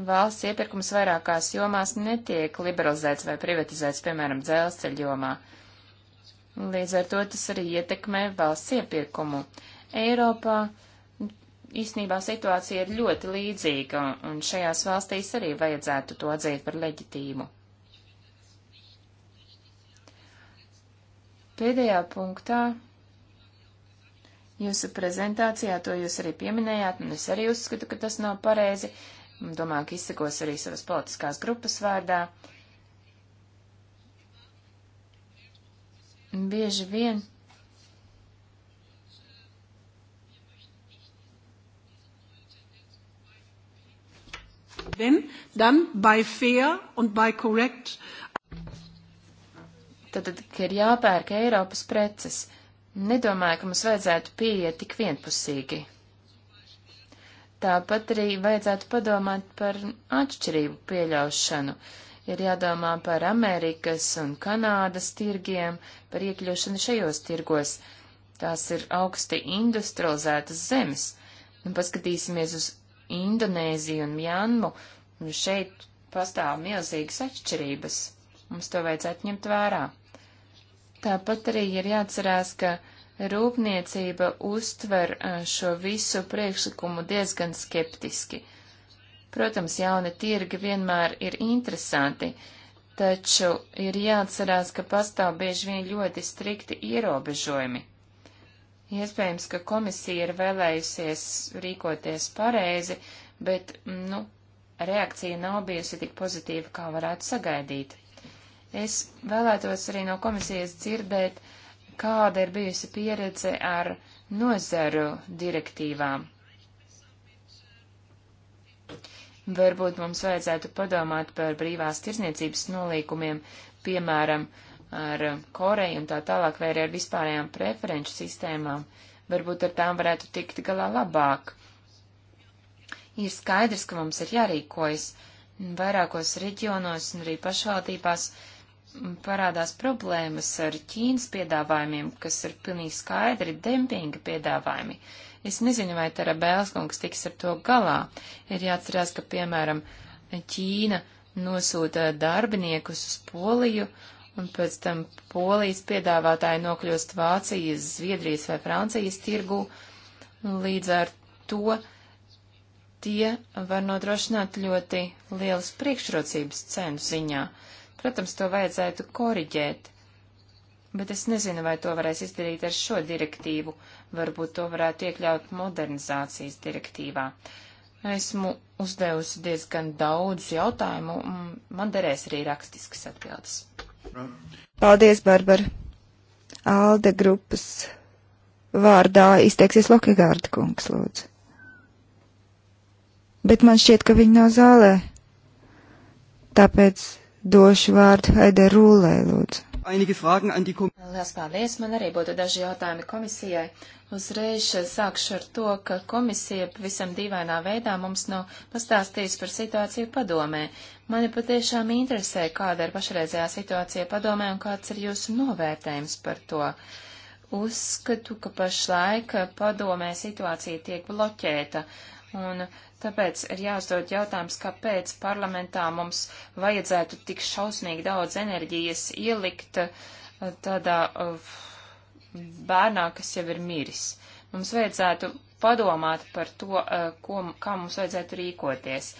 Valsts iepirkums vairākās jomās netiek liberalizēts vai privatizēts, piemēram, dzelzceļa jomā. Līdz ar to tas arī ietekmē valsts iepirkumu. Eiropā īstenībā situācija ir ļoti līdzīga, un šajās valstīs arī vajadzētu to atzīt par leģitīmu. Pēdējā punktā jūsu prezentācijā to jūs arī pieminējāt, un es arī uzskatu, ka tas nav pareizi. Uh, domāju, ka izsakos arī savas politiskās grupas vārdā. Bieži vien Wenn, dann bei fair und bei correct. Tad, tad ka ir jāpērk Eiropas preces. Nedomāju, ka mums vajadzētu pieiet tik vienpusīgi. Tāpat arī vajadzētu padomāt par atšķirību pieļaušanu. Ir jādomā par Amerikas un Kanādas tirgiem, par iekļūšanu šajos tirgos. Tās ir augsti industrializētas zemes. Un nu, paskatīsimies uz Indonēziju un Mjanmu, un nu, šeit pastāv milzīgas atšķirības. Mums to vajadzētu ņemt vērā. Tāpat arī ir jāatcerās, ka rūpniecība uztver eh, šo visu priekšlikumu diezgan skeptiski. Protams, jauni tirgi vienmēr ir interesanti, taču ir jāatcerās, ka pastāv bieži vien ļoti strikti ierobežojumi. Iespējams, ka komisija ir vēlējusies rīkoties pareizi, bet, mm, nu, reakcija nav bijusi tik pozitīva, kā varētu sagaidīt. Es vēlētos arī no komisijas dzirdēt, uh, kāda ir bijusi pieredze ar nozaru direktīvām. Varbūt mums vajadzētu padomāt par brīvās tirzniecības nolīkumiem, piemēram, ar Koreju un tā tālāk, vai arī ar vispārējām preferenču sistēmām. Varbūt ar tām varētu tikt galā labāk. Ir skaidrs, ka mums ir jārīkojas vairākos reģionos un arī pašvaldībās parādās problēmas ar Ķīnas piedāvājumiem, kas ir pilnīgi skaidri dempinga piedāvājumi. Es nezinu, vai Tarabēls kungs tiks ar to galā. Ir jāatcerās, ka, piemēram, Ķīna nosūta darbiniekus uz Poliju, un pēc tam Polijas piedāvātāji nokļūst Vācijas, Zviedrijas vai Francijas tirgu. Līdz ar to tie var nodrošināt ļoti lielas priekšrocības cenu ziņā. Protams, to vajadzētu koriģēt, bet es nezinu, vai to varēs izdarīt ar šo direktīvu. Varbūt to varētu iekļaut modernizācijas direktīvā. Esmu uzdevusi diezgan daudz jautājumu, un man derēs arī rakstiskas atbildes. Paldies, Barbara! Alde grupas vārdā izteiksies Lokigārda kungs, lūdzu. Bet man šķiet, ka viņa nav zālē. Tāpēc došu vārdu Haidai Rūlē, lūdzu. Lielas paldies, man arī būtu daži jautājumi komisijai. Uzreiz sākšu ar to, ka komisija pavisam dīvainā veidā mums nav pastāstījis par situāciju padomē. Mani patiešām interesē, kāda ir pašreizējā situācija padomē un kāds ir jūsu novērtējums par to. Uzskatu, ka pašlaik padomē situācija tiek bloķēta. Un uh, Tāpēc ir jāuzdod jautājums, kāpēc parlamentā mums vajadzētu tik šausmīgi daudz enerģijas ielikt uh, tādā uh, bērnā, kas jau ir miris. Mums vajadzētu padomāt par to, uh, ko, kā mums vajadzētu rīkoties.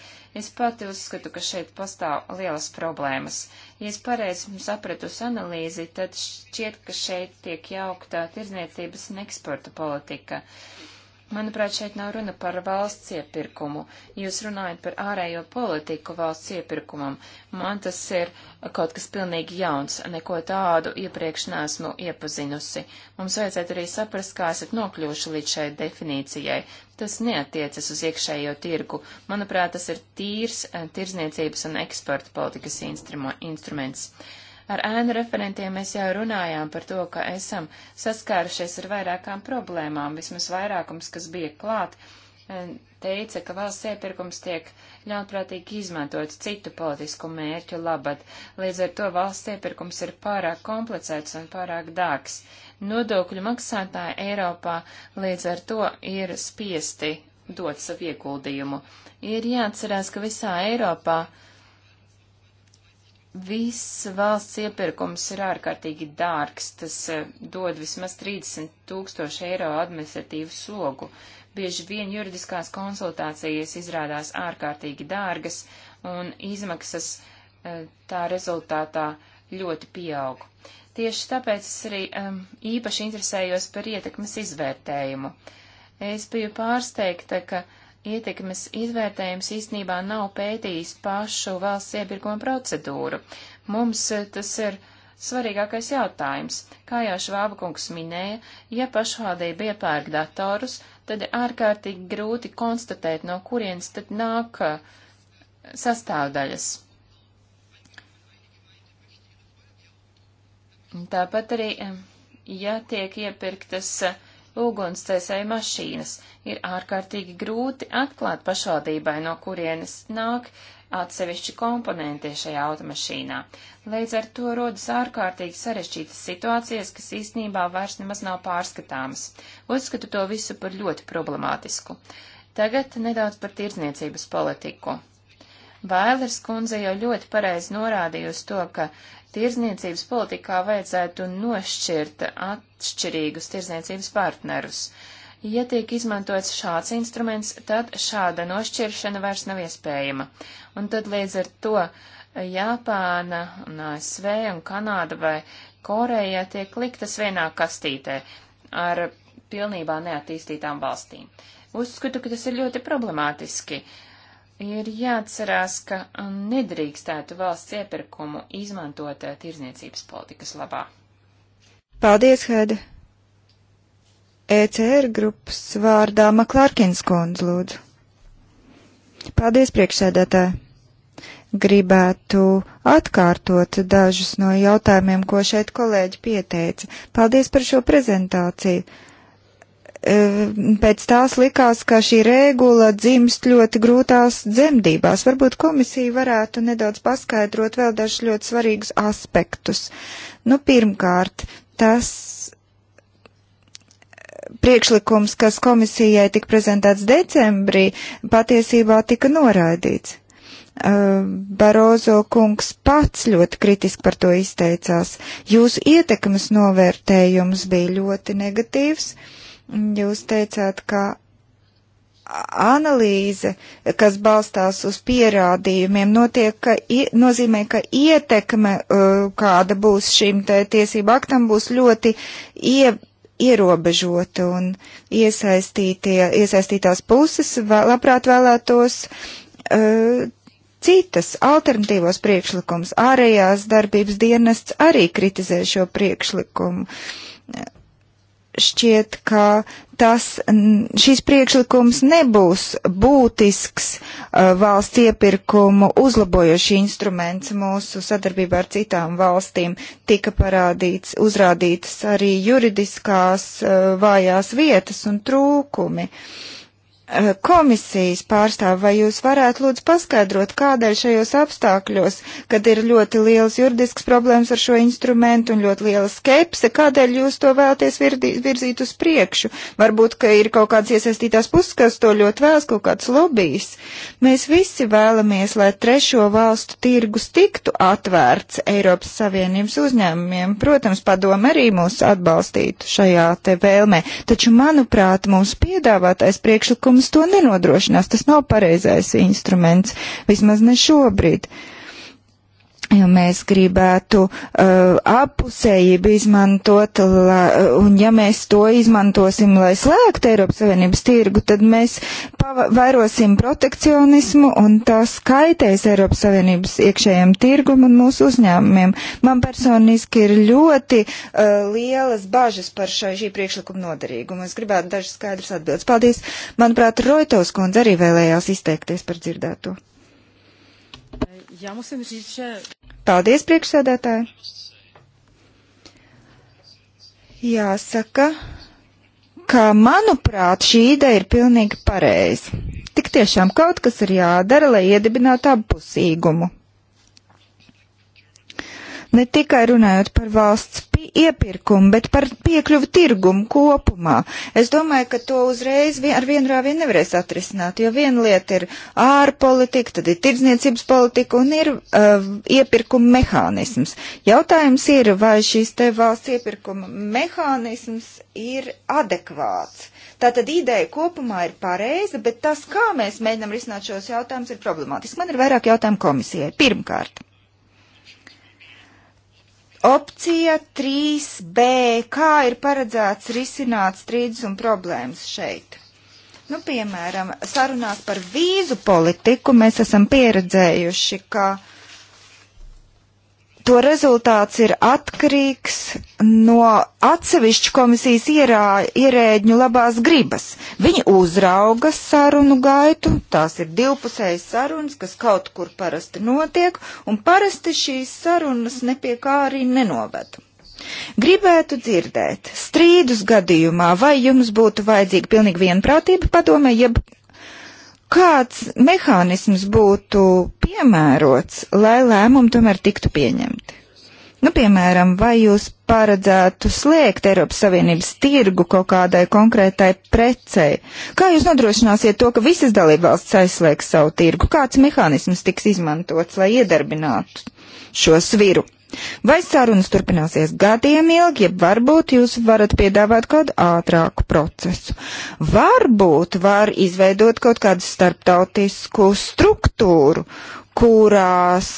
Es pati uzskatu, ka šeit pastāv lielas problēmas. Ja es pareizi sapratu analīzi, tad šķiet, ka šeit tiek jaukta tirdzniecības un eksporta politika. Uh, Manuprāt, šeit nav runa par valsts iepirkumu. Jūs runājat par ārējo politiku valsts iepirkumam. Man tas ir kaut kas pilnīgi jauns, neko tādu iepriekš neesmu iepazinusi. Mums vajadzētu arī saprast, kā esat nokļuvuši līdz šai definīcijai. Tas neatiecas uz iekšējo tirgu. Manuprāt, tas ir tīrs eh, tirzniecības un eksporta politikas instruments. Ar ēnu referentiem mēs jau runājām par to, ka esam saskārušies ar vairākām problēmām, vismaz vairākums, kas bija klāt, e, teica, ka valsts iepirkums tiek ļaunprātīgi izmantots citu politisku mērķu labad, līdz ar to valsts iepirkums ir pārāk komplicēts un pārāk dārgs. Nodokļu maksātāji Eiropā līdz ar to ir spiesti dot savu ieguldījumu. Ir jāatcerās, ka visā Eiropā uh, Viss valsts iepirkums ir ārkārtīgi dārgs, tas e, dod vismaz 30 tūkstoši eiro administratīvu slogu. Bieži vien juridiskās konsultācijas izrādās ārkārtīgi dārgas un izmaksas e, tā rezultātā ļoti pieaug. Tieši tāpēc es arī um, īpaši interesējos par ietekmes izvērtējumu. Es biju pārsteigta, ka uh, Ietekmes izvērtējums īstenībā nav pētījis pašu valsts iepirkuma procedūru. Mums eh, tas ir svarīgākais jautājums. Kā jau Švāba kungs minēja, ja pašvaldība iepērk datorus, tad ir ārkārtīgi grūti konstatēt, no kurienes tad nāk eh, sastāvdaļas. Tāpat arī, eh, ja tiek iepirktas uh, ugunsdzēsēju mašīnas. Ir ārkārtīgi grūti atklāt pašvaldībai, no kurienes nāk atsevišķi komponenti šajā automašīnā. Līdz ar to rodas ārkārtīgi sarežģītas situācijas, kas īstenībā vairs nemaz nav pārskatāmas. Uzskatu to visu par ļoti problemātisku. Tagad nedaudz par tirdzniecības politiku. Vailers kundze jau ļoti pareizi norādīja uz to, ka uh, Tirzniecības politikā vajadzētu nošķirt atšķirīgus tirzniecības partnerus. Ja tiek izmantots šāds instruments, tad šāda nošķiršana vairs nav iespējama. Un tad līdz ar to Japāna un ASV un Kanāda vai Koreja tiek liktas vienā kastītē ar pilnībā neattīstītām valstīm. Uzskatu, ka tas ir ļoti problemātiski. Uh, Ir jāatcerās, ka um, nedrīkstētu valsts iepirkumu izmantot uh, tirzniecības politikas labā. Paldies, Hēde! ECR grupas vārdā Maklārkins kundze lūdzu. Paldies, priekšsēdētāji! Gribētu atkārtot dažus no jautājumiem, ko šeit kolēģi pieteica. Paldies par šo prezentāciju! Ehm, pēc tās likās, ka šī regula dzimst ļoti grūtās dzemdībās. Varbūt komisija varētu nedaudz paskaidrot vēl dažus ļoti svarīgus aspektus. Nu, pirmkārt, tas priekšlikums, kas komisijai tika prezentēts decembrī, patiesībā tika noraidīts. Ehm, Barozo kungs pats ļoti kritiski par to izteicās. Jūsu ietekmes novērtējums bija ļoti negatīvs. Uh, Jūs teicāt, ka analīze, kas balstās uz pierādījumiem, notiek, ka, nozīmē, ka ietekme, uh, kāda būs šim tiesību aktam, būs ļoti ie, ierobežota un iesaistītās puses vēl, labprāt vēlētos uh, citas alternatīvos priekšlikums. Ārējās darbības dienests arī kritizē šo priekšlikumu šķiet, ka tas, šis priekšlikums nebūs būtisks uh, valsts iepirkumu uzlabojoši instruments mūsu sadarbībā ar citām valstīm. Tika parādīts, uzrādītas arī juridiskās uh, vājās vietas un trūkumi. Uh, Eh, komisijas pārstāvi, vai jūs varētu lūdzu paskaidrot, kādēļ šajos apstākļos, kad ir ļoti liels juridisks problēmas ar šo instrumentu un ļoti liela skepse, kādēļ jūs to vēlaties virzīt uz priekšu? Varbūt, ka ir kaut kāds iesaistītās puses, kas to ļoti vēlas, kaut kāds lobijs. Mēs visi vēlamies, lai trešo valstu tirgus tiktu atvērts Eiropas Savienības uzņēmumiem. Protams, padome arī mūs atbalstītu šajā te vēlmē, taču, manuprāt, mūsu piedāvātais priekšlikums likums to nenodrošinās. Tas nav pareizais instruments, vismaz ne šobrīd. Uh, Ja mēs gribētu uh, apusējību izmantot, la, uh, un ja mēs to izmantosim, lai slēgtu Eiropas Savienības tirgu, tad mēs vairosim protekcionismu, un tas kaitēs Eiropas Savienības iekšējiem tirgum un mūsu uzņēmumiem. Man personiski ir ļoti uh, lielas bažas par šai, šī priekšlikuma noderīgumu. Es gribētu dažas skaidras atbildes. Paldies. Manuprāt, Roitovs kundze arī vēlējās izteikties par dzirdēto. Jā, mums ir šī. Paldies, priekšsēdētāji. Jāsaka, ka, manuprāt, šī ideja ir pilnīgi pareiza. Tik tiešām kaut kas ir jādara, lai iedibinātu apusīgumu ne tikai runājot par valsts iepirkumu, bet par piekļuvu tirgumu kopumā. Es domāju, ka to uzreiz vien, ar vienu rāvienu nevarēs atrisināt, jo viena lieta ir ārpolitika, tad ir tirdzniecības politika un ir uh, iepirkuma mehānisms. Jautājums ir, vai šīs te valsts iepirkuma mehānisms ir adekvāts. Tātad ideja kopumā ir pareiza, bet tas, kā mēs mēģinam risināt šos jautājumus, ir problemātiski. Man ir vairāk jautājumu komisijai. Pirmkārt. Opcija 3b. Kā ir paredzēts risināt strīdus un problēmas šeit? Nu, piemēram, sarunās par vīzu politiku mēs esam pieredzējuši, ka uh, to rezultāts ir atkarīgs no atsevišķu komisijas ierā, ierēģņu labās gribas. Viņi uzrauga sarunu gaitu, tās ir divpusējas sarunas, kas kaut kur parasti notiek, un parasti šīs sarunas nepie kā arī nenoved. Gribētu dzirdēt, strīdus gadījumā, vai jums būtu vajadzīga pilnīga vienprātība padomē, jeb kāds mehānisms būtu piemērots, lai lēmumi tomēr tiktu pieņemti? Nu, piemēram, vai jūs paredzētu slēgt Eiropas Savienības tirgu kaut kādai konkrētai precei? Kā jūs nodrošināsiet to, ka visas dalībvalsts aizslēgs savu tirgu? Kāds mehānisms tiks izmantots, lai iedarbinātu šo sviru? Vai sarunas turpināsies gadiem ilgi, ja varbūt jūs varat piedāvāt kādu ātrāku procesu? Varbūt var izveidot kaut kādu starptautisku struktūru, kurās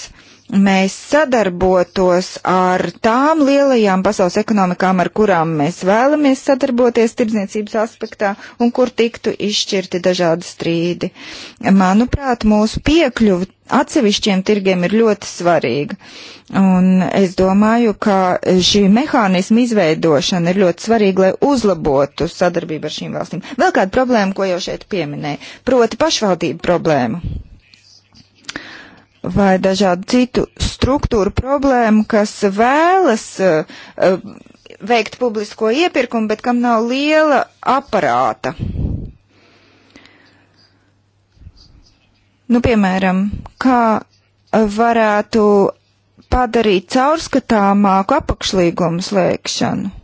mēs sadarbotos ar tām lielajām pasaules ekonomikām, ar kurām mēs vēlamies sadarboties tirdzniecības aspektā un kur tiktu izšķirti dažādi strīdi. Manuprāt, mūsu piekļuva atsevišķiem tirgiem ir ļoti svarīga. Un es domāju, ka šī mehānisma izveidošana ir ļoti svarīga, lai uzlabotu sadarbību ar šīm valstīm. Vēl kāda problēma, ko jau šeit pieminēja, proti pašvaldību problēma vai dažādu citu struktūru problēmu, kas vēlas uh, veikt publisko iepirkumu, bet kam nav liela aparāta. Nu, piemēram, kā varētu padarīt caurskatāmāku apakšlīgumu slēgšanu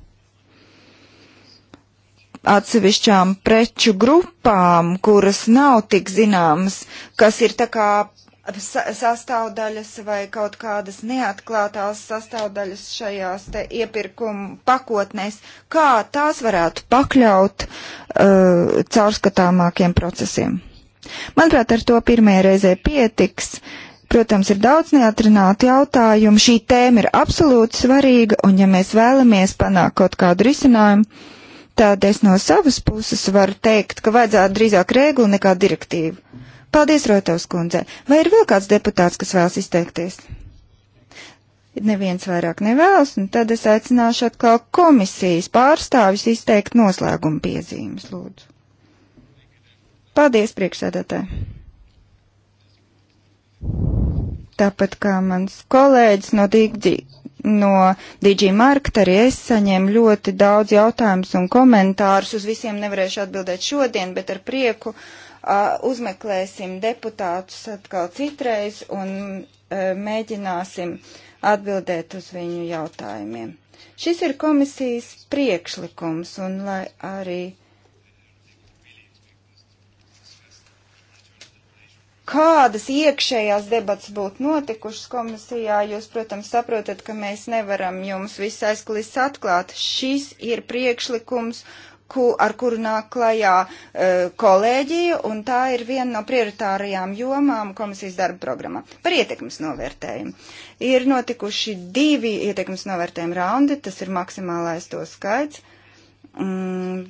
atsevišķām preču grupām, kuras nav tik zināmas, kas ir tā kā sastāvdaļas vai kaut kādas neatklātās sastāvdaļas šajās te iepirkumu pakotnēs, kā tās varētu pakļaut uh, caurskatāmākiem procesiem. Manuprāt, ar to pirmajai reizē pietiks. Protams, ir daudz neatrinātu jautājumu. Šī tēma ir absolūti svarīga, un ja mēs vēlamies panākt kaut kādu risinājumu, Tad es no savas puses varu teikt, ka vajadzētu drīzāk regulu nekā direktīvu. Paldies, Rotovs kundze. Vai ir vēl kāds deputāts, kas vēlas izteikties? Neviens vairāk nevēlas, un tad es aicināšu atkal komisijas pārstāvis izteikt noslēguma piezīmes, lūdzu. Paldies, priekšsēdētāji. Tāpat kā mans kolēģis no Digdžī no DG Markt, arī es saņēmu ļoti daudz jautājumus un komentārus. Uz visiem nevarēšu atbildēt šodien, bet ar prieku uh, uzmeklēsim deputātus atkal citreiz un uh, mēģināsim atbildēt uz viņu jautājumiem. Šis ir komisijas priekšlikums un lai arī kādas iekšējās debats būtu notikušas komisijā, jūs, protams, saprotat, ka mēs nevaram jums visu aizkulis atklāt. Šis ir priekšlikums, ku, ar kuru nāk klajā e, kolēģija, un tā ir viena no prioritārajām jomām komisijas darba programmā. Par ietekmes novērtējumu. Ir notikuši divi ietekmes novērtējumu raundi, tas ir maksimālais to skaits. Mm,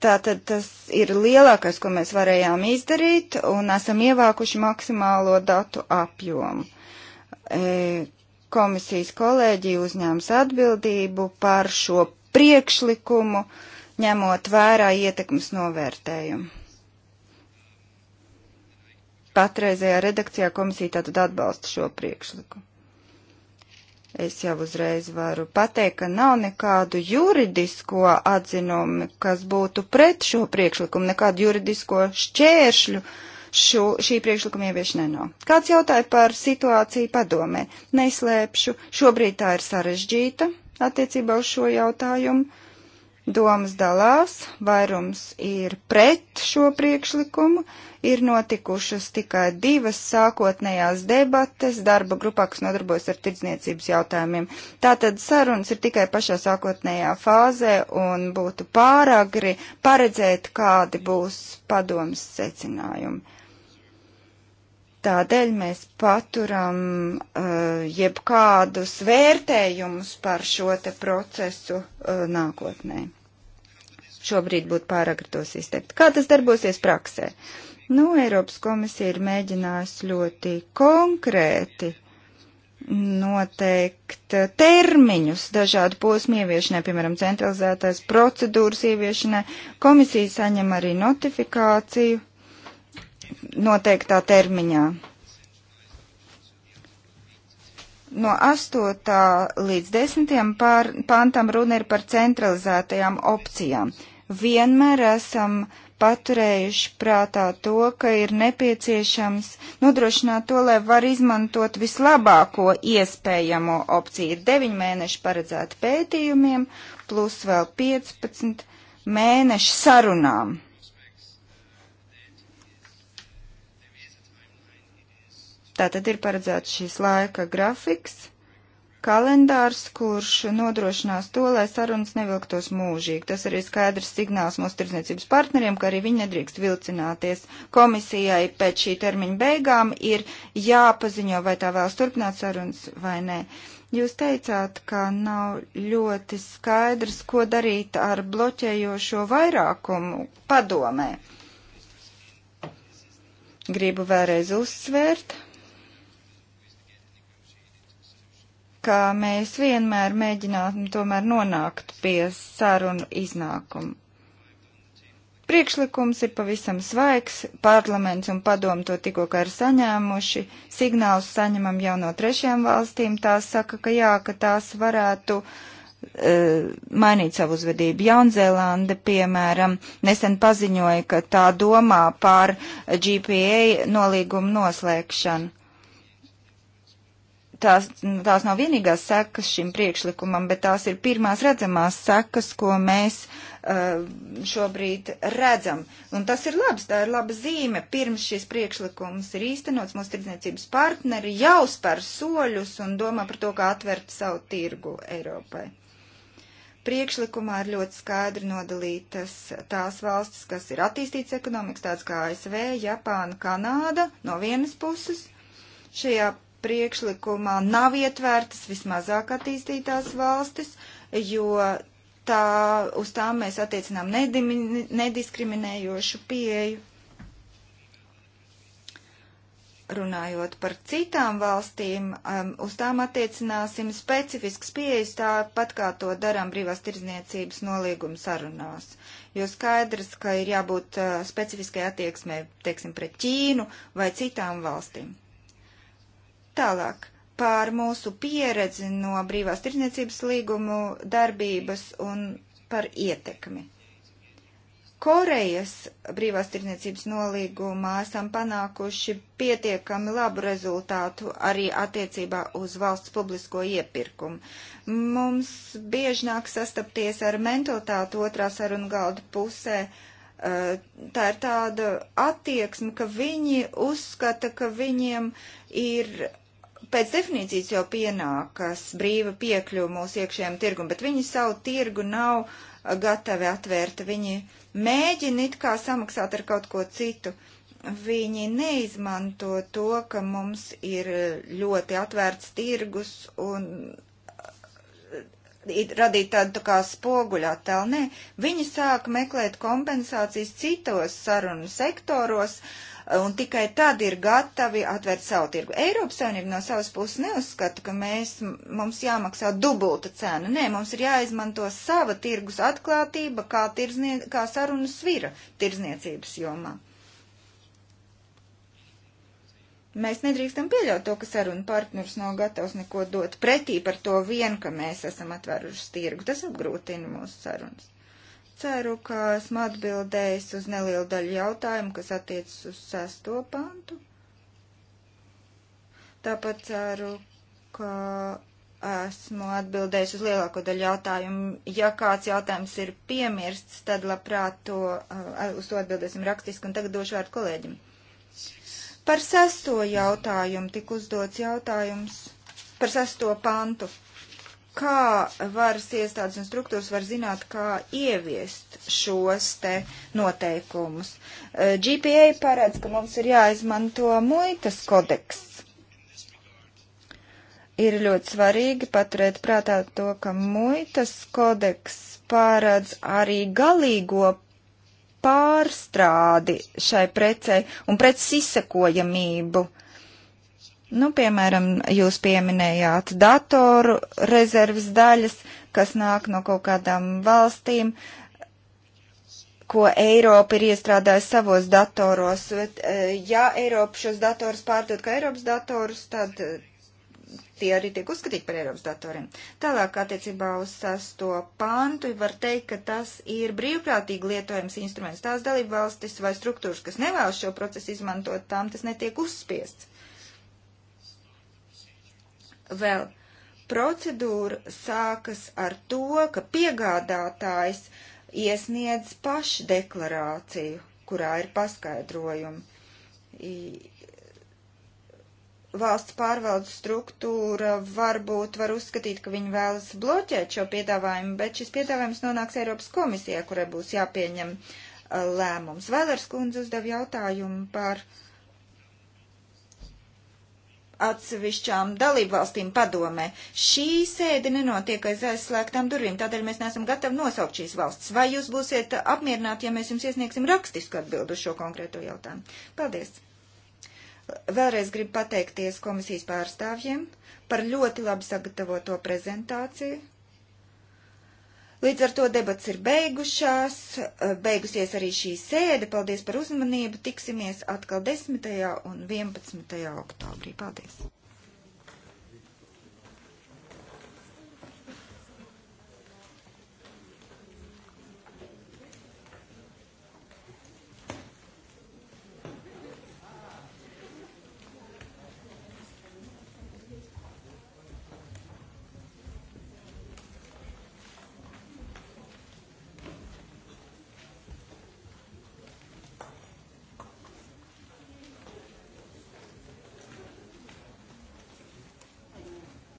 Tātad tas ir lielākais, ko mēs varējām izdarīt, un esam ievākuši maksimālo datu apjomu. E, komisijas kolēģi uzņēmas atbildību par šo priekšlikumu, ņemot vērā ietekmes novērtējumu. Patreizējā redakcijā komisija tātad atbalsta šo priekšlikumu. Es jau uzreiz varu pateikt, ka nav nekādu juridisko atzinumu, kas būtu pret šo priekšlikumu, nekādu juridisko šķēršļu šo, šī priekšlikuma ieviešanai nav. Kāds jautāja par situāciju padomē? Neslēpšu, šobrīd tā ir sarežģīta attiecībā uz šo jautājumu Domas dalās, vairums ir pret šo priekšlikumu, ir notikušas tikai divas sākotnējās debates darba grupā, kas nodarbojas ar tirdzniecības jautājumiem. Tātad sarunas ir tikai pašā sākotnējā fāzē un būtu pāragri paredzēt, kādi būs padomas secinājumi. Tādēļ mēs paturam uh, jebkādus vērtējumus par šo te procesu uh, nākotnē šobrīd būtu pāragri tos izteikt. Kā tas darbosies praksē? Nu, Eiropas komisija ir mēģinājusi ļoti konkrēti noteikt termiņus dažādu posmu ieviešanai, piemēram, centralizētās procedūras ieviešanai. Komisija saņem arī notifikāciju noteiktā termiņā no 8. līdz 10. Pār, pantam runa ir par centralizētajām opcijām. Vienmēr esam paturējuši prātā to, ka ir nepieciešams nodrošināt to, lai var izmantot vislabāko iespējamo opciju. Ir 9 mēneši paredzēti pētījumiem, plus vēl 15 mēneši sarunām. Tātad ir paredzēts šīs laika grafiks, kalendārs, kurš nodrošinās to, lai sarunas nevilktos mūžīgi. Tas arī skaidrs signāls mūsu tirdzniecības partneriem, ka arī viņi nedrīkst vilcināties. Komisijai pēc šī termiņa beigām ir jāpaziņo, vai tā vēlas turpināt sarunas vai nē. Jūs teicāt, ka nav ļoti skaidrs, ko darīt ar bloķējošo vairākumu padomē. Gribu vēlreiz uzsvērt, ka mēs vienmēr mēģinātu tomēr nonākt pie sarunu iznākumu. Priekšlikums ir pavisam svaigs, parlaments un padomu to tikko ir saņēmuši, signālus saņemam jau no trešajām valstīm, tās saka, ka jā, ka tās varētu uh, mainīt savu uzvedību. Jaunzēlande, piemēram, nesen paziņoja, ka tā domā par GPA nolīgumu noslēgšanu tās, tās nav vienīgās sekas šim priekšlikumam, bet tās ir pirmās redzamās sekas, ko mēs uh, šobrīd redzam. Un tas ir labs, tā ir laba zīme. Pirms šis priekšlikums ir īstenots, mūsu tirdzniecības partneri jau spēr soļus un domā par to, kā atvert savu tirgu Eiropai. Priekšlikumā ir ļoti skaidri nodalītas tās valstis, kas ir attīstīts ekonomikas, tāds kā ASV, Japāna, Kanāda no vienas puses. Šajā priekšlikumā nav ietvērtas vismazāk attīstītās valstis, jo tā, uz tām mēs attiecinām nedimi, nediskriminējošu pieeju. Runājot par citām valstīm, um, uz tām attiecināsim specifisks pieejas, tāpat kā to darām brīvās tirzniecības nolīguma sarunās. Jo skaidrs, ka ir jābūt uh, specifiskai attieksmē, teiksim, pret Ķīnu vai citām valstīm. Tālāk pār mūsu pieredzi no brīvās tirdzniecības līgumu darbības un par ietekmi. Korejas brīvās tirdzniecības nolīgumā esam panākuši pietiekami labu rezultātu arī attiecībā uz valsts publisko iepirkumu. Mums bieži nāk sastapties ar mentalitāti otrā sarunu galda pusē, eh, tā ir tāda attieksme, ka viņi uzskata, ka viņiem ir pēc definīcijas jau pienākas brīva piekļuva mūsu iekšējiem tirgum, bet viņi savu tirgu nav uh, gatavi atvērt. Viņi mēģina it kā samaksāt ar kaut ko citu. Viņi neizmanto to, ka mums ir uh, ļoti atvērts tirgus un uh, radīt tādu tā kā spoguļā telnē. Viņi sāk meklēt kompensācijas citos sarunu sektoros, uh, un tikai tad ir gatavi atvērt savu tirgu. Eiropas Savienība no savas puses neuzskata, ka mēs, mums jāmaksā dubulta cena. Nē, mums ir jāizmanto sava tirgus atklātība kā, tirznie, kā sarunu svira tirzniecības jomā. Mēs nedrīkstam pieļaut to, ka saruna partners nav gatavs neko dot pretī par to vien, ka mēs esam atvēruši tirgu. Tas apgrūtina mūsu sarunas. Ceru, ka esmu atbildējis uz nelielu daļu jautājumu, kas attiecas uz sesto pantu. Tāpat ceru, ka esmu atbildējis uz lielāko daļu jautājumu. Ja kāds jautājums ir piemirsts, tad labprāt to, uh, uz to atbildēsim rakstiski un tagad došu vārdu kolēģim. Par sesto jautājumu tik uzdots jautājums par sesto pantu kā varas iestādes un struktūras var zināt, kā ieviest šos te noteikumus. GPA paredz, ka mums ir jāizmanto muitas kodeks. Ir ļoti svarīgi paturēt prātā to, ka muitas kodeks paredz arī galīgo pārstrādi šai precei un preces izsekojamību. Uh, Nu, piemēram, jūs pieminējāt datoru rezerves daļas, kas nāk no kaut kādām valstīm, ko Eiropa ir iestrādājusi savos datoros. Bet, e, ja Eiropa šos datorus pārdod kā Eiropas datorus, tad e, tie arī tiek uzskatīti par Eiropas datoriem. Tālāk, attiecībā uz sasto pantu, var teikt, ka tas ir brīvprātīgi lietojams instruments. Tās dalība valstis vai struktūras, kas nevēlas šo procesu izmantot, tām tas netiek uzspiests vēl. Procedūra sākas ar to, ka piegādātājs iesniedz pašdeklarāciju, kurā ir paskaidrojumi. Valsts pārvaldes struktūra varbūt var uzskatīt, ka viņi vēlas bloķēt šo piedāvājumu, bet šis piedāvājums nonāks Eiropas komisijā, kurai būs jāpieņem uh, lēmums. Vēlers kundze uzdev jautājumu par uh, atsevišķām dalībvalstīm padomē. Šī sēde nenotiek aiz aizslēgtām durvīm, tādēļ mēs neesam gatavi nosaukt šīs valsts. Vai jūs būsiet apmierināti, ja mēs jums iesniegsim rakstisku atbildu uz šo konkrēto jautājumu? Paldies! Vēlreiz gribu pateikties komisijas pārstāvjiem par ļoti labi sagatavoto prezentāciju Līdz ar to debats ir beigušās, eh, beigusies arī šī sēde. Paldies par uzmanību. Tiksimies atkal 10. un 11. oktobrī. Paldies!